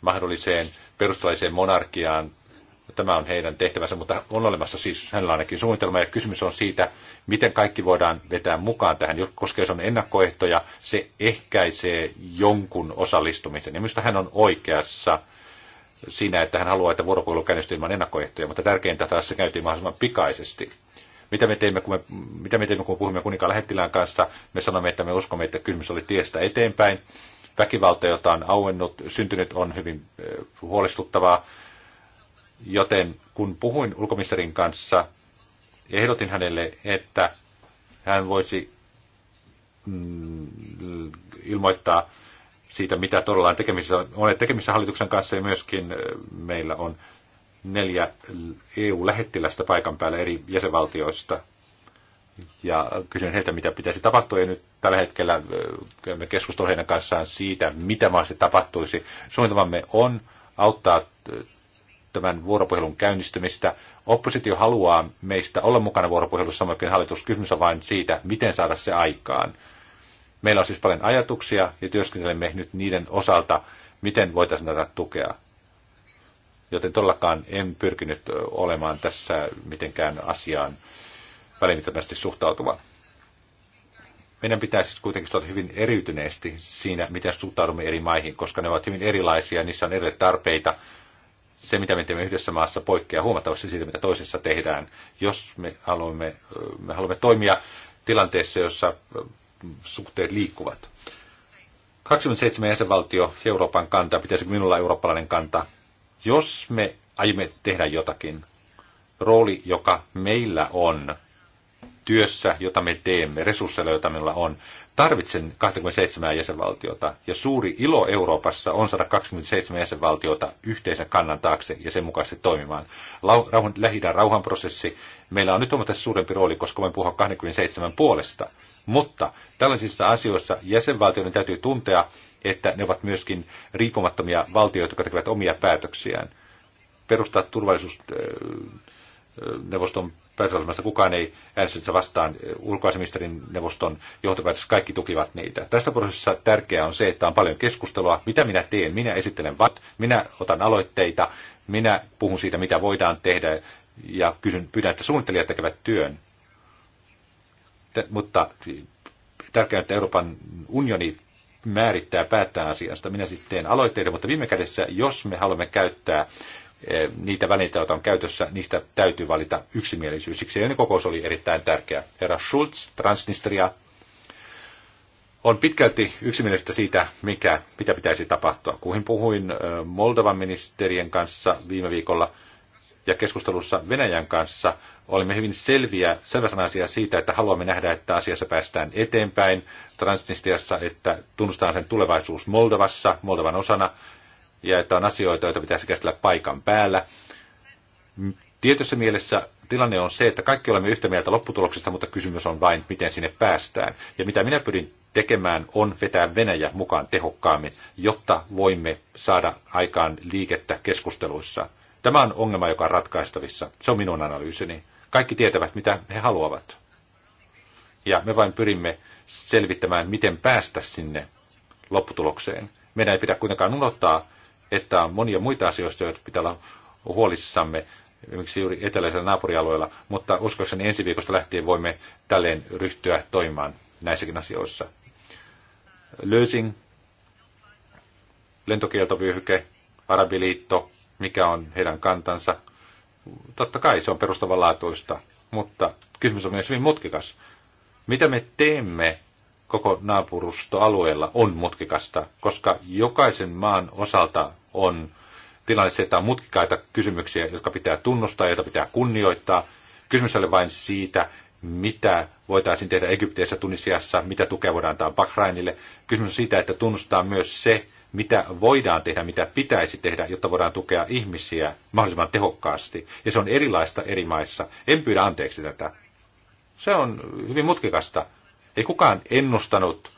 mahdolliseen perustuslaiseen monarkiaan Tämä on heidän tehtävänsä, mutta on olemassa siis hänellä ainakin suunnitelma ja kysymys on siitä, miten kaikki voidaan vetää mukaan tähän, koska se on ennakkoehtoja, se ehkäisee jonkun osallistumisen. Ja minusta hän on oikeassa siinä, että hän haluaa, että vuoropuhelu käynnistyy ilman ennakkoehtoja, mutta tärkeintä taas se käytiin mahdollisimman pikaisesti. Mitä me, teimme, kun me, mitä me teimme, kun puhumme kuninkaan lähettilään kanssa? Me sanomme, että me uskomme, että kysymys oli tiestä eteenpäin. Väkivalta, jota on auennut, syntynyt, on hyvin eh, huolestuttavaa. Joten kun puhuin ulkoministerin kanssa, ehdotin hänelle, että hän voisi mm, ilmoittaa siitä, mitä todella on tekemisissä. on tekemisissä hallituksen kanssa ja myöskin meillä on neljä EU-lähettilästä paikan päällä eri jäsenvaltioista. Ja kysyn heiltä, mitä pitäisi tapahtua. Ja nyt tällä hetkellä me keskustelemme heidän kanssaan siitä, mitä mahdollisesti tapahtuisi. Suunnitelmamme on auttaa tämän vuoropuhelun käynnistymistä. Oppositio haluaa meistä olla mukana vuoropuhelussa, samoin kuin hallitus. Kysymys on vain siitä, miten saada se aikaan. Meillä on siis paljon ajatuksia ja työskentelemme nyt niiden osalta, miten voitaisiin näitä tukea. Joten todellakaan en pyrkinyt olemaan tässä mitenkään asiaan välimittömästi suhtautuva. Meidän pitäisi siis kuitenkin olla hyvin eriytyneesti siinä, miten suhtaudumme eri maihin, koska ne ovat hyvin erilaisia, niissä on eri tarpeita, se, mitä me teemme yhdessä maassa, poikkeaa huomattavasti siitä, mitä toisessa tehdään. Jos me haluamme, me haluamme toimia tilanteessa, jossa suhteet liikkuvat. 27 jäsenvaltio Euroopan kanta, pitäisikö minulla eurooppalainen kanta? Jos me aiomme tehdä jotakin, rooli, joka meillä on työssä, jota me teemme, resursseilla, joita meillä on, tarvitsen 27 jäsenvaltiota, ja suuri ilo Euroopassa on saada 27 jäsenvaltiota yhteisen kannan taakse ja sen mukaisesti toimimaan. Rauhan, Lähi-idän rauhanprosessi, meillä on nyt huomattavasti suurempi rooli, koska me puhua 27 puolesta. Mutta tällaisissa asioissa jäsenvaltioiden täytyy tuntea, että ne ovat myöskin riippumattomia valtioita, jotka tekevät omia päätöksiään. Perustaa turvallisuus neuvoston päätösohjelmasta kukaan ei äänestänyt vastaan. Ulkoasiministerin neuvoston johtopäätös kaikki tukivat niitä. Tästä prosessissa tärkeää on se, että on paljon keskustelua. Mitä minä teen? Minä esittelen VAT, minä otan aloitteita, minä puhun siitä, mitä voidaan tehdä ja kysyn, pyydän, että suunnittelijat tekevät työn. T- mutta tärkeää, että Euroopan unioni määrittää, päättää asiasta. Minä sitten teen aloitteita, mutta viime kädessä, jos me haluamme käyttää Eh, niitä välineitä, joita on käytössä, niistä täytyy valita yksimielisyys. Siksi ennen kokous oli erittäin tärkeä. Herra Schulz, Transnistria, on pitkälti yksimielistä siitä, mikä, mitä pitäisi tapahtua. Kuhin puhuin eh, Moldovan ministerien kanssa viime viikolla ja keskustelussa Venäjän kanssa, olimme hyvin selviä, selväsanaisia siitä, että haluamme nähdä, että asiassa päästään eteenpäin Transnistriassa, että tunnustetaan sen tulevaisuus Moldovassa, Moldovan osana, ja että on asioita, joita pitäisi käsitellä paikan päällä. Tietyssä mielessä tilanne on se, että kaikki olemme yhtä mieltä lopputuloksesta, mutta kysymys on vain, miten sinne päästään. Ja mitä minä pyrin tekemään on vetää Venäjä mukaan tehokkaammin, jotta voimme saada aikaan liikettä keskusteluissa. Tämä on ongelma, joka on ratkaistavissa. Se on minun analyysini. Kaikki tietävät, mitä he haluavat. Ja me vain pyrimme selvittämään, miten päästä sinne lopputulokseen. Meidän ei pidä kuitenkaan unohtaa, että on monia muita asioita, joita pitää olla huolissamme, esimerkiksi juuri eteläisellä naapurialueella, mutta uskoakseni ensi viikosta lähtien voimme tälleen ryhtyä toimimaan näissäkin asioissa. Lösing, lentokieltovyöhyke, Arabiliitto, mikä on heidän kantansa. Totta kai se on perustavanlaatuista, mutta kysymys on myös hyvin mutkikas. Mitä me teemme koko naapurustoalueella on mutkikasta, koska jokaisen maan osalta on tilanne se, että on mutkikaita kysymyksiä, jotka pitää tunnustaa ja joita pitää kunnioittaa. Kysymys oli vain siitä, mitä voitaisiin tehdä Egyptissä, Tunisiassa, mitä tukea voidaan antaa Bahrainille. Kysymys on siitä, että tunnustaa myös se, mitä voidaan tehdä, mitä pitäisi tehdä, jotta voidaan tukea ihmisiä mahdollisimman tehokkaasti. Ja se on erilaista eri maissa. En pyydä anteeksi tätä. Se on hyvin mutkikasta. Ei kukaan ennustanut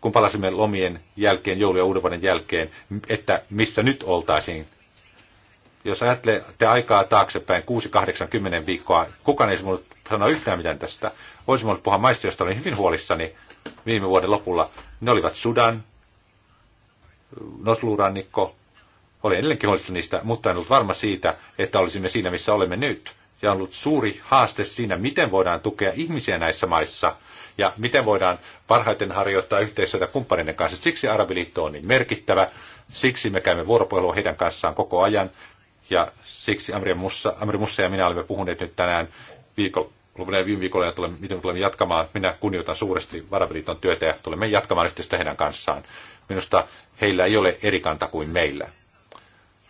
kun palasimme lomien jälkeen, joulu- ja uudenvuoden jälkeen, että missä nyt oltaisiin. Jos ajattelette aikaa taaksepäin, 6-80 viikkoa, kukaan ei voinut sanoa yhtään mitään tästä. Olisin voinut puhua maista, joista olin hyvin huolissani viime vuoden lopulla. Ne olivat Sudan, Nosluurannikko. Olin edelleenkin huolissani niistä, mutta en ollut varma siitä, että olisimme siinä, missä olemme nyt. Ja on ollut suuri haaste siinä, miten voidaan tukea ihmisiä näissä maissa – ja miten voidaan parhaiten harjoittaa yhteistyötä kumppaneiden kanssa. Siksi Arabiliitto on niin merkittävä, siksi me käymme vuoropuhelua heidän kanssaan koko ajan ja siksi Amri Mussa, Amri Mussa ja minä olemme puhuneet nyt tänään viikolla viime viikolla ja tulemme, miten tulemme jatkamaan. Minä kunnioitan suuresti Arabiliiton työtä ja tulemme jatkamaan yhteistyötä heidän kanssaan. Minusta heillä ei ole eri kanta kuin meillä.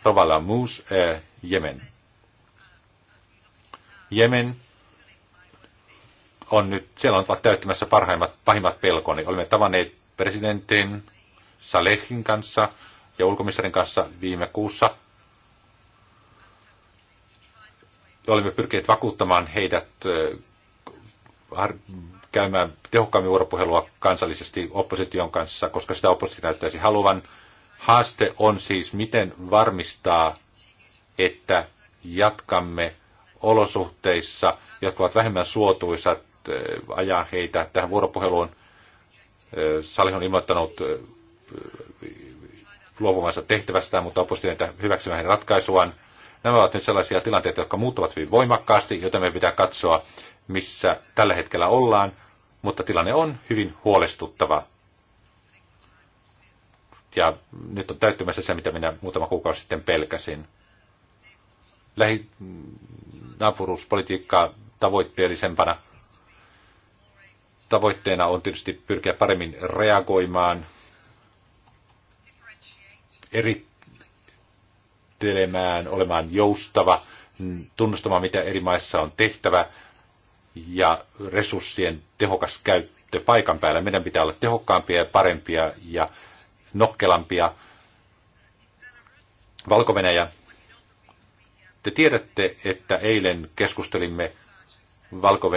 Rovala Mus, äh, Jemen. Jemen on nyt, siellä on täyttämässä parhaimmat, pahimmat pelkoni. Niin Olimme tavanneet presidentin Salehin kanssa ja ulkoministerin kanssa viime kuussa. Olemme pyrkineet vakuuttamaan heidät käymään tehokkaammin vuoropuhelua kansallisesti opposition kanssa, koska sitä oppositio näyttäisi haluvan. Haaste on siis, miten varmistaa, että jatkamme olosuhteissa, jotka ovat vähemmän suotuisat ajaa heitä tähän vuoropuheluun. Salih on ilmoittanut luovumansa tehtävästään, mutta oppositioita hyväksymään ratkaisuaan. Nämä ovat nyt sellaisia tilanteita, jotka muuttuvat hyvin voimakkaasti, joten me pitää katsoa, missä tällä hetkellä ollaan, mutta tilanne on hyvin huolestuttava. Ja nyt on täyttymässä se, mitä minä muutama kuukausi sitten pelkäsin. Lähi tavoitteellisempana – Tavoitteena on tietysti pyrkiä paremmin reagoimaan, erittelemään, olemaan joustava, tunnustamaan, mitä eri maissa on tehtävä ja resurssien tehokas käyttö paikan päällä. Meidän pitää olla tehokkaampia ja parempia ja nokkelampia. valko -Venäjä. te tiedätte, että eilen keskustelimme valko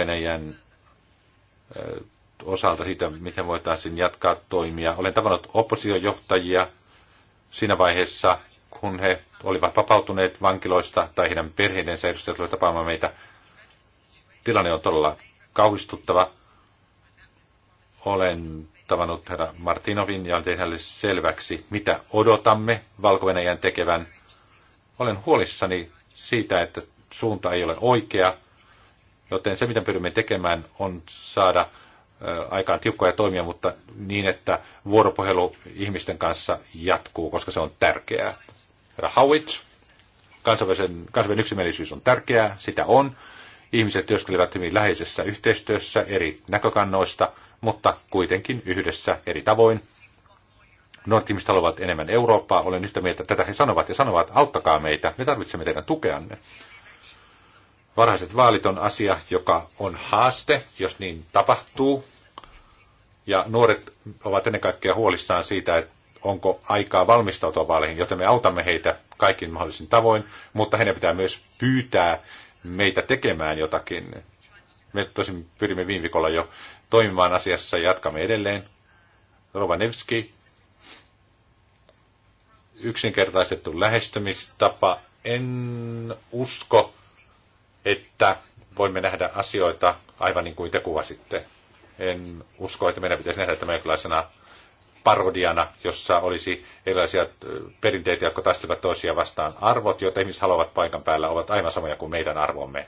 osalta siitä, miten voitaisiin jatkaa toimia. Olen tavannut oppositiojohtajia siinä vaiheessa, kun he olivat vapautuneet vankiloista tai heidän perheidensä edustajat olivat tapaamaan meitä. Tilanne on todella kauhistuttava. Olen tavannut herra Martinovin ja olen tehnyt hänelle selväksi, mitä odotamme valko tekevän. Olen huolissani siitä, että suunta ei ole oikea Joten se, mitä pyrimme tekemään, on saada aikaan tiukkoja toimia, mutta niin, että vuoropuhelu ihmisten kanssa jatkuu, koska se on tärkeää. Herra Howitt, kansainvälisen, kansainvälinen yksimielisyys on tärkeää, sitä on. Ihmiset työskentelevät hyvin läheisessä yhteistyössä eri näkökannoista, mutta kuitenkin yhdessä eri tavoin. Nuoret ihmiset haluavat enemmän Eurooppaa, olen yhtä mieltä, tätä he sanovat ja sanovat, auttakaa meitä, me tarvitsemme teidän tukeanne. Varhaiset vaalit on asia, joka on haaste, jos niin tapahtuu. Ja nuoret ovat ennen kaikkea huolissaan siitä, että onko aikaa valmistautua vaaleihin, joten me autamme heitä kaikin mahdollisin tavoin, mutta heidän pitää myös pyytää meitä tekemään jotakin. Me tosin pyrimme viime viikolla jo toimimaan asiassa ja jatkamme edelleen. Rovanevski, yksinkertaistettu lähestymistapa. En usko, että voimme nähdä asioita aivan niin kuin te kuvasitte. En usko, että meidän pitäisi nähdä tämä jonkinlaisena parodiana, jossa olisi erilaisia äh, perinteitä, jotka taistelevat toisia vastaan. Arvot, joita ihmiset haluavat paikan päällä, ovat aivan samoja kuin meidän arvomme.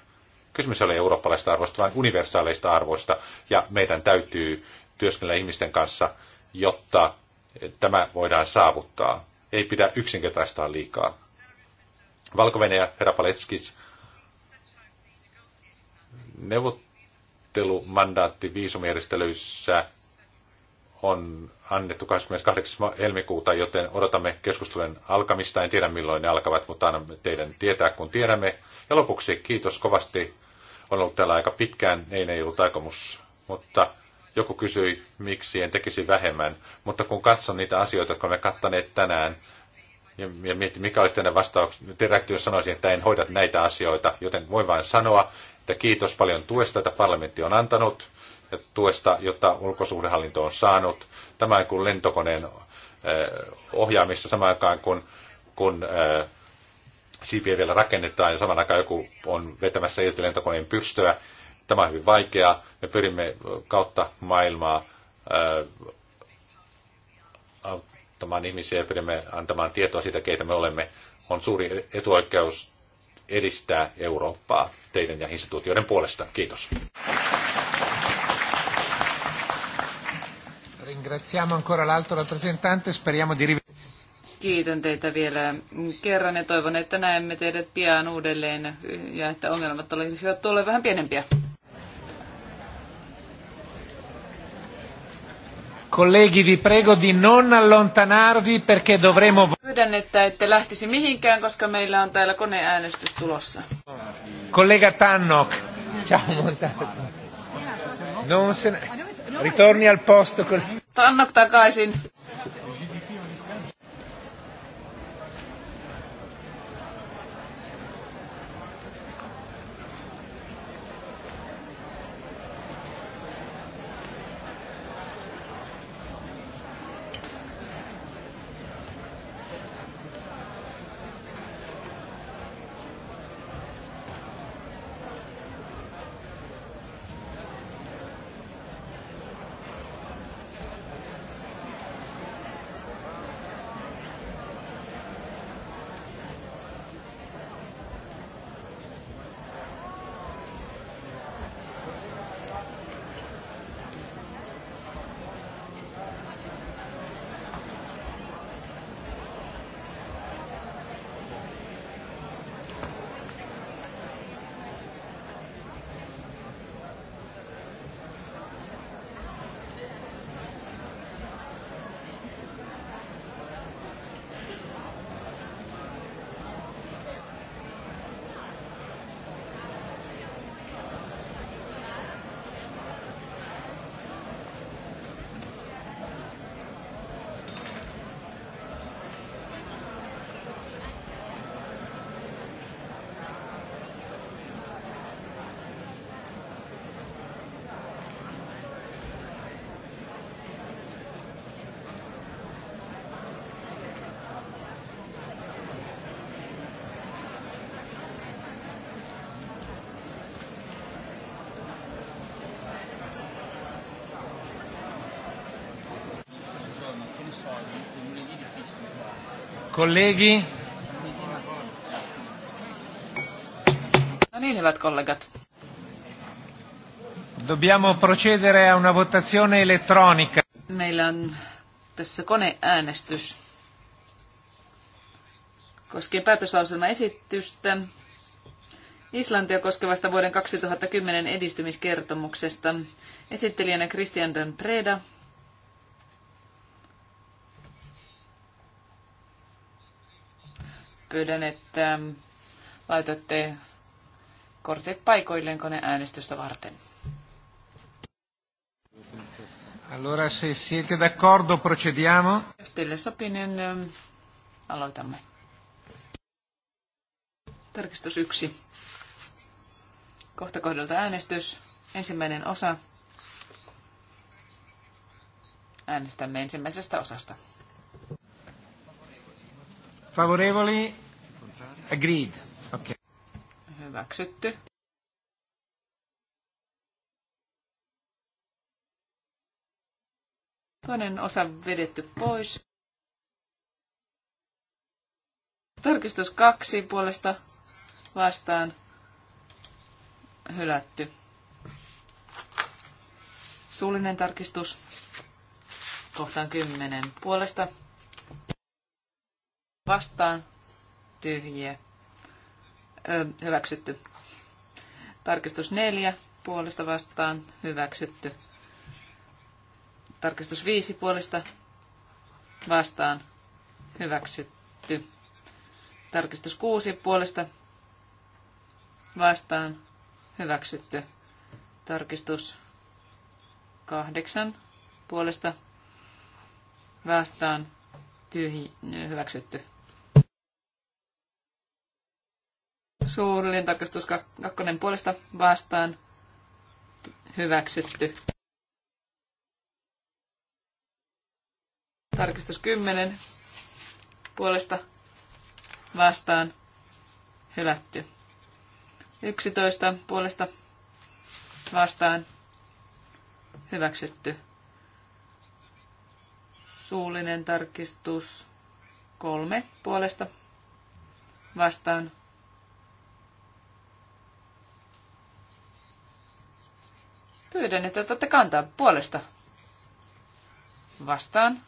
Kysymys ei ole eurooppalaisista arvoista, vaan universaaleista arvoista, ja meidän täytyy työskennellä ihmisten kanssa, jotta tämä voidaan saavuttaa. Ei pidä yksinkertaistaa liikaa. valko herra Paletskis, neuvottelumandaatti viisumijärjestelyissä on annettu 28. helmikuuta, joten odotamme keskustelujen alkamista. En tiedä milloin ne alkavat, mutta annamme teidän tietää, kun tiedämme. Ja lopuksi kiitos kovasti. On ollut täällä aika pitkään, ei, ei ollut aikomus, mutta joku kysyi, miksi en tekisi vähemmän. Mutta kun katson niitä asioita, jotka me kattaneet tänään, ja, ja mietin, mikä olisi teidän vastaus, reaktio sanoisin, että en hoida näitä asioita, joten voin vain sanoa, ja kiitos paljon tuesta, että parlamentti on antanut ja tuesta, jota ulkosuhdehallinto on saanut. Tämä kuin lentokoneen ohjaamista samaan aikaan, kun, kun siipiä vielä rakennetaan ja saman aikaan joku on vetämässä irti lentokoneen pystöä. Tämä on hyvin vaikeaa. Me pyrimme kautta maailmaa auttamaan ihmisiä ja pyrimme antamaan tietoa siitä, keitä me olemme. On suuri etuoikeus edistää Eurooppaa teidän ja instituutioiden puolesta. Kiitos. Ringraziamo ancora l'alto rappresentante, speriamo di Kiitän teitä vielä kerran ja toivon, että näemme teidät pian uudelleen ja että ongelmat olisivat tuolle vähän pienempiä. Kollegi, vi prego di non allontanarvi perché dovremo... Pyydän, että ette lähtisi mihinkään, koska meillä on täällä koneäänestys tulossa. Kollega Tannok. Ciao, montato. Non se... Ritorni al posto. Tannok takaisin. Kollegi. No niin, hyvät kollegat. Dobbiamo procedere a una votazione elettronica. Meillä on tässä koneäänestys. Koskee päätöslauselma esitystä Islantia koskevasta vuoden 2010 edistymiskertomuksesta. Esittelijänä Christian Dan Preda. pyydän, että laitatte kortit paikoilleen koneäänestystä varten. Allora, se siete d'accordo, procediamo. Jos teille sopii, niin ähm, aloitamme. Tarkistus yksi. Kohta kohdalta äänestys. Ensimmäinen osa. Äänestämme ensimmäisestä osasta. Favorevoli Agreed. Okay. Hyväksytty. Toinen osa vedetty pois. Tarkistus kaksi puolesta vastaan hylätty. Suullinen tarkistus kohtaan kymmenen puolesta vastaan tyhjiä. Öö, hyväksytty. Tarkistus 4 puolesta vastaan hyväksytty. Tarkistus 5 puolesta vastaan hyväksytty. Tarkistus 6 puolesta vastaan hyväksytty. Tarkistus 8 puolesta vastaan tyhjiä, hyväksytty. Suullinen tarkastus kakkonen puolesta vastaan hyväksytty. Tarkistus 10 puolesta vastaan hylätty. 11 puolesta vastaan hyväksytty. Suullinen tarkistus kolme puolesta vastaan Pyydän, että otatte kantaa puolesta. Vastaan.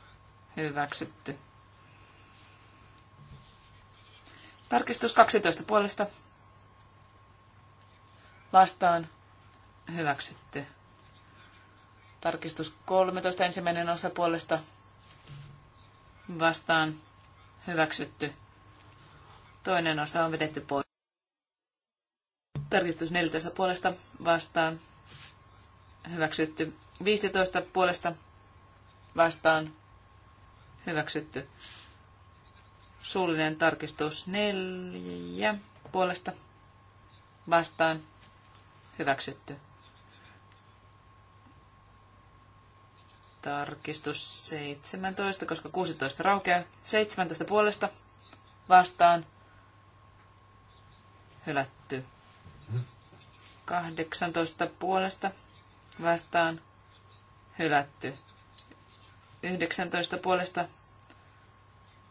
Hyväksytty. Tarkistus 12 puolesta. Vastaan. Hyväksytty. Tarkistus 13 ensimmäinen osa puolesta. Vastaan. Hyväksytty. Toinen osa on vedetty pois. Tarkistus 14 puolesta vastaan hyväksytty. 15 puolesta vastaan hyväksytty. Suullinen tarkistus 4 puolesta vastaan hyväksytty. Tarkistus 17, koska 16 raukeaa. 17 puolesta vastaan hylätty. 18 puolesta vastaan hylätty. 19 puolesta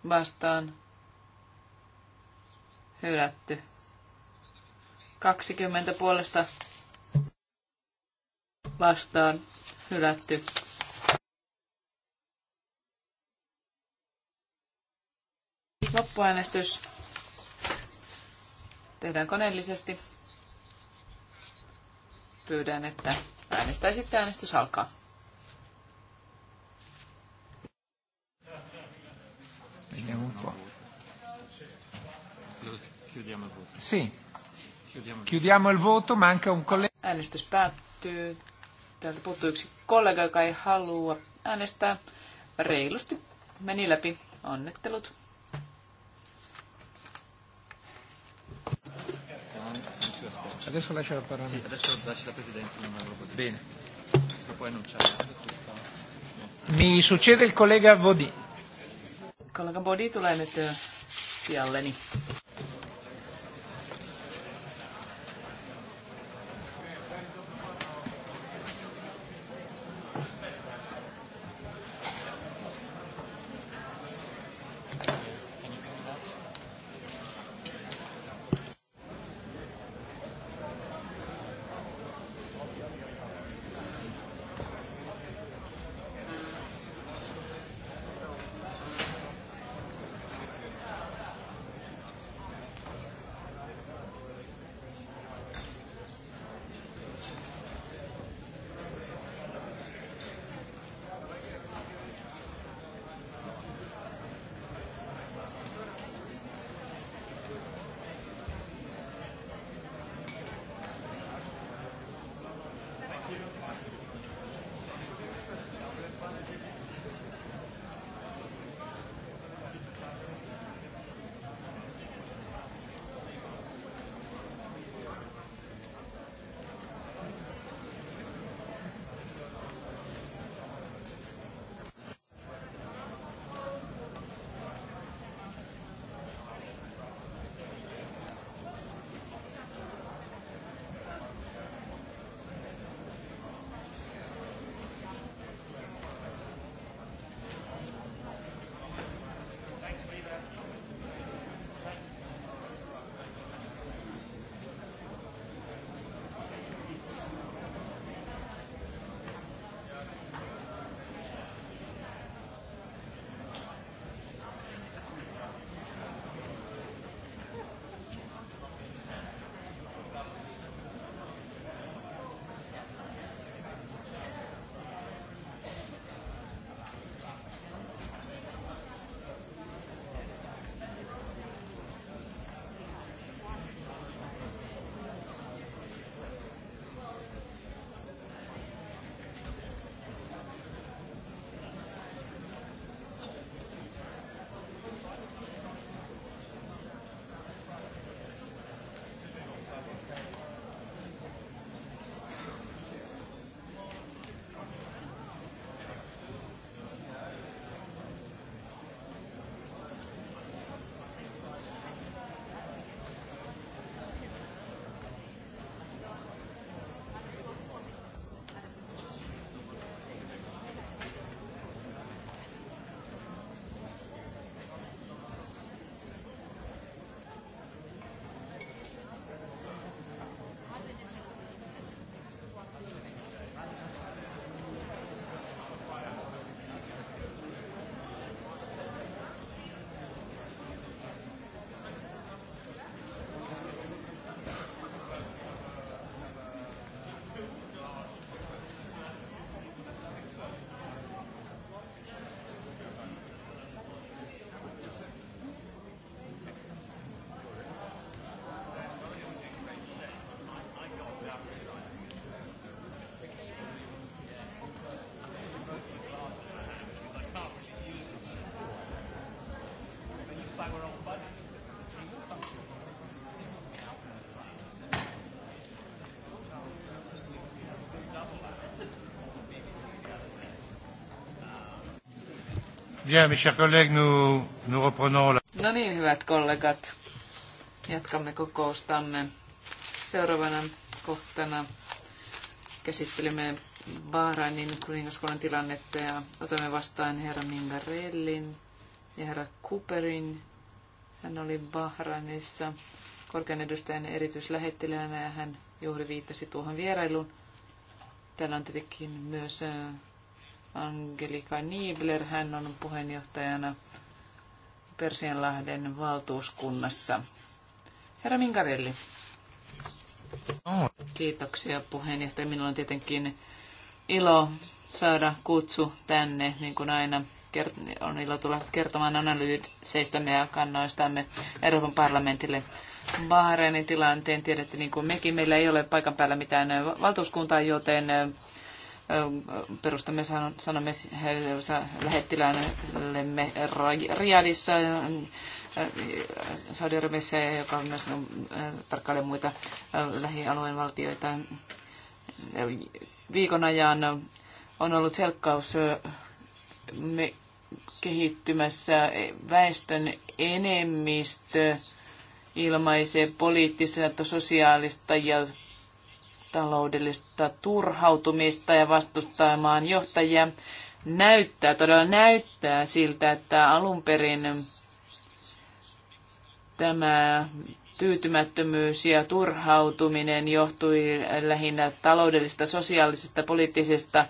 vastaan hylätty. 20 puolesta vastaan hylätty. Loppuäänestys tehdään koneellisesti. Pyydän, että sitten Äänestys alkaa. voto. Sì. Chiudiamo il voto, manca un collega. Äänestys päättyy. Täältä puuttuu yksi kollega, joka ei halua äänestää. Reilusti meni läpi. Onnittelut. Adesso lascia la parola. Sì, adesso lascia la Presidenza. Bene. Poi non c'è Mi succede il collega Vodì. Collega Vodi. Kollega Bodi tulee sì, Lenny. Bien, mes chers collègues, nous, nous reprenons la... No niin, hyvät kollegat, jatkamme kokoustamme. Seuraavana kohtana käsittelemme Bahrainin kuningaskunnan tilannetta ja otamme vastaan herra Mingarellin ja herra Cooperin hän oli Bahrainissa korkean edustajan erityislähettiläänä ja hän juuri viittasi tuohon vierailuun. Täällä on tietenkin myös äh, Angelika Niebler. Hän on puheenjohtajana Persianlahden valtuuskunnassa. Herra Minkarelli. Kiitoksia puheenjohtaja. Minulla on tietenkin ilo saada kutsu tänne, niin kuin aina kert- on ilo tulla kertomaan analyyseistämme ja kannoistamme Euroopan parlamentille. Bahrainin tilanteen tiedätte niin kuin mekin. Meillä ei ole paikan päällä mitään valtuuskuntaa, joten perustamme sanomme lähettiläällemme Riadissa, Saudi-Arabiassa, joka myös tarkkailee muita lähialueen valtioita. Viikon ajan on ollut selkkaus me kehittymässä väestön enemmistö ilmaisee poliittisesta, sosiaalista ja taloudellista turhautumista ja vastustamaan johtajia. Näyttää, todella näyttää siltä, että alun perin tämä tyytymättömyys ja turhautuminen johtui lähinnä taloudellisista, sosiaalisista, poliittisista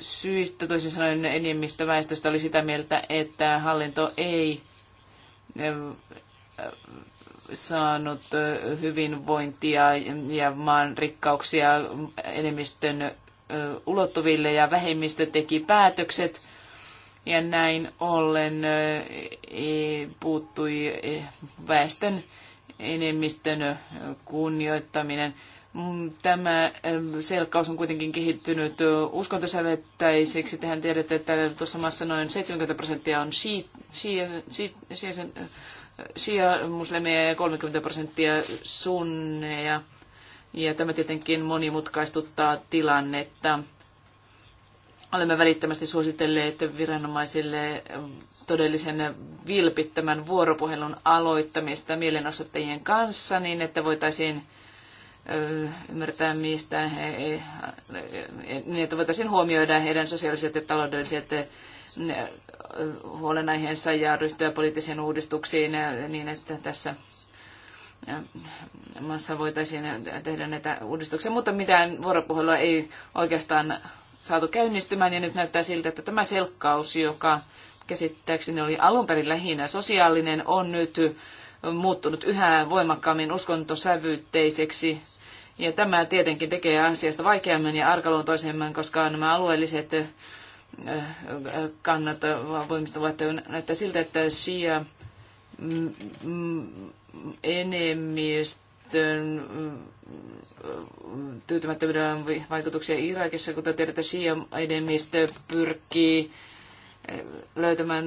syistä, toisin sanoen enemmistö väestöstä oli sitä mieltä, että hallinto ei saanut hyvinvointia ja maan rikkauksia enemmistön ulottuville ja vähemmistö teki päätökset. Ja näin ollen e, puuttui e, väestön enemmistön kunnioittaminen. Mm, tämä selkkaus on kuitenkin kehittynyt uskontosävettäiseksi. Tehän tiedätte, että tuossa maassa noin 70 prosenttia on shi, shi, shi, shi, shia-muslimeja ja 30 prosenttia sunneja. Ja tämä tietenkin monimutkaistuttaa tilannetta. Olemme välittömästi suositelleet viranomaisille todellisen vilpittömän vuoropuhelun aloittamista mielenosoittajien kanssa niin, että voitaisiin ymmärtää, mistä he, niin että voitaisiin huomioida heidän sosiaaliset ja taloudelliset huolenaiheensa ja ryhtyä poliittisiin uudistuksiin niin, että tässä maassa voitaisiin tehdä näitä uudistuksia, mutta mitään vuoropuhelua ei oikeastaan saatu käynnistymään ja nyt näyttää siltä, että tämä selkkaus, joka käsittääkseni oli alun perin lähinnä sosiaalinen, on nyt muuttunut yhä voimakkaammin uskontosävyytteiseksi ja tämä tietenkin tekee asiasta vaikeamman ja arkaluontoisemman, koska nämä alueelliset kannat voimistuvat näyttää siltä, että Shia mm, mm, enemmistön mm, tyytymättömyyden vaikutuksia Irakissa, kuten tiedätte, Shia enemmistö pyrkii löytämään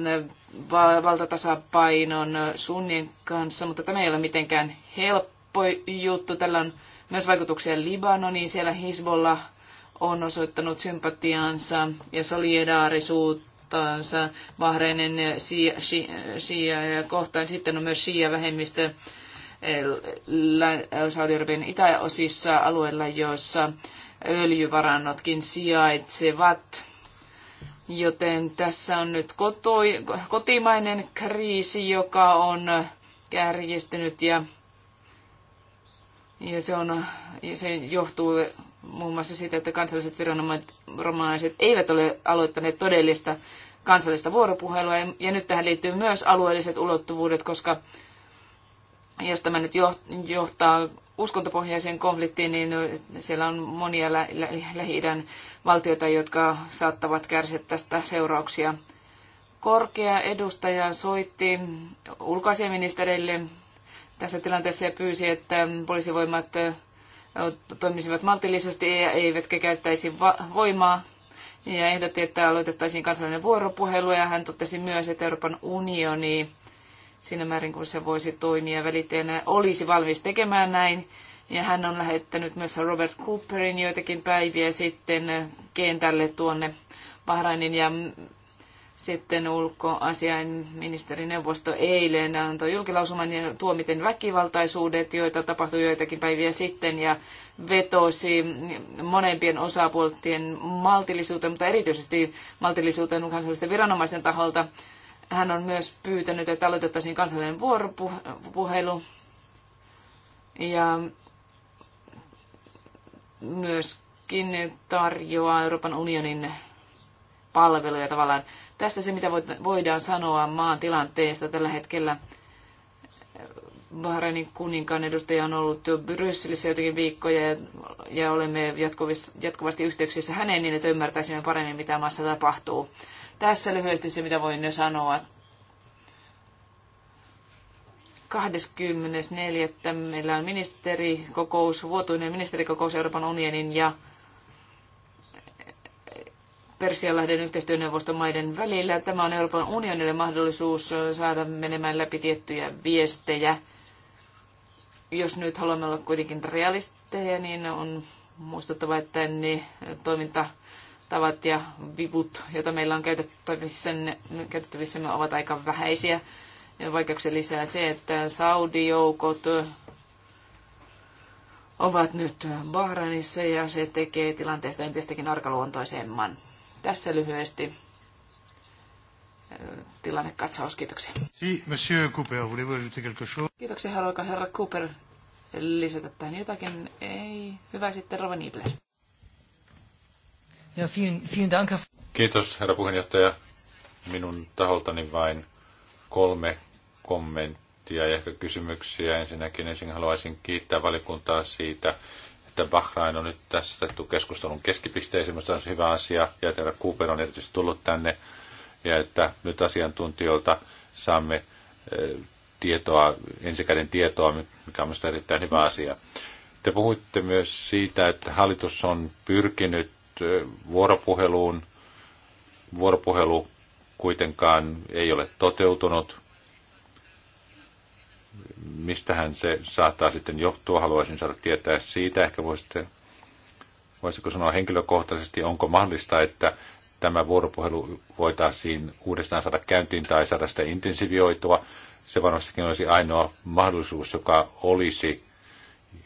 valtatasapainon sunnien kanssa, mutta tämä ei ole mitenkään helppo juttu. Tällä on myös vaikutuksia Libanoniin. Siellä Hezbollah on osoittanut sympatiaansa ja solidaarisuuttaansa Bahreinen Shia, ja kohtaan. Sitten on myös Shia-vähemmistö eh, eh, Saudi-Arabian itäosissa alueilla, joissa öljyvarannotkin sijaitsevat. Joten tässä on nyt kotoi, kotimainen kriisi, joka on kärjistynyt ja ja se, on, ja se johtuu muun muassa siitä, että kansalliset viranomaiset eivät ole aloittaneet todellista kansallista vuoropuhelua. Ja nyt tähän liittyy myös alueelliset ulottuvuudet, koska jos tämä nyt johtaa uskontopohjaiseen konfliktiin, niin siellä on monia lä- lä- Lähi-idän valtioita, jotka saattavat kärsiä tästä seurauksia. Korkea edustaja soitti ulkoasiaministerille tässä tilanteessa ja pyysi, että poliisivoimat toimisivat maltillisesti ja eivätkä käyttäisi voimaa. Ja ehdotti, että aloitettaisiin kansallinen vuoropuhelu ja hän totesi myös, että Euroopan unioni siinä määrin kun se voisi toimia välittäjänä olisi valmis tekemään näin. Ja hän on lähettänyt myös Robert Cooperin joitakin päiviä sitten kentälle tuonne Bahrainin ja sitten ulkoasiainministerineuvosto eilen antoi julkilausuman ja tuomiten väkivaltaisuudet, joita tapahtui joitakin päiviä sitten ja vetosi monempien osapuolten maltillisuuteen, mutta erityisesti maltillisuuteen kansallisten viranomaisten taholta. Hän on myös pyytänyt, että aloitettaisiin kansallinen vuoropuhelu ja myöskin tarjoaa Euroopan unionin palveluja tavallaan. Tässä se, mitä voidaan sanoa maan tilanteesta tällä hetkellä. Bahrainin kuninkaan edustaja on ollut jo Brysselissä jotenkin viikkoja ja, ja olemme jatkuvasti yhteyksissä häneen niin, että ymmärtäisimme paremmin, mitä maassa tapahtuu. Tässä lyhyesti se, mitä voin jo sanoa. 24. meillä on ministerikokous, vuotuinen ministerikokous Euroopan unionin ja Persianlahden yhteistyöneuvoston maiden välillä. Tämä on Euroopan unionille mahdollisuus saada menemään läpi tiettyjä viestejä. Jos nyt haluamme olla kuitenkin realisteja, niin on muistettava, että ne toimintatavat ja vivut, joita meillä on käytettävissä, ovat aika vähäisiä. Vaikeuksia lisää se, että Saudi-joukot ovat nyt Bahrainissa ja se tekee tilanteesta entistäkin arkaluontoisemman. Tässä lyhyesti äh, tilannekatsaus. Kiitoksia. Si, monsieur Cooper, voulez-vous quelque chose? Kiitoksia. Haluaako herra Cooper lisätä tähän jotakin? Ei. Hyvä sitten, Rova Niebler. Ja, vielen, vielen dank. Kiitos, herra puheenjohtaja. Minun taholtani vain kolme kommenttia ja ehkä kysymyksiä. Ensinnäkin ensin haluaisin kiittää valikuntaa siitä, että Bahrain on nyt tässä otettu keskustelun keskipisteeseen, mistä on hyvä asia, ja että Cooper on erityisesti tullut tänne, ja että nyt asiantuntijoilta saamme eh, tietoa, ensikäden tietoa, mikä on minusta erittäin hyvä asia. Te puhuitte myös siitä, että hallitus on pyrkinyt eh, vuoropuheluun. Vuoropuhelu kuitenkaan ei ole toteutunut mistähän se saattaa sitten johtua. Haluaisin saada tietää siitä. Ehkä voisitte, voisiko sanoa henkilökohtaisesti, onko mahdollista, että tämä vuoropuhelu voitaisiin uudestaan saada käyntiin tai saada sitä intensivioitua. Se varmastikin olisi ainoa mahdollisuus, joka olisi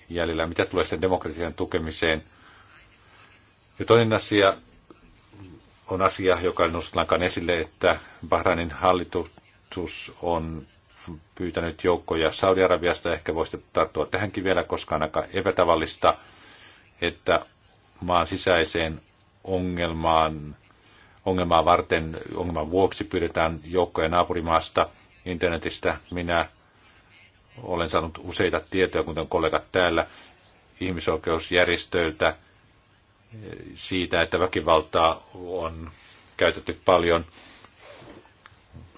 jäljellä. Mitä tulee sitten demokratian tukemiseen? Ja toinen asia on asia, joka ei esille, että Bahrainin hallitus on pyytänyt joukkoja Saudi-Arabiasta. Ehkä voisitte tarttua tähänkin vielä, koska on aika epätavallista, että maan sisäiseen ongelmaan, ongelmaa varten, ongelman vuoksi pyydetään joukkoja naapurimaasta internetistä. Minä olen saanut useita tietoja, kuten kollegat täällä, ihmisoikeusjärjestöiltä siitä, että väkivaltaa on käytetty paljon.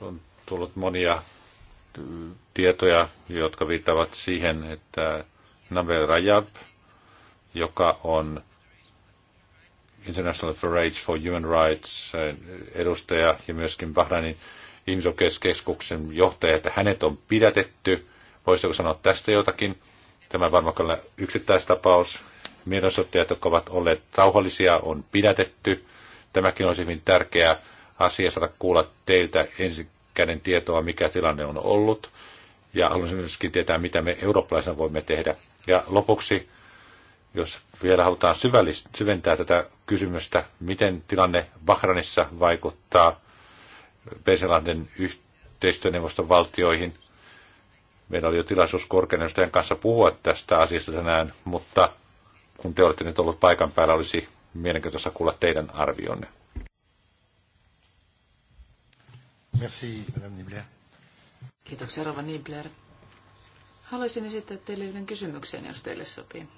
On tullut monia tietoja, jotka viittaavat siihen, että Nabel Rajab, joka on International Forage for Human Rights äh, edustaja ja myöskin Bahrainin ihmisoikeuskeskuksen johtaja, että hänet on pidätetty. Voisiko sanoa tästä jotakin? Tämä varmaan on yksittäistapaus. Mielenosoittajat, jotka ovat olleet rauhallisia, on pidätetty. Tämäkin olisi hyvin tärkeä asia saada kuulla teiltä ensin käden tietoa, mikä tilanne on ollut. Ja haluaisin myöskin tietää, mitä me eurooppalaisena voimme tehdä. Ja lopuksi, jos vielä halutaan syventää tätä kysymystä, miten tilanne Bahranissa vaikuttaa Peselahden yhteistyöneuvoston valtioihin. Meillä oli jo tilaisuus korkean kanssa puhua tästä asiasta tänään, mutta kun te olette nyt ollut paikan päällä, olisi mielenkiintoista kuulla teidän arvionne. Merci, Madame Nibler. Kiitoksia, Rova Nibler. Haluaisin esittää teille yhden kysymyksen, jos teille sopii.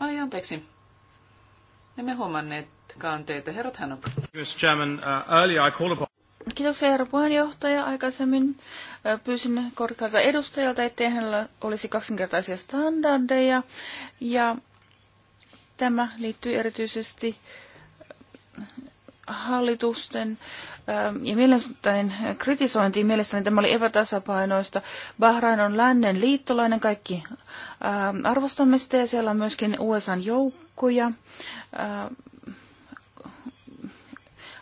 Ai anteeksi. Emme huomanneetkaan teitä, herrat Hanuk. Uh, Kiitoksia, herra puheenjohtaja. Aikaisemmin pyysin korkealta edustajalta, ettei hänellä olisi kaksinkertaisia standardeja. Ja tämä liittyy erityisesti hallitusten äh, ja mielestäni kritisointiin. Mielestäni tämä oli epätasapainoista. Bahrain on lännen liittolainen, kaikki ähm, arvostamme sitä ja siellä on myöskin USAn joukkoja. Äh,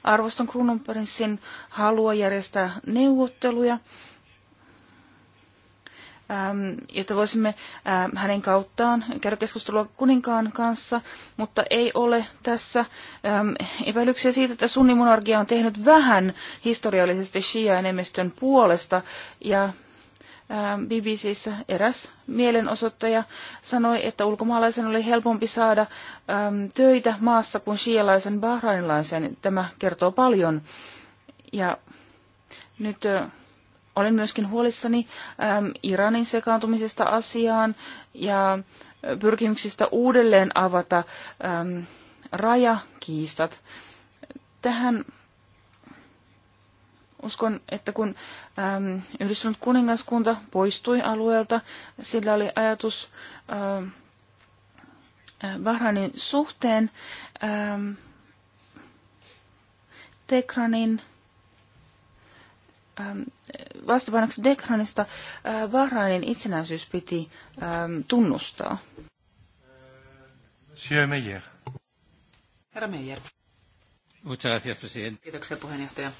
arvostan kruununprinssin halua järjestää neuvotteluja. Ähm, jotta voisimme ähm, hänen kauttaan käydä keskustelua kuninkaan kanssa, mutta ei ole tässä ähm, epäilyksiä siitä, että sunnimonarkia on tehnyt vähän historiallisesti Shia-enemmistön puolesta ja BBCissä eräs mielenosoittaja sanoi, että ulkomaalaisen oli helpompi saada töitä maassa kuin shialaisen bahrainilaisen. Tämä kertoo paljon. Ja nyt äh, olen myöskin huolissani ähm, Iranin sekaantumisesta asiaan ja pyrkimyksistä uudelleen avata ähm, rajakiistat. Tähän uskon, että kun äm, yhdistynyt kuningaskunta poistui alueelta, sillä oli ajatus äm, Bahrainin suhteen äm, Tekranin Ähm, vastapainoksi Dekranista äh, Bahrainin itsenäisyys piti ähm, tunnustaa. Monsieur Meijer. Herra Meijer. Kiitoksia puheenjohtaja.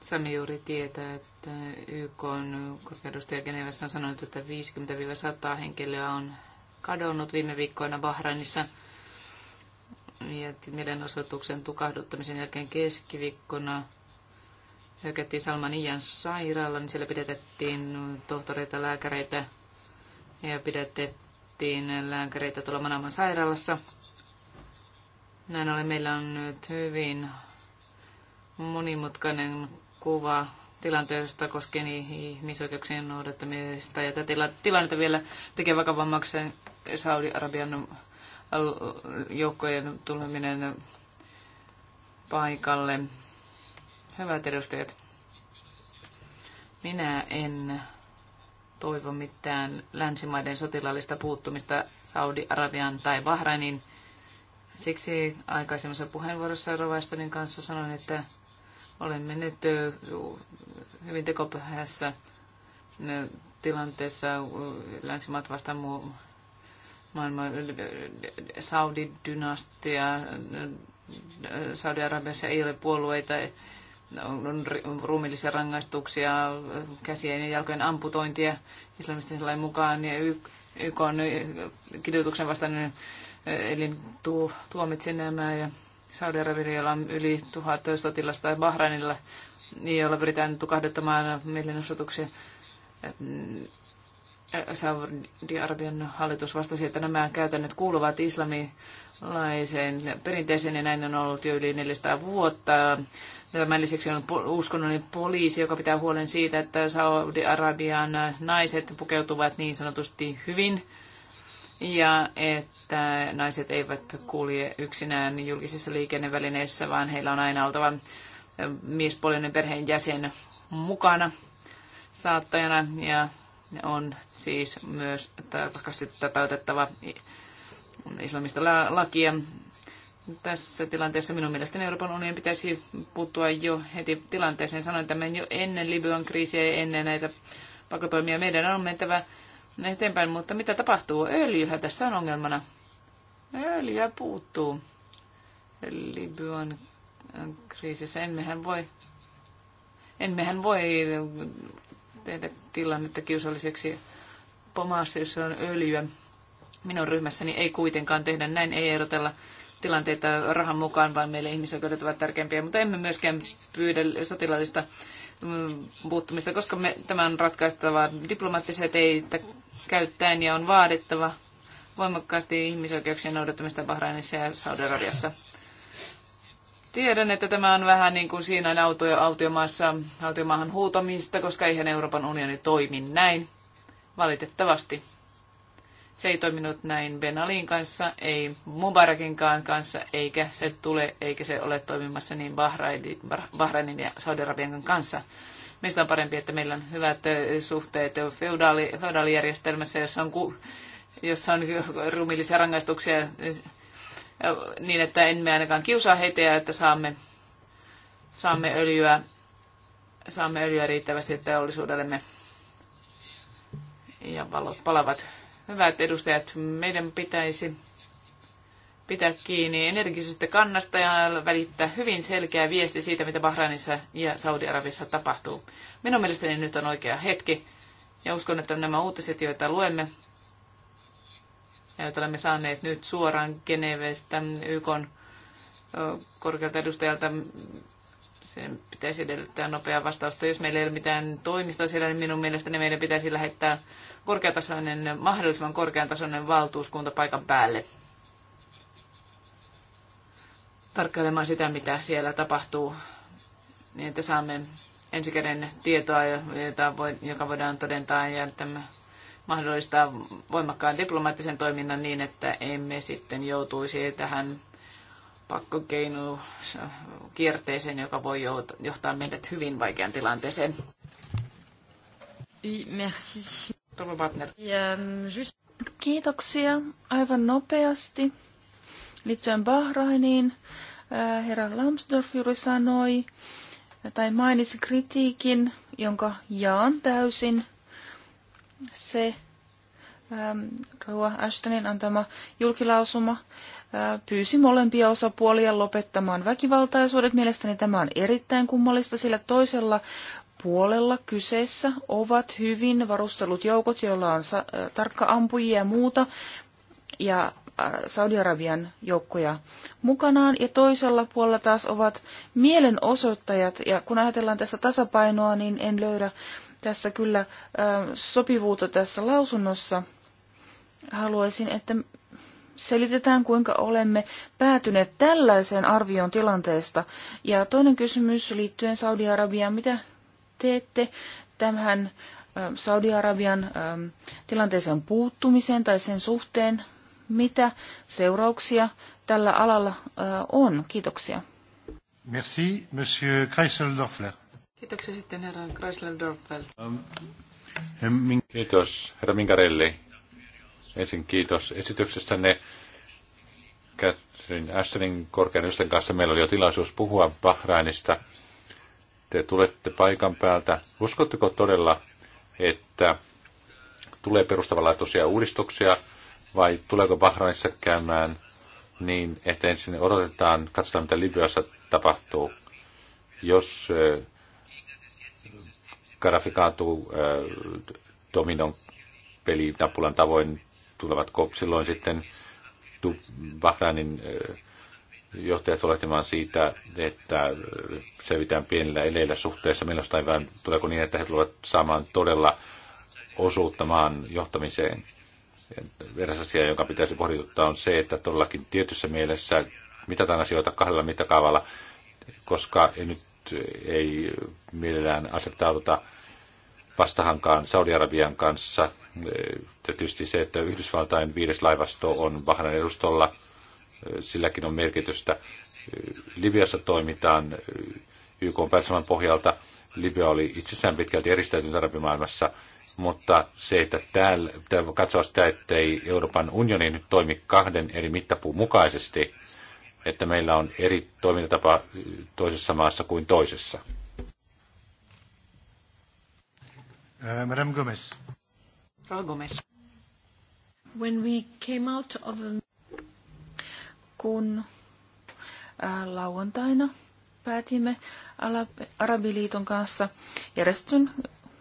Sanni juuri tietää, että YK on korkeudustaja Genevessä on sanonut, että 50-100 henkilöä on kadonnut viime viikkoina Bahrainissa. Ja mielenosoituksen tukahduttamisen jälkeen keskiviikkona hyökättiin Salmanian sairaalaan, niin siellä pidätettiin tohtoreita, lääkäreitä ja pidätettiin lääkäreitä tuolla Manaman sairaalassa. Näin ollen meillä on nyt hyvin monimutkainen kuva tilanteesta koskien ihmisoikeuksien noudattamista. Ja tätä tilannetta vielä tekee vakavammaksi Saudi-Arabian joukkojen tuleminen paikalle Hyvät edustajat, minä en toivo mitään länsimaiden sotilaallista puuttumista Saudi-Arabian tai Bahrainin. Siksi aikaisemmassa puheenvuorossa Rovastonin kanssa sanoin, että olemme nyt hyvin tekopyhässä tilanteessa länsimaat vastaan muu maailman Saudi-dynastia. Saudi-Arabiassa ei ole puolueita on ruumillisia rangaistuksia, käsien ja jalkojen amputointia islamistisen lain mukaan ja YK on kidutuksen vastainen elin tu, tuomitsi nämä ja Saudi-Arabialla on yli tuhat sotilasta ja Bahrainilla, niin joilla pyritään tukahduttamaan mielenosoituksia. Saudi-Arabian hallitus vastasi, että nämä käytännöt kuuluvat islamilaiseen perinteeseen ja näin on ollut jo yli 400 vuotta. Tämän lisäksi on uskonnollinen poliisi, joka pitää huolen siitä, että Saudi-Arabian naiset pukeutuvat niin sanotusti hyvin ja että naiset eivät kulje yksinään julkisissa liikennevälineissä, vaan heillä on aina oltava miespuolinen perheenjäsen mukana saattajana ja ne on siis myös tarkasti otettava islamista lakia tässä tilanteessa minun mielestäni Euroopan unionin pitäisi puuttua jo heti tilanteeseen. Sanoin tämän jo ennen Libyan kriisiä ja ennen näitä pakotoimia. Meidän on mentävä eteenpäin, mutta mitä tapahtuu? Öljyhä tässä on ongelmana. Öljyä puuttuu. Libyan kriisissä emmehän voi, emmehän voi tehdä tilannetta kiusalliseksi pomaassa, jos on öljyä. Minun ryhmässäni ei kuitenkaan tehdä näin, ei erotella tilanteita rahan mukaan, vaan meille ihmisoikeudet ovat tärkeimpiä, mutta emme myöskään pyydä sotilaallista mm, puuttumista, koska me, tämä on ratkaistava diplomaattisia teitä käyttäen ja on vaadittava voimakkaasti ihmisoikeuksien noudattamista Bahrainissa ja Saudi-Arabiassa. Tiedän, että tämä on vähän niin kuin siinä autio, autiomaassa, autiomaahan huutamista, koska eihän Euroopan unioni toimi näin, valitettavasti. Se ei toiminut näin Benalin kanssa, ei Mubarakinkaan kanssa, eikä se tule, eikä se ole toimimassa niin Bahrainin ja Saudi-Arabian kanssa. Meistä on parempi, että meillä on hyvät suhteet feudaali, feudaalijärjestelmässä, jossa on, ku, jossa on rumillisia rangaistuksia niin, että emme ainakaan kiusaa heitä ja että saamme, saamme, öljyä, saamme öljyä riittävästi teollisuudellemme ja valot palavat Hyvät edustajat, meidän pitäisi pitää kiinni energisestä kannasta ja välittää hyvin selkeä viesti siitä, mitä Bahrainissa ja Saudi-Arabiassa tapahtuu. Minun mielestäni nyt on oikea hetki ja uskon, että nämä uutiset, joita luemme ja joita olemme saaneet nyt suoraan Genevestä YK korkealta edustajalta sen pitäisi edellyttää nopeaa vastausta. Jos meillä ei ole mitään toimista siellä, niin minun mielestäni meidän pitäisi lähettää korkeatasoinen, mahdollisimman korkeatasoinen valtuuskunta paikan päälle tarkkailemaan sitä, mitä siellä tapahtuu, niin että saamme ensikäden tietoa, jota voi, joka voidaan todentaa ja tämä mahdollistaa voimakkaan diplomaattisen toiminnan niin, että emme sitten joutuisi tähän pakkokeinu kierteeseen, joka voi johtaa meidät hyvin vaikean tilanteeseen. merci. Ähm, Kiitoksia. Aivan nopeasti. Liittyen Bahrainiin, äh, herra Lambsdorff juuri sanoi, tai mainitsi kritiikin, jonka jaan täysin. Se ähm, ruoa Rua Ashtonin antama julkilausuma pyysi molempia osapuolia lopettamaan väkivaltaisuudet. Mielestäni tämä on erittäin kummallista, sillä toisella puolella kyseessä ovat hyvin varustelut joukot, joilla on sa- äh, tarkka ampujia ja muuta, ja äh, Saudi-Arabian joukkoja mukanaan, ja toisella puolella taas ovat mielenosoittajat, ja kun ajatellaan tässä tasapainoa, niin en löydä tässä kyllä äh, sopivuutta tässä lausunnossa. Haluaisin, että selitetään, kuinka olemme päätyneet tällaiseen arvioon tilanteesta. Ja toinen kysymys liittyen Saudi-Arabiaan, mitä teette tämän Saudi-Arabian tilanteeseen puuttumiseen tai sen suhteen, mitä seurauksia tällä alalla on? Kiitoksia. Merci, Monsieur Kreisel-Dorfler. Kiitoksia sitten herra Kreisel-Dorfler. Kiitos, herra Minkarelli. Ensin kiitos esityksestänne. Catherine Ashtonin korkean ystävän kanssa meillä oli jo tilaisuus puhua Bahrainista. Te tulette paikan päältä. Uskotteko todella, että tulee perustavanlaatuisia uudistuksia vai tuleeko Bahrainissa käymään niin, että ensin odotetaan, katsotaan mitä Libyassa tapahtuu. Jos eh, Gaddafi kaatuu eh, dominon pelinapulan tavoin tulevatko silloin sitten Bahrainin johtajat olettamaan siitä, että selvitään pienillä eleillä suhteessa menosta, vaan tuleeko niin, että he tulevat saamaan todella osuutta maan johtamiseen. Eräs asia, jonka pitäisi pohdituttaa, on se, että todellakin tietyssä mielessä mitataan asioita kahdella mittakaavalla, koska ei nyt ei mielellään asettauduta vastahankaan Saudi-Arabian kanssa Tietysti se, että Yhdysvaltain viides laivasto on Bahrain edustolla, silläkin on merkitystä. Libiassa toimitaan YK pääsemän pohjalta. Libya oli itsessään pitkälti eristäytynyt arabimaailmassa, mutta se, että täällä, täällä katsoa sitä, että ei Euroopan unioni nyt toimi kahden eri mittapuun mukaisesti, että meillä on eri toimintatapa toisessa maassa kuin toisessa. Madame Gomez. Rauha Gomes. When we came out of a... Kun äh, lauantaina päätimme Arabiliiton kanssa järjestön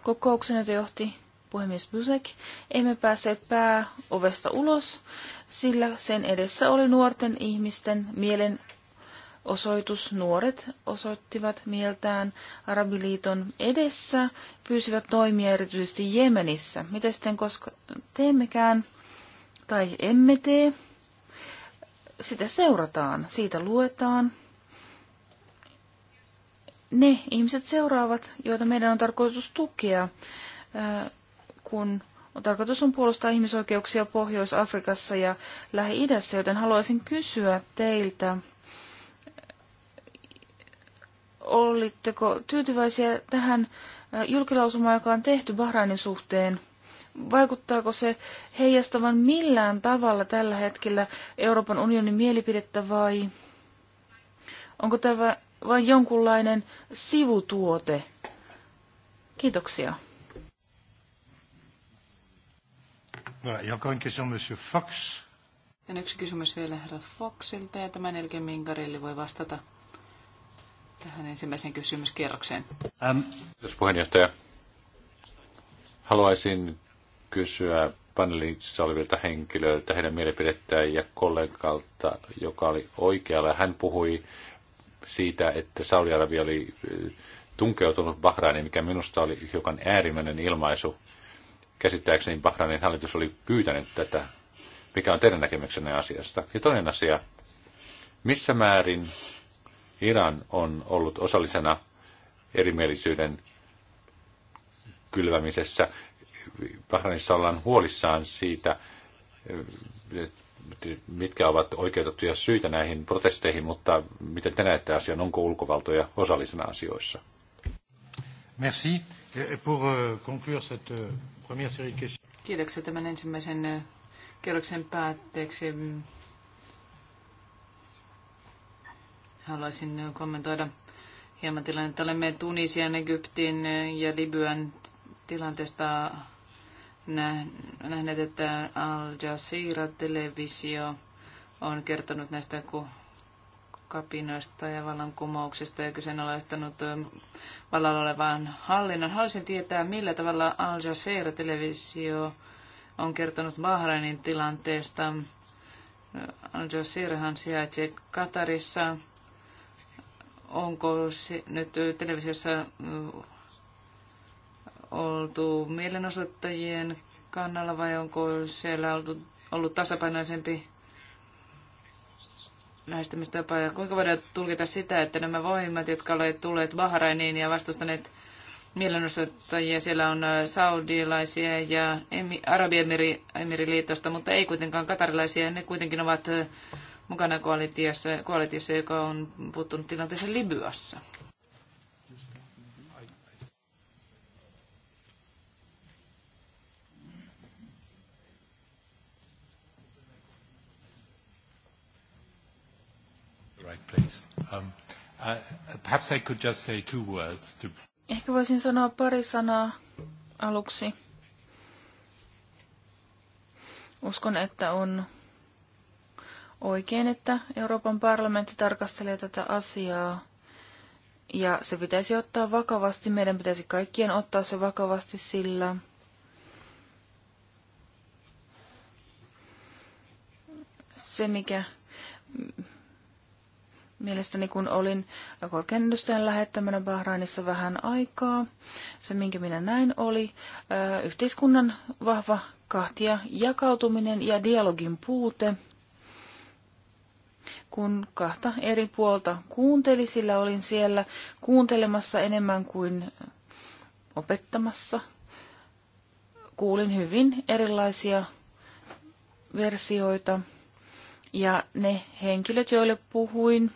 kokouksen, jota johti puhemies Busek, emme päässeet pääovesta ulos, sillä sen edessä oli nuorten ihmisten mielen osoitus. Nuoret osoittivat mieltään Arabiliiton edessä, pyysivät toimia erityisesti Jemenissä. Mitä sitten koska teemmekään tai emme tee, sitä seurataan, siitä luetaan. Ne ihmiset seuraavat, joita meidän on tarkoitus tukea, kun tarkoitus on puolustaa ihmisoikeuksia Pohjois-Afrikassa ja Lähi-idässä, joten haluaisin kysyä teiltä, Olitteko tyytyväisiä tähän julkilausumaan, joka on tehty Bahrainin suhteen? Vaikuttaako se heijastavan millään tavalla tällä hetkellä Euroopan unionin mielipidettä vai onko tämä vain jonkunlainen sivutuote? Kiitoksia. Voilà, yksi kysymys vielä herra Foxilta ja tämän jälkeen Minkarille voi vastata tähän ensimmäiseen kysymyskierrokseen. Ähm. Kiitos puheenjohtaja. Haluaisin kysyä paneelissa olevilta henkilöiltä heidän mielipidettään ja kollegalta, joka oli oikealla. Hän puhui siitä, että Saudi-Arabia oli äh, tunkeutunut Bahrainiin, mikä minusta oli hiukan äärimmäinen ilmaisu. Käsittääkseni Bahrainin hallitus oli pyytänyt tätä. Mikä on teidän näkemyksenne asiasta? Ja toinen asia, missä määrin Iran on ollut osallisena erimielisyyden kylvämisessä. Bahrainissa ollaan huolissaan siitä, mitkä ovat oikeutettuja syitä näihin protesteihin, mutta miten te näette asian, onko ulkovaltoja osallisena asioissa? Merci. Pour euh, conclure cette euh, première série de questions. Kiitoksia tämän ensimmäisen äh, kerroksen päätteeksi. Haluaisin äh, kommentoida hieman tilannetta. Olemme Tunisian, Egyptin ja Libyan tilanteesta nähneet, että Al Jazeera-televisio on kertonut näistä kapinoista ja vallankumouksista ja kyseenalaistanut äh, vallalla olevan hallinnon. Haluaisin tietää, millä tavalla Al Jazeera-televisio on kertonut Bahrainin tilanteesta. Äh, Al Jazeerahan sijaitsee Katarissa onko se nyt televisiossa mm, oltu mielenosoittajien kannalla vai onko siellä ollut, ollut tasapainoisempi lähestymistapa ja kuinka voidaan tulkita sitä, että nämä voimat, jotka olivat tulleet Bahrainiin ja vastustaneet mielenosoittajia, siellä on äh, saudilaisia ja Arabiemiriliitosta, mutta ei kuitenkaan katarilaisia, ne kuitenkin ovat äh, mukana koalitiossa, koalitiossa joka on puuttunut tilanteeseen Libyassa. Um, uh, Ehkä voisin sanoa pari sanaa aluksi. Uskon, että on oikein, että Euroopan parlamentti tarkastelee tätä asiaa. Ja se pitäisi ottaa vakavasti. Meidän pitäisi kaikkien ottaa se vakavasti, sillä se, mikä mielestäni kun olin korkean edustajan lähettämänä Bahrainissa vähän aikaa, se minkä minä näin oli yhteiskunnan vahva kahtia jakautuminen ja dialogin puute – kun kahta eri puolta kuunteli, sillä olin siellä kuuntelemassa enemmän kuin opettamassa. Kuulin hyvin erilaisia versioita ja ne henkilöt, joille puhuin,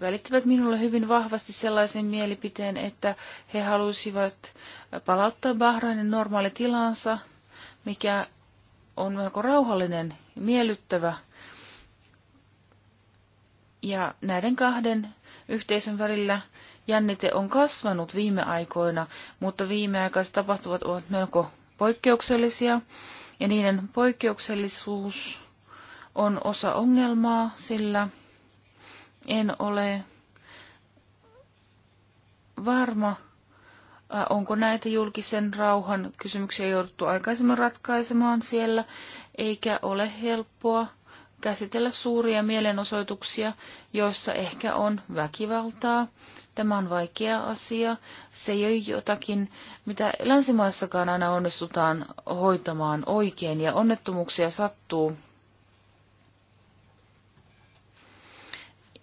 välittävät minulle hyvin vahvasti sellaisen mielipiteen, että he halusivat palauttaa Bahrainin normaali tilansa, mikä on melko rauhallinen, miellyttävä ja näiden kahden yhteisön välillä jännite on kasvanut viime aikoina, mutta viimeaikaiset tapahtuvat ovat melko poikkeuksellisia, ja niiden poikkeuksellisuus on osa ongelmaa, sillä en ole varma, äh, onko näitä julkisen rauhan kysymyksiä jouduttu aikaisemmin ratkaisemaan siellä, eikä ole helppoa käsitellä suuria mielenosoituksia, joissa ehkä on väkivaltaa. Tämä on vaikea asia. Se ei ole jotakin, mitä länsimaissakaan aina onnistutaan hoitamaan oikein, ja onnettomuuksia sattuu.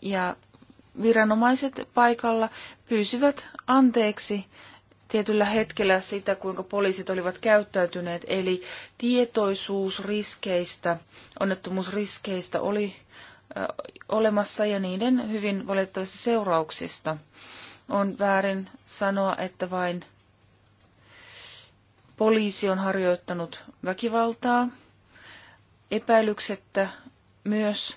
Ja viranomaiset paikalla pyysivät anteeksi tietyllä hetkellä sitä, kuinka poliisit olivat käyttäytyneet, eli tietoisuus riskeistä, onnettomuusriskeistä oli olemassa ja niiden hyvin valitettavasti seurauksista. On väärin sanoa, että vain poliisi on harjoittanut väkivaltaa. Epäilyksettä myös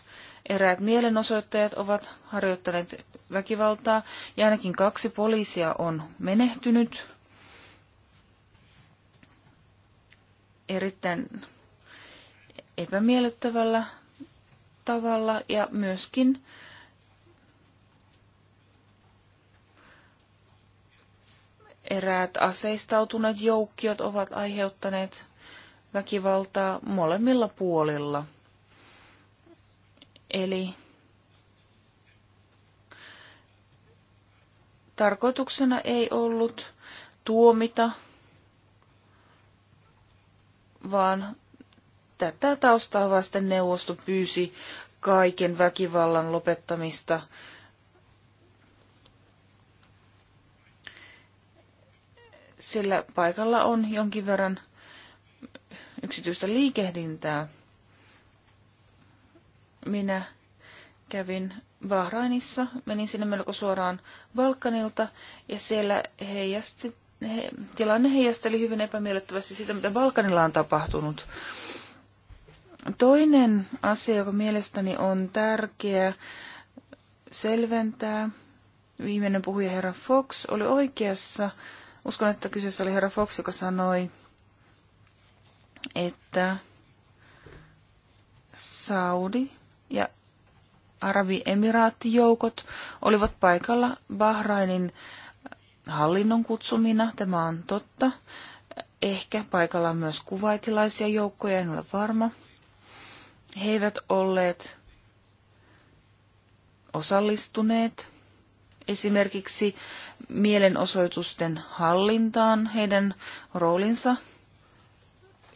eräät mielenosoittajat ovat harjoittaneet väkivaltaa ja ainakin kaksi poliisia on menehtynyt. Erittäin epämiellyttävällä tavalla ja myöskin eräät aseistautuneet joukkiot ovat aiheuttaneet väkivaltaa molemmilla puolilla. Eli Tarkoituksena ei ollut tuomita, vaan tätä taustaa vasten neuvosto pyysi kaiken väkivallan lopettamista. Sillä paikalla on jonkin verran yksityistä liikehdintää. Minä kävin Bahrainissa, menin sinne melko suoraan Balkanilta ja siellä heijasti, he, tilanne heijasteli hyvin epämiellyttävästi sitä, mitä Balkanilla on tapahtunut. Toinen asia, joka mielestäni on tärkeä selventää, viimeinen puhuja herra Fox oli oikeassa. Uskon, että kyseessä oli herra Fox, joka sanoi, että Saudi ja Arabiemiraattijoukot olivat paikalla Bahrainin hallinnon kutsumina, tämä on totta. Ehkä paikalla on myös kuvaitilaisia joukkoja, en ole varma. He eivät olleet osallistuneet esimerkiksi mielenosoitusten hallintaan. Heidän roolinsa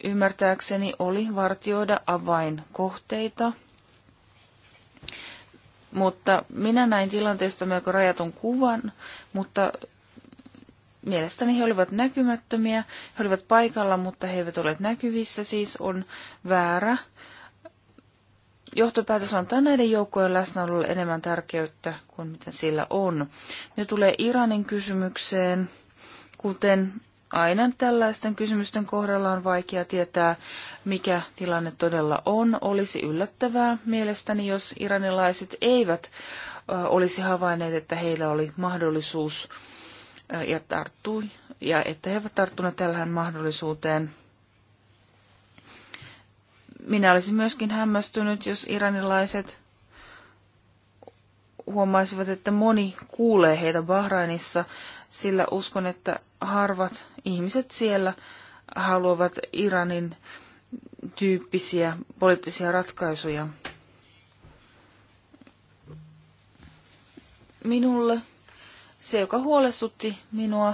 ymmärtääkseni oli vartioida avainkohteita – mutta minä näin tilanteesta melko rajatun kuvan, mutta mielestäni he olivat näkymättömiä. He olivat paikalla, mutta he eivät olleet näkyvissä, siis on väärä. Johtopäätös antaa näiden joukkojen läsnäololle enemmän tärkeyttä kuin mitä sillä on. Ne tulee Iranin kysymykseen, kuten aina tällaisten kysymysten kohdalla on vaikea tietää, mikä tilanne todella on. Olisi yllättävää mielestäni, jos iranilaiset eivät olisi havainneet, että heillä oli mahdollisuus ja tarttui, ja että he ovat tarttuneet tällähän mahdollisuuteen. Minä olisin myöskin hämmästynyt, jos iranilaiset huomaisivat, että moni kuulee heitä Bahrainissa sillä uskon, että harvat ihmiset siellä haluavat Iranin tyyppisiä poliittisia ratkaisuja. Minulle se, joka huolestutti minua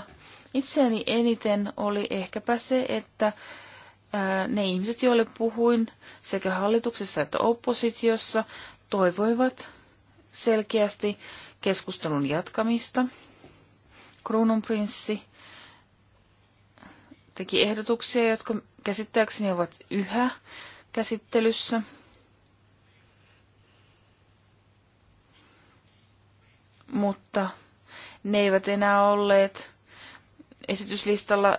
itseäni eniten, oli ehkäpä se, että ne ihmiset, joille puhuin sekä hallituksessa että oppositiossa, toivoivat selkeästi keskustelun jatkamista kruununprinssi teki ehdotuksia, jotka käsittääkseni ovat yhä käsittelyssä. Mutta ne eivät enää olleet esityslistalla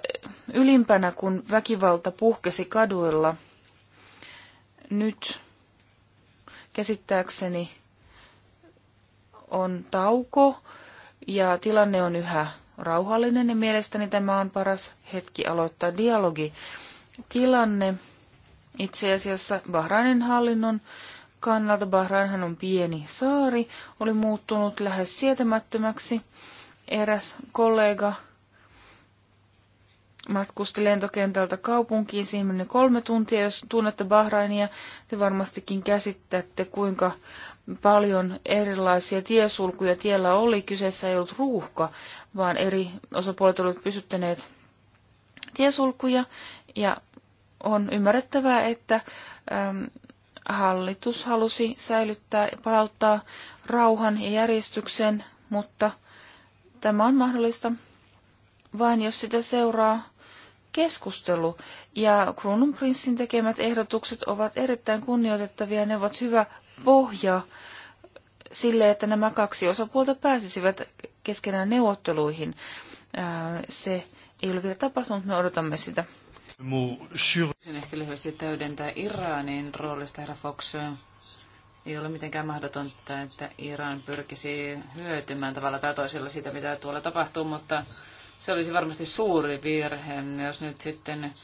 ylimpänä, kun väkivalta puhkesi kaduilla. Nyt käsittääkseni on tauko ja tilanne on yhä rauhallinen ja mielestäni tämä on paras hetki aloittaa dialogi. Tilanne itse asiassa Bahrainin hallinnon kannalta, Bahrainhan on pieni saari, oli muuttunut lähes sietämättömäksi. Eräs kollega matkusti lentokentältä kaupunkiin, siihen meni kolme tuntia. Jos tunnette Bahrainia, te varmastikin käsittätte, kuinka paljon erilaisia tiesulkuja tiellä oli. Kyseessä ei ollut ruuhka, vaan eri osapuolet olivat pysyttäneet tiesulkuja. Ja on ymmärrettävää, että ähm, hallitus halusi säilyttää ja palauttaa rauhan ja järjestyksen, mutta tämä on mahdollista vain, jos sitä seuraa keskustelu. Ja kruununprinssin tekemät ehdotukset ovat erittäin kunnioitettavia, ne ovat hyvä pohja sille, että nämä kaksi osapuolta pääsisivät keskenään neuvotteluihin. Se ei ole vielä tapahtunut, me odotamme sitä. Voisin ehkä lyhyesti täydentää Iranin roolista, herra Fox. Ei ole mitenkään mahdotonta, että Iran pyrkisi hyötymään tavalla tai toisella siitä, mitä tuolla tapahtuu, mutta se olisi varmasti suuri virhe, jos nyt sitten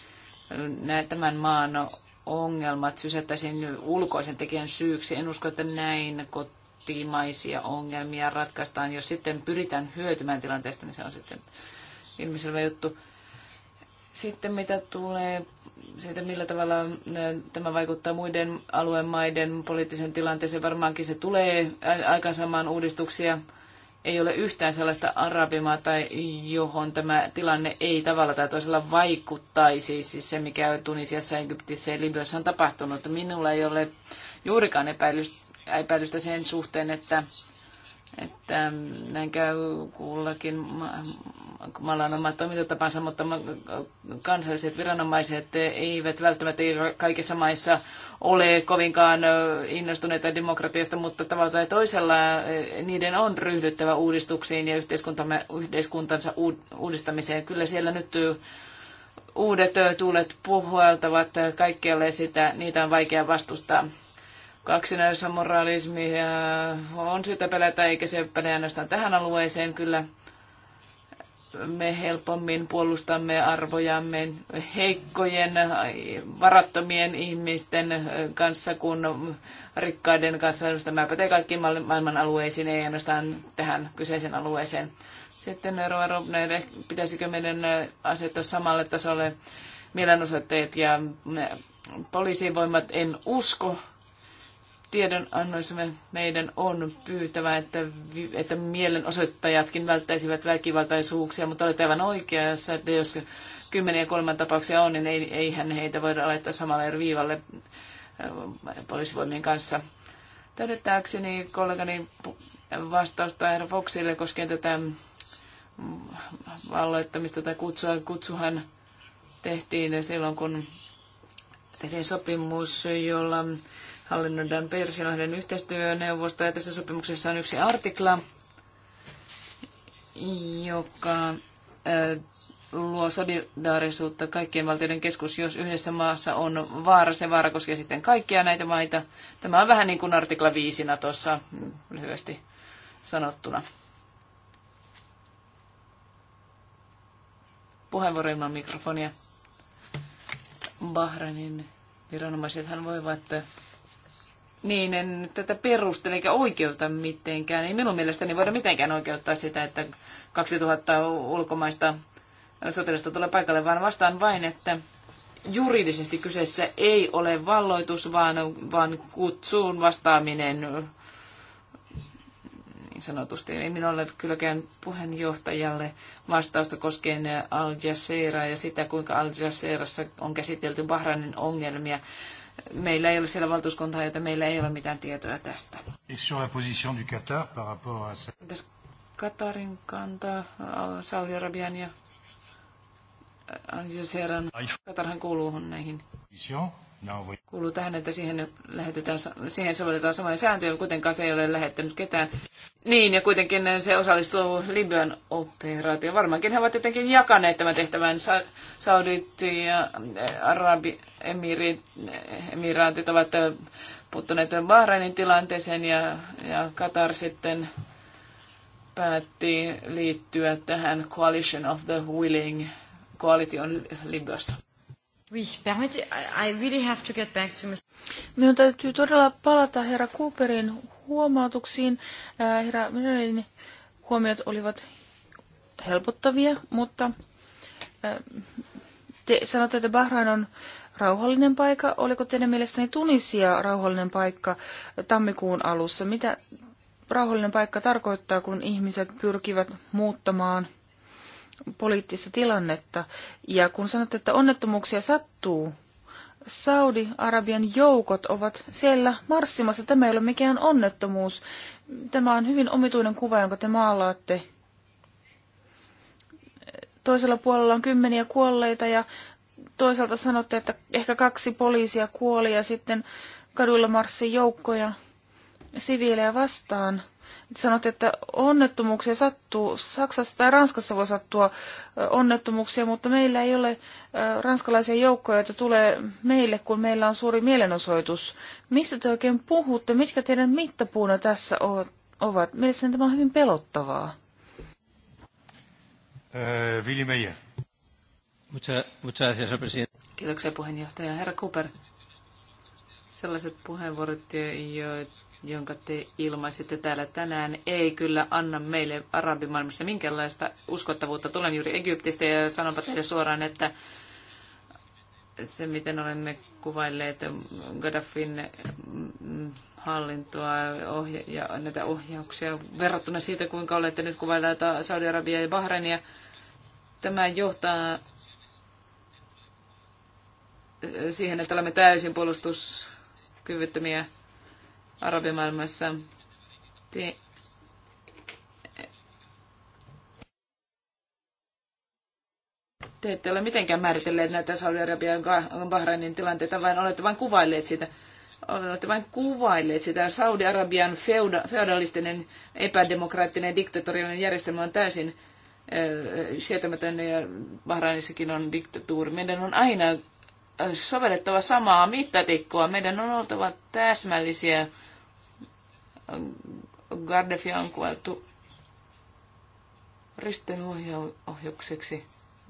tämän maan ongelmat sysättäisiin ulkoisen tekijän syyksi. En usko, että näin kotimaisia ongelmia ratkaistaan. Jos sitten pyritään hyötymään tilanteesta, niin se on sitten ilmiselvä juttu. Sitten mitä tulee siitä, millä tavalla tämä vaikuttaa muiden alueen maiden poliittiseen tilanteeseen, varmaankin se tulee aikaansaamaan uudistuksia ei ole yhtään sellaista arabimaata, johon tämä tilanne ei tavalla tai toisella vaikuttaisi. Siis se, mikä Tunisiassa, Egyptissä ja Libyassa on tapahtunut. Minulla ei ole juurikaan epäilystä, epäilystä sen suhteen, että että ähm, näin käy kullakin maalla on oma toimintatapansa, mutta kansalliset viranomaiset eivät välttämättä kaikissa maissa ole kovinkaan innostuneita demokratiasta, mutta tavalla tai toisella niiden on ryhdyttävä uudistuksiin ja yhteiskuntansa uudistamiseen. Kyllä siellä nyt uudet tuulet puhueltavat kaikkialle sitä, niitä on vaikea vastustaa ja on syytä pelätä, eikä se pene ainoastaan tähän alueeseen kyllä. Me helpommin puolustamme arvojamme heikkojen, varattomien ihmisten kanssa kuin rikkaiden kanssa. Tämä pätee kaikkiin maailman alueisiin, ei ainoastaan tähän kyseisen alueeseen. Sitten Roa Robner, pitäisikö meidän asettaa samalle tasolle mielenosoitteet ja poliisivoimat? En usko, tiedonannoissamme meidän on pyytävä, että, että mielenosoittajatkin välttäisivät väkivaltaisuuksia, mutta olet aivan oikeassa, että jos kymmeniä kolman tapauksia on, niin ei, eihän heitä voida laittaa samalle viivalle äh, poliisivoimien kanssa. Täydettääkseni kollegani vastausta herra Foxille koskien tätä valloittamista tai kutsua. Kutsuhan tehtiin silloin, kun tehtiin sopimus, jolla hallinnoidaan Persilahden yhteistyöneuvosto ja tässä sopimuksessa on yksi artikla, joka luo solidaarisuutta kaikkien valtioiden keskus, jos yhdessä maassa on vaara. Se vaara koskee sitten kaikkia näitä maita. Tämä on vähän niin kuin artikla 5 tuossa mm, lyhyesti sanottuna. Puheenvuoro ilman mikrofonia. Bahrainin viranomaisethan voivat niin en tätä perustele eikä oikeuta mitenkään. Ei minun mielestäni voida mitenkään oikeuttaa sitä, että 2000 ulkomaista sotilasta tulee paikalle, vaan vastaan vain, että juridisesti kyseessä ei ole valloitus, vaan, vaan kutsuun vastaaminen niin sanotusti. Ei minulla ole kylläkään puheenjohtajalle vastausta koskien Al Jazeeraa ja sitä, kuinka Al Jazeerassa on käsitelty Bahrainin ongelmia meillä ei ole siellä valtuuskuntaa, joten meillä ei ole mitään tietoa tästä. Entäs Katarin kanta äh, Saudi-Arabian ja äh, Al Jazeeran? Katarhan kuuluu näihin. Position. No, Kuuluu tähän, että siihen, lähetetään, siihen sovelletaan samoja sääntöjä, mutta kuitenkaan se ei ole lähettänyt ketään. Niin, ja kuitenkin se osallistuu Libyan operaatioon. Varmaankin he ovat tietenkin jakaneet tämän tehtävän Saudit ja eh, Arabi-emiraatit ovat eh, puuttuneet Bahrainin tilanteeseen ja, ja Katar sitten päätti liittyä tähän Coalition of the Willing koalition Libyassa. Minun täytyy todella palata herra Cooperin huomautuksiin. Äh, herra Minerin huomiot olivat helpottavia, mutta äh, te sanotte, että Bahrain on rauhallinen paikka. Oliko teidän mielestäni Tunisia rauhallinen paikka tammikuun alussa? Mitä rauhallinen paikka tarkoittaa, kun ihmiset pyrkivät muuttamaan – poliittista tilannetta. Ja kun sanotte, että onnettomuuksia sattuu, Saudi-Arabian joukot ovat siellä marssimassa. Tämä ei ole mikään onnettomuus. Tämä on hyvin omituinen kuva, jonka te maalaatte. Toisella puolella on kymmeniä kuolleita ja toisaalta sanotte, että ehkä kaksi poliisia kuoli ja sitten kaduilla marssi joukkoja siviilejä vastaan. Sanotte, että onnettomuuksia sattuu. Saksassa tai Ranskassa voi sattua onnettomuuksia, mutta meillä ei ole ranskalaisia joukkoja, joita tulee meille, kun meillä on suuri mielenosoitus. Mistä te oikein puhutte? Mitkä teidän mittapuuna tässä ovat? Mielestäni tämä on hyvin pelottavaa. Vili Meijer. Kiitoksia puheenjohtaja. Herra Cooper, sellaiset puheenvuorot, joita jonka te ilmaisitte täällä tänään, ei kyllä anna meille arabimaailmassa minkäänlaista uskottavuutta. Tulen juuri Egyptistä ja sanonpa teille suoraan, että se, miten olemme kuvailleet Gaddafin mm, hallintoa ja näitä ohjauksia verrattuna siitä, kuinka olette nyt kuvailleet saudi arabia ja Bahrainia. Tämä johtaa siihen, että olemme täysin puolustuskyvyttömiä arabimaailmassa. Te Te ette ole mitenkään määritelleet näitä Saudi-Arabian ja Bahrainin tilanteita, vaan olette vain kuvailleet sitä. Olette vain kuvailleet sitä. Saudi-Arabian feuda, feudalistinen, epädemokraattinen, diktatoriallinen järjestelmä on täysin sietämätön ja Bahrainissakin on diktatuuri. Meidän on aina sovellettava samaa mittatikkoa. Meidän on oltava täsmällisiä Gardefia on kueltu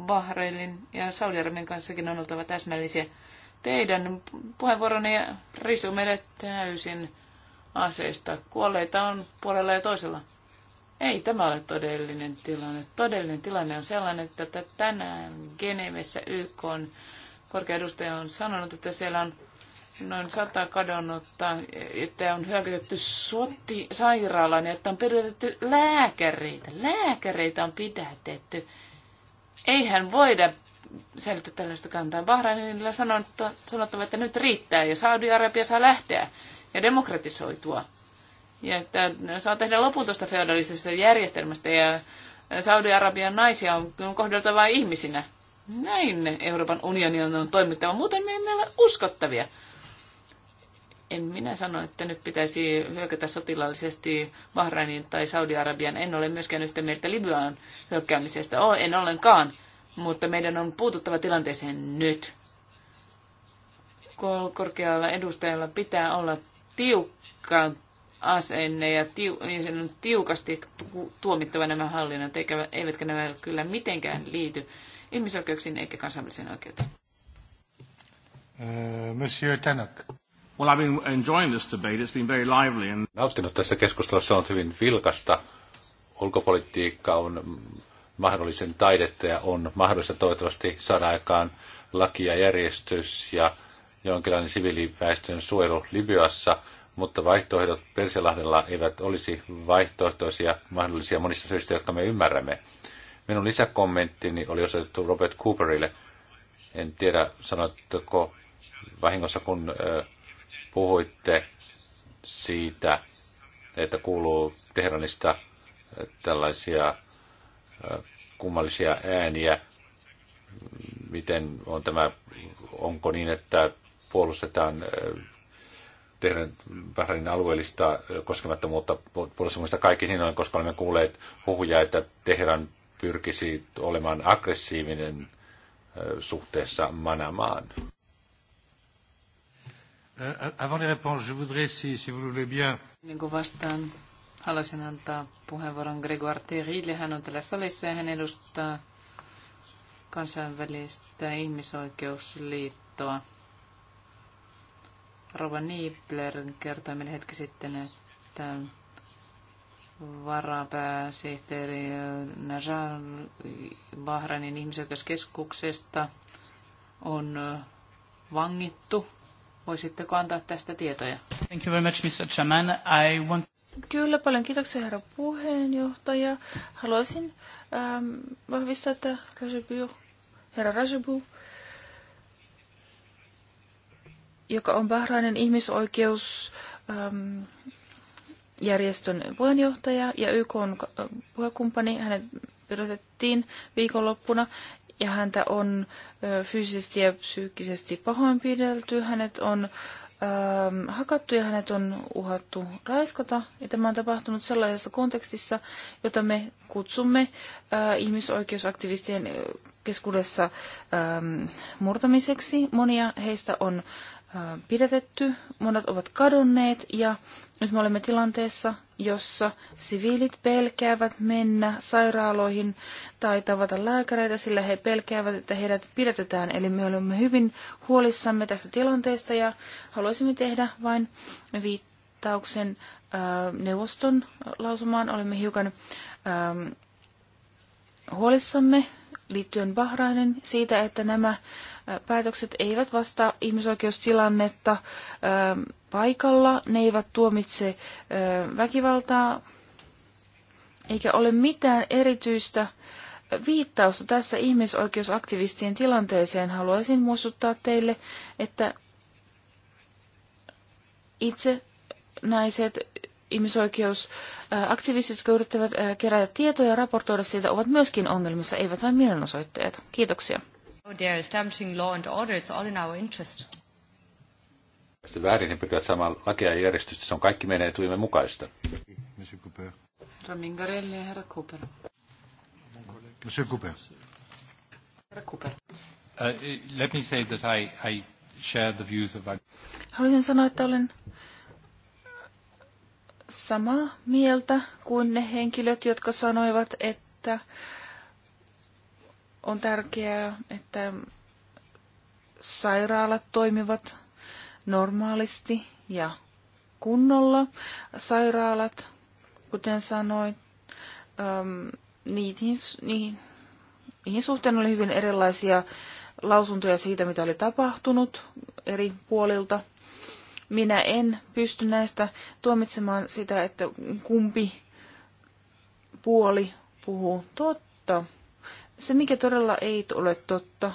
Bahreilin ja Saudi-Arabian kanssakin on oltava täsmällisiä. Teidän puheenvuoronne risu meidät täysin aseista. Kuolleita on puolella ja toisella. Ei tämä ole todellinen tilanne. Todellinen tilanne on sellainen, että tänään Genevessä YK on on sanonut, että siellä on noin sata kadonnutta, että on hyökätty sotti sairaalaan ja että on pidätetty lääkäreitä. Lääkäreitä on pidätetty. Eihän voida selittää tällaista kantaa. Bahrainilla sanottava, että nyt riittää ja Saudi-Arabia saa lähteä ja demokratisoitua. Ja että saa tehdä lopun tuosta feodalisesta järjestelmästä ja Saudi-Arabian naisia on kohdeltava ihmisinä. Näin Euroopan unioni on toimittava. Muuten me emme ole uskottavia. En minä sano, että nyt pitäisi hyökätä sotilaallisesti Bahrainin tai Saudi-Arabian. En ole myöskään yhtä mieltä Libyan hyökkäämisestä. Oh, en ollenkaan, mutta meidän on puututtava tilanteeseen nyt. Korkealla edustajalla pitää olla tiukka asenne ja tiu, niin sen on tiukasti tuomittava nämä hallinnat, eikä, eivätkä nämä kyllä mitenkään liity ihmisoikeuksiin eikä kansainväliseen oikeuteen. Äh, Monsieur Tanak. Well, I've been enjoying this debate. It's been very lively. And... Nauttinut tässä keskustelussa on hyvin vilkasta. Ulkopolitiikka on mahdollisen taidetta ja on mahdollista toivottavasti saada aikaan laki ja järjestys ja jonkinlainen siviiliväestön suojelu Libyassa, mutta vaihtoehdot Persialahdella eivät olisi vaihtoehtoisia mahdollisia monista syistä, jotka me ymmärrämme. Minun lisäkommenttini oli osoitettu Robert Cooperille. En tiedä, sanoitteko vahingossa, kun äh, puhuitte siitä, että kuuluu Teheranista äh, tällaisia äh, kummallisia ääniä. Miten on tämä, onko niin, että puolustetaan äh, Teheran, Bahrainin alueellista koskemattomuutta puolustamista kaikin niin hinnoin, koska olemme kuulleet huhuja, että Teheran pyrkisi olemaan aggressiivinen suhteessa Manamaan. Euh, euh, avant les réponses, je voudrais, si, si vous voulez bien... Niin vastaan, haluaisin antaa puheenvuoron Gregor Terille. Hän on tällä salissa ja hän edustaa kansainvälistä ihmisoikeusliittoa. Rova Niebler kertoi meille hetki sitten, että varapääsihteeri Najar Bahrainin ihmisoikeuskeskuksesta on vangittu Voisitteko antaa tästä tietoja? Thank you very much, Mr. Chairman. I want... Kyllä, paljon kiitoksia herra puheenjohtaja. Haluaisin ähm, vahvistaa, että Rajabu, herra Rajabu, joka on Bahrainin ihmisoikeusjärjestön ähm, puheenjohtaja ja YK on äh, puhekumppani, hänet pyydettiin viikonloppuna ja häntä on fyysisesti ja psyykkisesti pahoinpidelty, hänet on ö, ähm, hakattu ja hänet on uhattu raiskata. Ja tämä on tapahtunut sellaisessa kontekstissa, jota me kutsumme ö, äh, ihmisoikeusaktivistien äh, keskuudessa ö, ähm, murtamiseksi. Monia heistä on pidätetty, monet ovat kadonneet ja nyt me olemme tilanteessa, jossa siviilit pelkäävät mennä sairaaloihin tai tavata lääkäreitä, sillä he pelkäävät, että heidät pidätetään. Eli me olemme hyvin huolissamme tästä tilanteesta ja haluaisimme tehdä vain viittauksen neuvoston lausumaan. Olemme hiukan huolissamme liittyen Bahrainin siitä, että nämä päätökset eivät vastaa ihmisoikeustilannetta paikalla, ne eivät tuomitse väkivaltaa, eikä ole mitään erityistä viittausta tässä ihmisoikeusaktivistien tilanteeseen. Haluaisin muistuttaa teille, että itse naiset ihmisoikeusaktivistit, jotka yrittävät kerätä tietoja ja raportoida siitä, ovat myöskin ongelmissa, eivät vain mielenosoittajat. Kiitoksia. They're oh, establishing law and order. It's all in our interest. Sitten väärin, he niin pyrkivät saamaan lakia ja järjestystä. Se on kaikki meidän etujemme mukaista. Monsieur Cooper. Ramingarelli ja herra Cooper. Monsieur Cooper. Herra Cooper. Uh, eh, let me say that I, I share the views of... Haluaisin sanoa, että olen samaa mieltä kuin ne henkilöt, jotka sanoivat, että on tärkeää, että sairaalat toimivat normaalisti ja kunnolla. Sairaalat, kuten sanoin, ähm, niihin, niihin, niihin suhteen oli hyvin erilaisia lausuntoja siitä, mitä oli tapahtunut eri puolilta. Minä en pysty näistä tuomitsemaan sitä, että kumpi puoli puhuu totta. Se, mikä todella ei ole totta,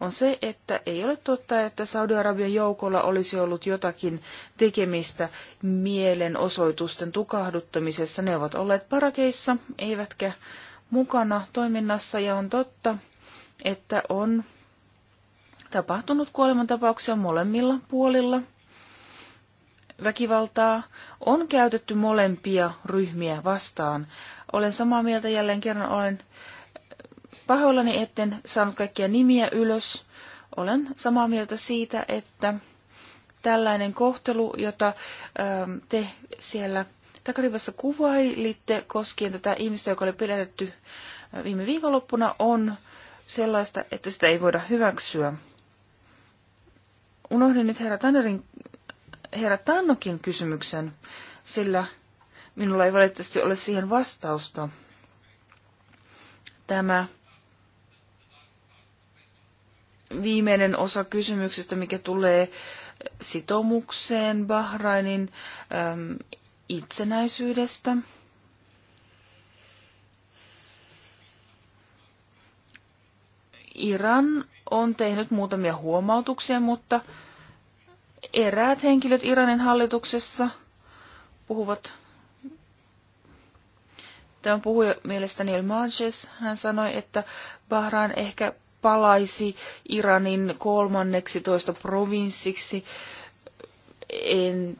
on se, että ei ole totta, että Saudi-Arabian joukolla olisi ollut jotakin tekemistä mielenosoitusten tukahduttamisessa. Ne ovat olleet parakeissa, eivätkä mukana toiminnassa, ja on totta, että on tapahtunut kuolemantapauksia molemmilla puolilla. Väkivaltaa on käytetty molempia ryhmiä vastaan. Olen samaa mieltä jälleen kerran, olen Pahoillani etten saanut kaikkia nimiä ylös. Olen samaa mieltä siitä, että tällainen kohtelu, jota ähm, te siellä takarivassa kuvailitte koskien tätä ihmistä, joka oli pidätetty äh, viime viikonloppuna, on sellaista, että sitä ei voida hyväksyä. Unohdin nyt herra, Tannerin, herra Tannokin kysymyksen, sillä minulla ei valitettavasti ole siihen vastausta. Tämä viimeinen osa kysymyksestä, mikä tulee sitoumukseen Bahrainin äm, itsenäisyydestä. Iran on tehnyt muutamia huomautuksia, mutta eräät henkilöt Iranin hallituksessa puhuvat. Tämä puhuja mielestäni El Majes. Hän sanoi, että Bahrain ehkä palaisi Iranin 13 provinssiksi. En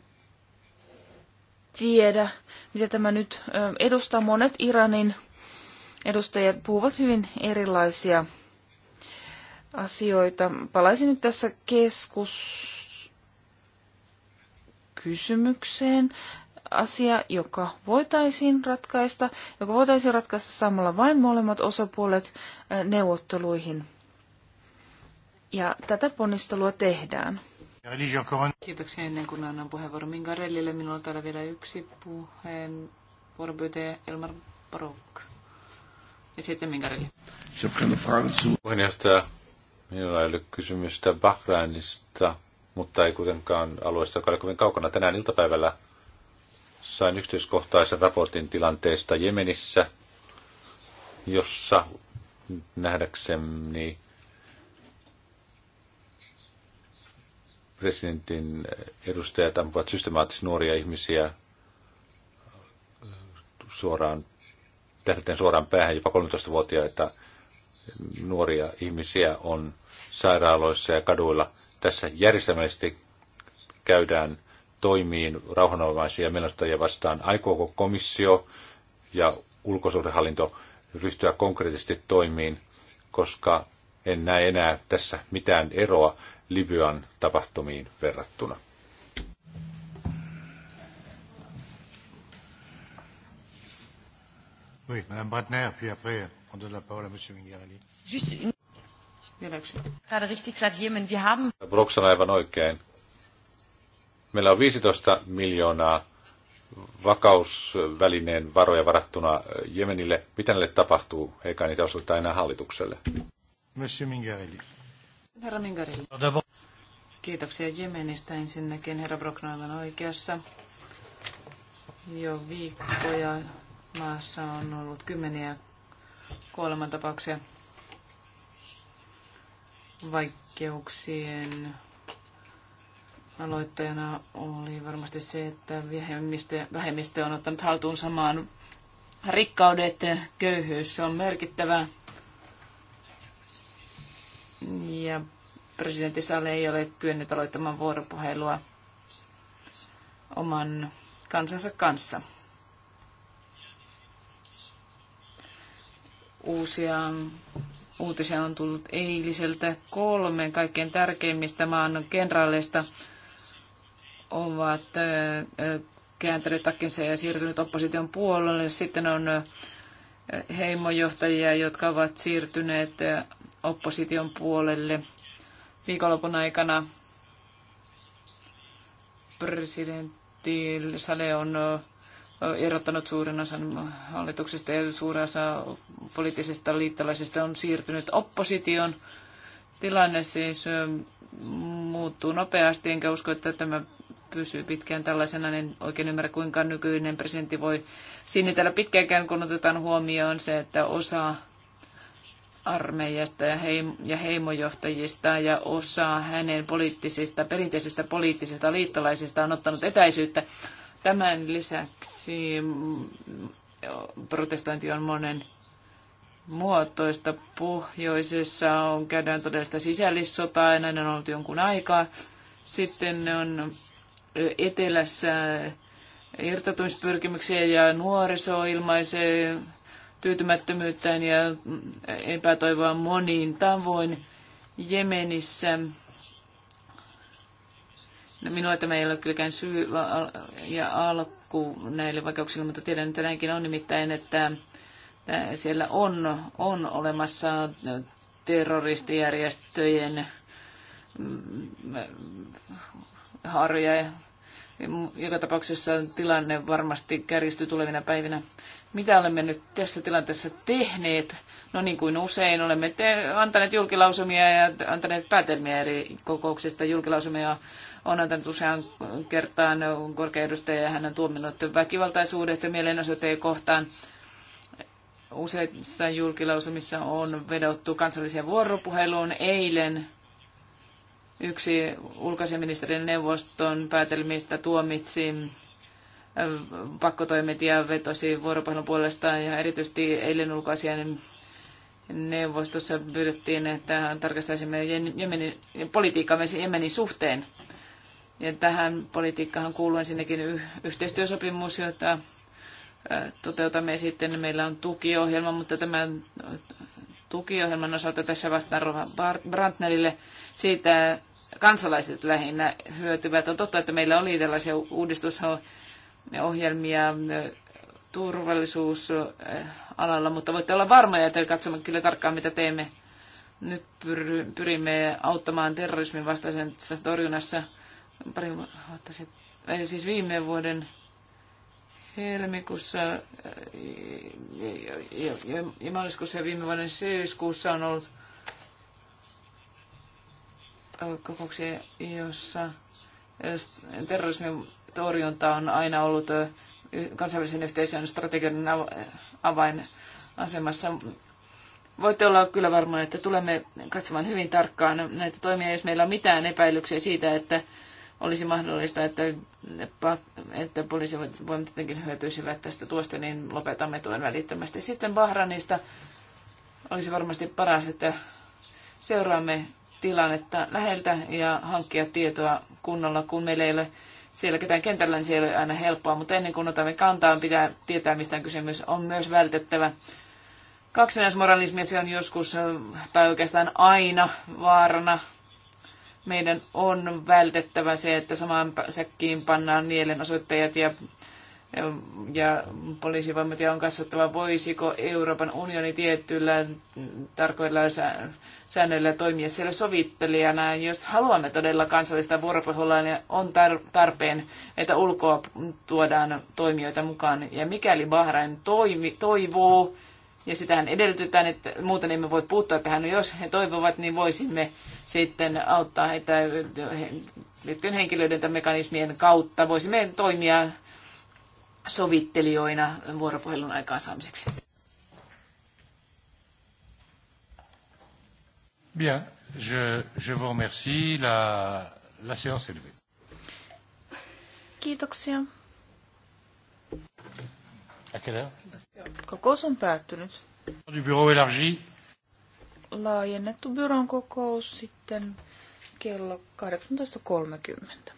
tiedä, mitä tämä nyt edustaa. Monet Iranin edustajat puhuvat hyvin erilaisia asioita. Palaisin nyt tässä keskus kysymykseen asia, joka voitaisiin ratkaista, joka voitaisiin ratkaista samalla vain molemmat osapuolet äh, neuvotteluihin. Ja tätä ponnistelua tehdään. Kiitoksia ennen kuin annan puheenvuoron Mingarellille. Minulla on täällä vielä yksi puheen Elmar Barok. Ja sitten Mingarelli. Puheenjohtaja, minulla ei ole kysymystä Bahrainista, mutta ei kuitenkaan alueesta, joka oli kovin kaukana tänään iltapäivällä sain yksityiskohtaisen raportin tilanteesta Jemenissä, jossa nähdäkseni presidentin edustajat ampuvat systemaattisesti nuoria ihmisiä suoraan, tähdeten suoraan päähän, jopa 13-vuotiaita nuoria ihmisiä on sairaaloissa ja kaduilla. Tässä järjestelmällisesti käydään toimiin rauhanomaisia mielenosoittajia vastaan. Aikooko komissio ja ulkosuhdehallinto ryhtyä konkreettisesti toimiin, koska en näe enää tässä mitään eroa Libyan tapahtumiin verrattuna. Oui, Madame Bratner, puis après, on donne la parole à Monsieur Mingarelli. Juste une... richtig Jemen, haben... Brox on aivan oikein. Meillä on 15 miljoonaa vakausvälineen varoja varattuna äh, Jemenille. Mitä näille tapahtuu, eikä niitä osoiteta enää hallitukselle? Monsieur Mingarelli. Herra Mingarelli. Kiitoksia Jemenistä ensinnäkin. Herra on oikeassa. Jo viikkoja maassa on ollut kymmeniä kuolemantapauksia vaikeuksien aloittajana oli varmasti se, että vähemmistö, vähemmistö on ottanut haltuun samaan rikkaudet ja köyhyys. Se on merkittävä. Ja presidentti Sale ei ole kyennyt aloittamaan vuoropuhelua oman kansansa kanssa. Uusia uutisia on tullut eiliseltä kolmen kaikkein tärkeimmistä maan kenraaleista ovat kääntäneet takkinsa ja siirtyneet opposition puolelle. Sitten on heimojohtajia, jotka ovat siirtyneet opposition puolelle viikonlopun aikana. Presidentti Sale on erottanut suurin osan hallituksesta ja suurin osa poliittisista liittolaisista on siirtynyt opposition. Tilanne siis muuttuu nopeasti, enkä usko, että tämä pysyy pitkään tällaisena, niin oikein ymmärrä kuinka nykyinen presidentti voi sinnitellä pitkäänkään, kun otetaan huomioon se, että osa armeijasta ja, heim- ja heimojohtajista ja osa hänen poliittisista, perinteisistä poliittisista liittolaisista on ottanut etäisyyttä. Tämän lisäksi mm, protestointi on monen muotoista. Pohjoisessa on, käydään todellista sisällissotaa ja näin on ollut jonkun aikaa. Sitten on etelässä irtautumispyrkimyksiä ja nuoriso ilmaisee tyytymättömyyttään ja epätoivoa moniin tavoin. Jemenissä No minulla tämä ei ole kylläkään syy ja alku näille vaikeuksille, mutta tiedän, että näinkin on nimittäin, että siellä on, on olemassa terroristijärjestöjen mm, Harja, Ja joka tapauksessa tilanne varmasti kärjistyy tulevina päivinä. Mitä olemme nyt tässä tilanteessa tehneet? No niin kuin usein olemme te- antaneet julkilausumia ja antaneet päätelmiä eri kokouksista. Julkilausumia on antanut usean kertaan korkea edustaja ja hän on tuominnut väkivaltaisuudet ja mielenosoitteja kohtaan useissa julkilausumissa on vedottu kansalliseen vuoropuheluun. Eilen Yksi ulkoasiaministerin neuvoston päätelmistä tuomitsi äh, pakkotoimet ja vetosi vuoropuhelun puolestaan ja erityisesti eilen ulkoasiainen neuvostossa pyydettiin, että tarkastaisimme Jemenin, politiikkaamme Jemenin suhteen. Ja tähän politiikkaan kuuluu ensinnäkin yhteistyösopimus, jota äh, toteutamme sitten. Meillä on tukiohjelma, mutta tämä tukiohjelman osalta tässä vastaan Rohan Brandnerille. Siitä kansalaiset lähinnä hyötyvät. On totta, että meillä oli tällaisia uudistusohjelmia turvallisuusalalla, mutta voitte olla varmoja, että katsomme kyllä tarkkaan, mitä teemme. Nyt pyrimme auttamaan terrorismin vastaisessa torjunnassa pari vuotta sitten, siis viime vuoden helmikuussa ja, äh, ja, ja, ja maaliskuussa ja viime vuoden syyskuussa on ollut äh, kokouksia, jossa äh, terrorismin torjunta on aina ollut kansainvälisen yhteisön strategian avainasemassa. Voitte olla kyllä varmoja, että tulemme katsomaan hyvin tarkkaan näitä toimia, jos meillä on mitään epäilyksiä siitä, että olisi mahdollista, että, että poliisivoimat jotenkin hyötyisivät tästä tuosta, niin lopetamme tuen välittömästi. Sitten Bahranista olisi varmasti paras, että seuraamme tilannetta läheltä ja hankkia tietoa kunnolla, kun meillä ei ole siellä ketään kentällä, niin siellä ei ole aina helppoa, mutta ennen kuin otamme kantaa, pitää tietää, mistä on kysymys. On myös vältettävä kaksinaismoralismia, se on joskus, tai oikeastaan aina vaarana meidän on vältettävä se, että samaan säkkiin pannaan mielenosoittajat ja, ja poliisivoimat ja on katsottava, voisiko Euroopan unioni tietyillä tarkoilla säännöillä toimia siellä sovittelijana. Jos haluamme todella kansallista vuoropuhelua, niin on tarpeen, että ulkoa tuodaan toimijoita mukaan. Ja mikäli Bahrain toimi, toivoo, ja sitähän edellytetään, että muuten emme voi puuttua tähän. No jos he toivovat, niin voisimme sitten auttaa heitä liittyen henkilöiden tai mekanismien kautta. Voisimme toimia sovittelijoina vuoropuhelun aikaansaamiseksi. Bien, je, je vous remercie. La, la séance est levée. Kiitoksia. À quelle heure Kokous on päättynyt. bureau élargi. Laajennettu byron kokous sitten kello 18.30.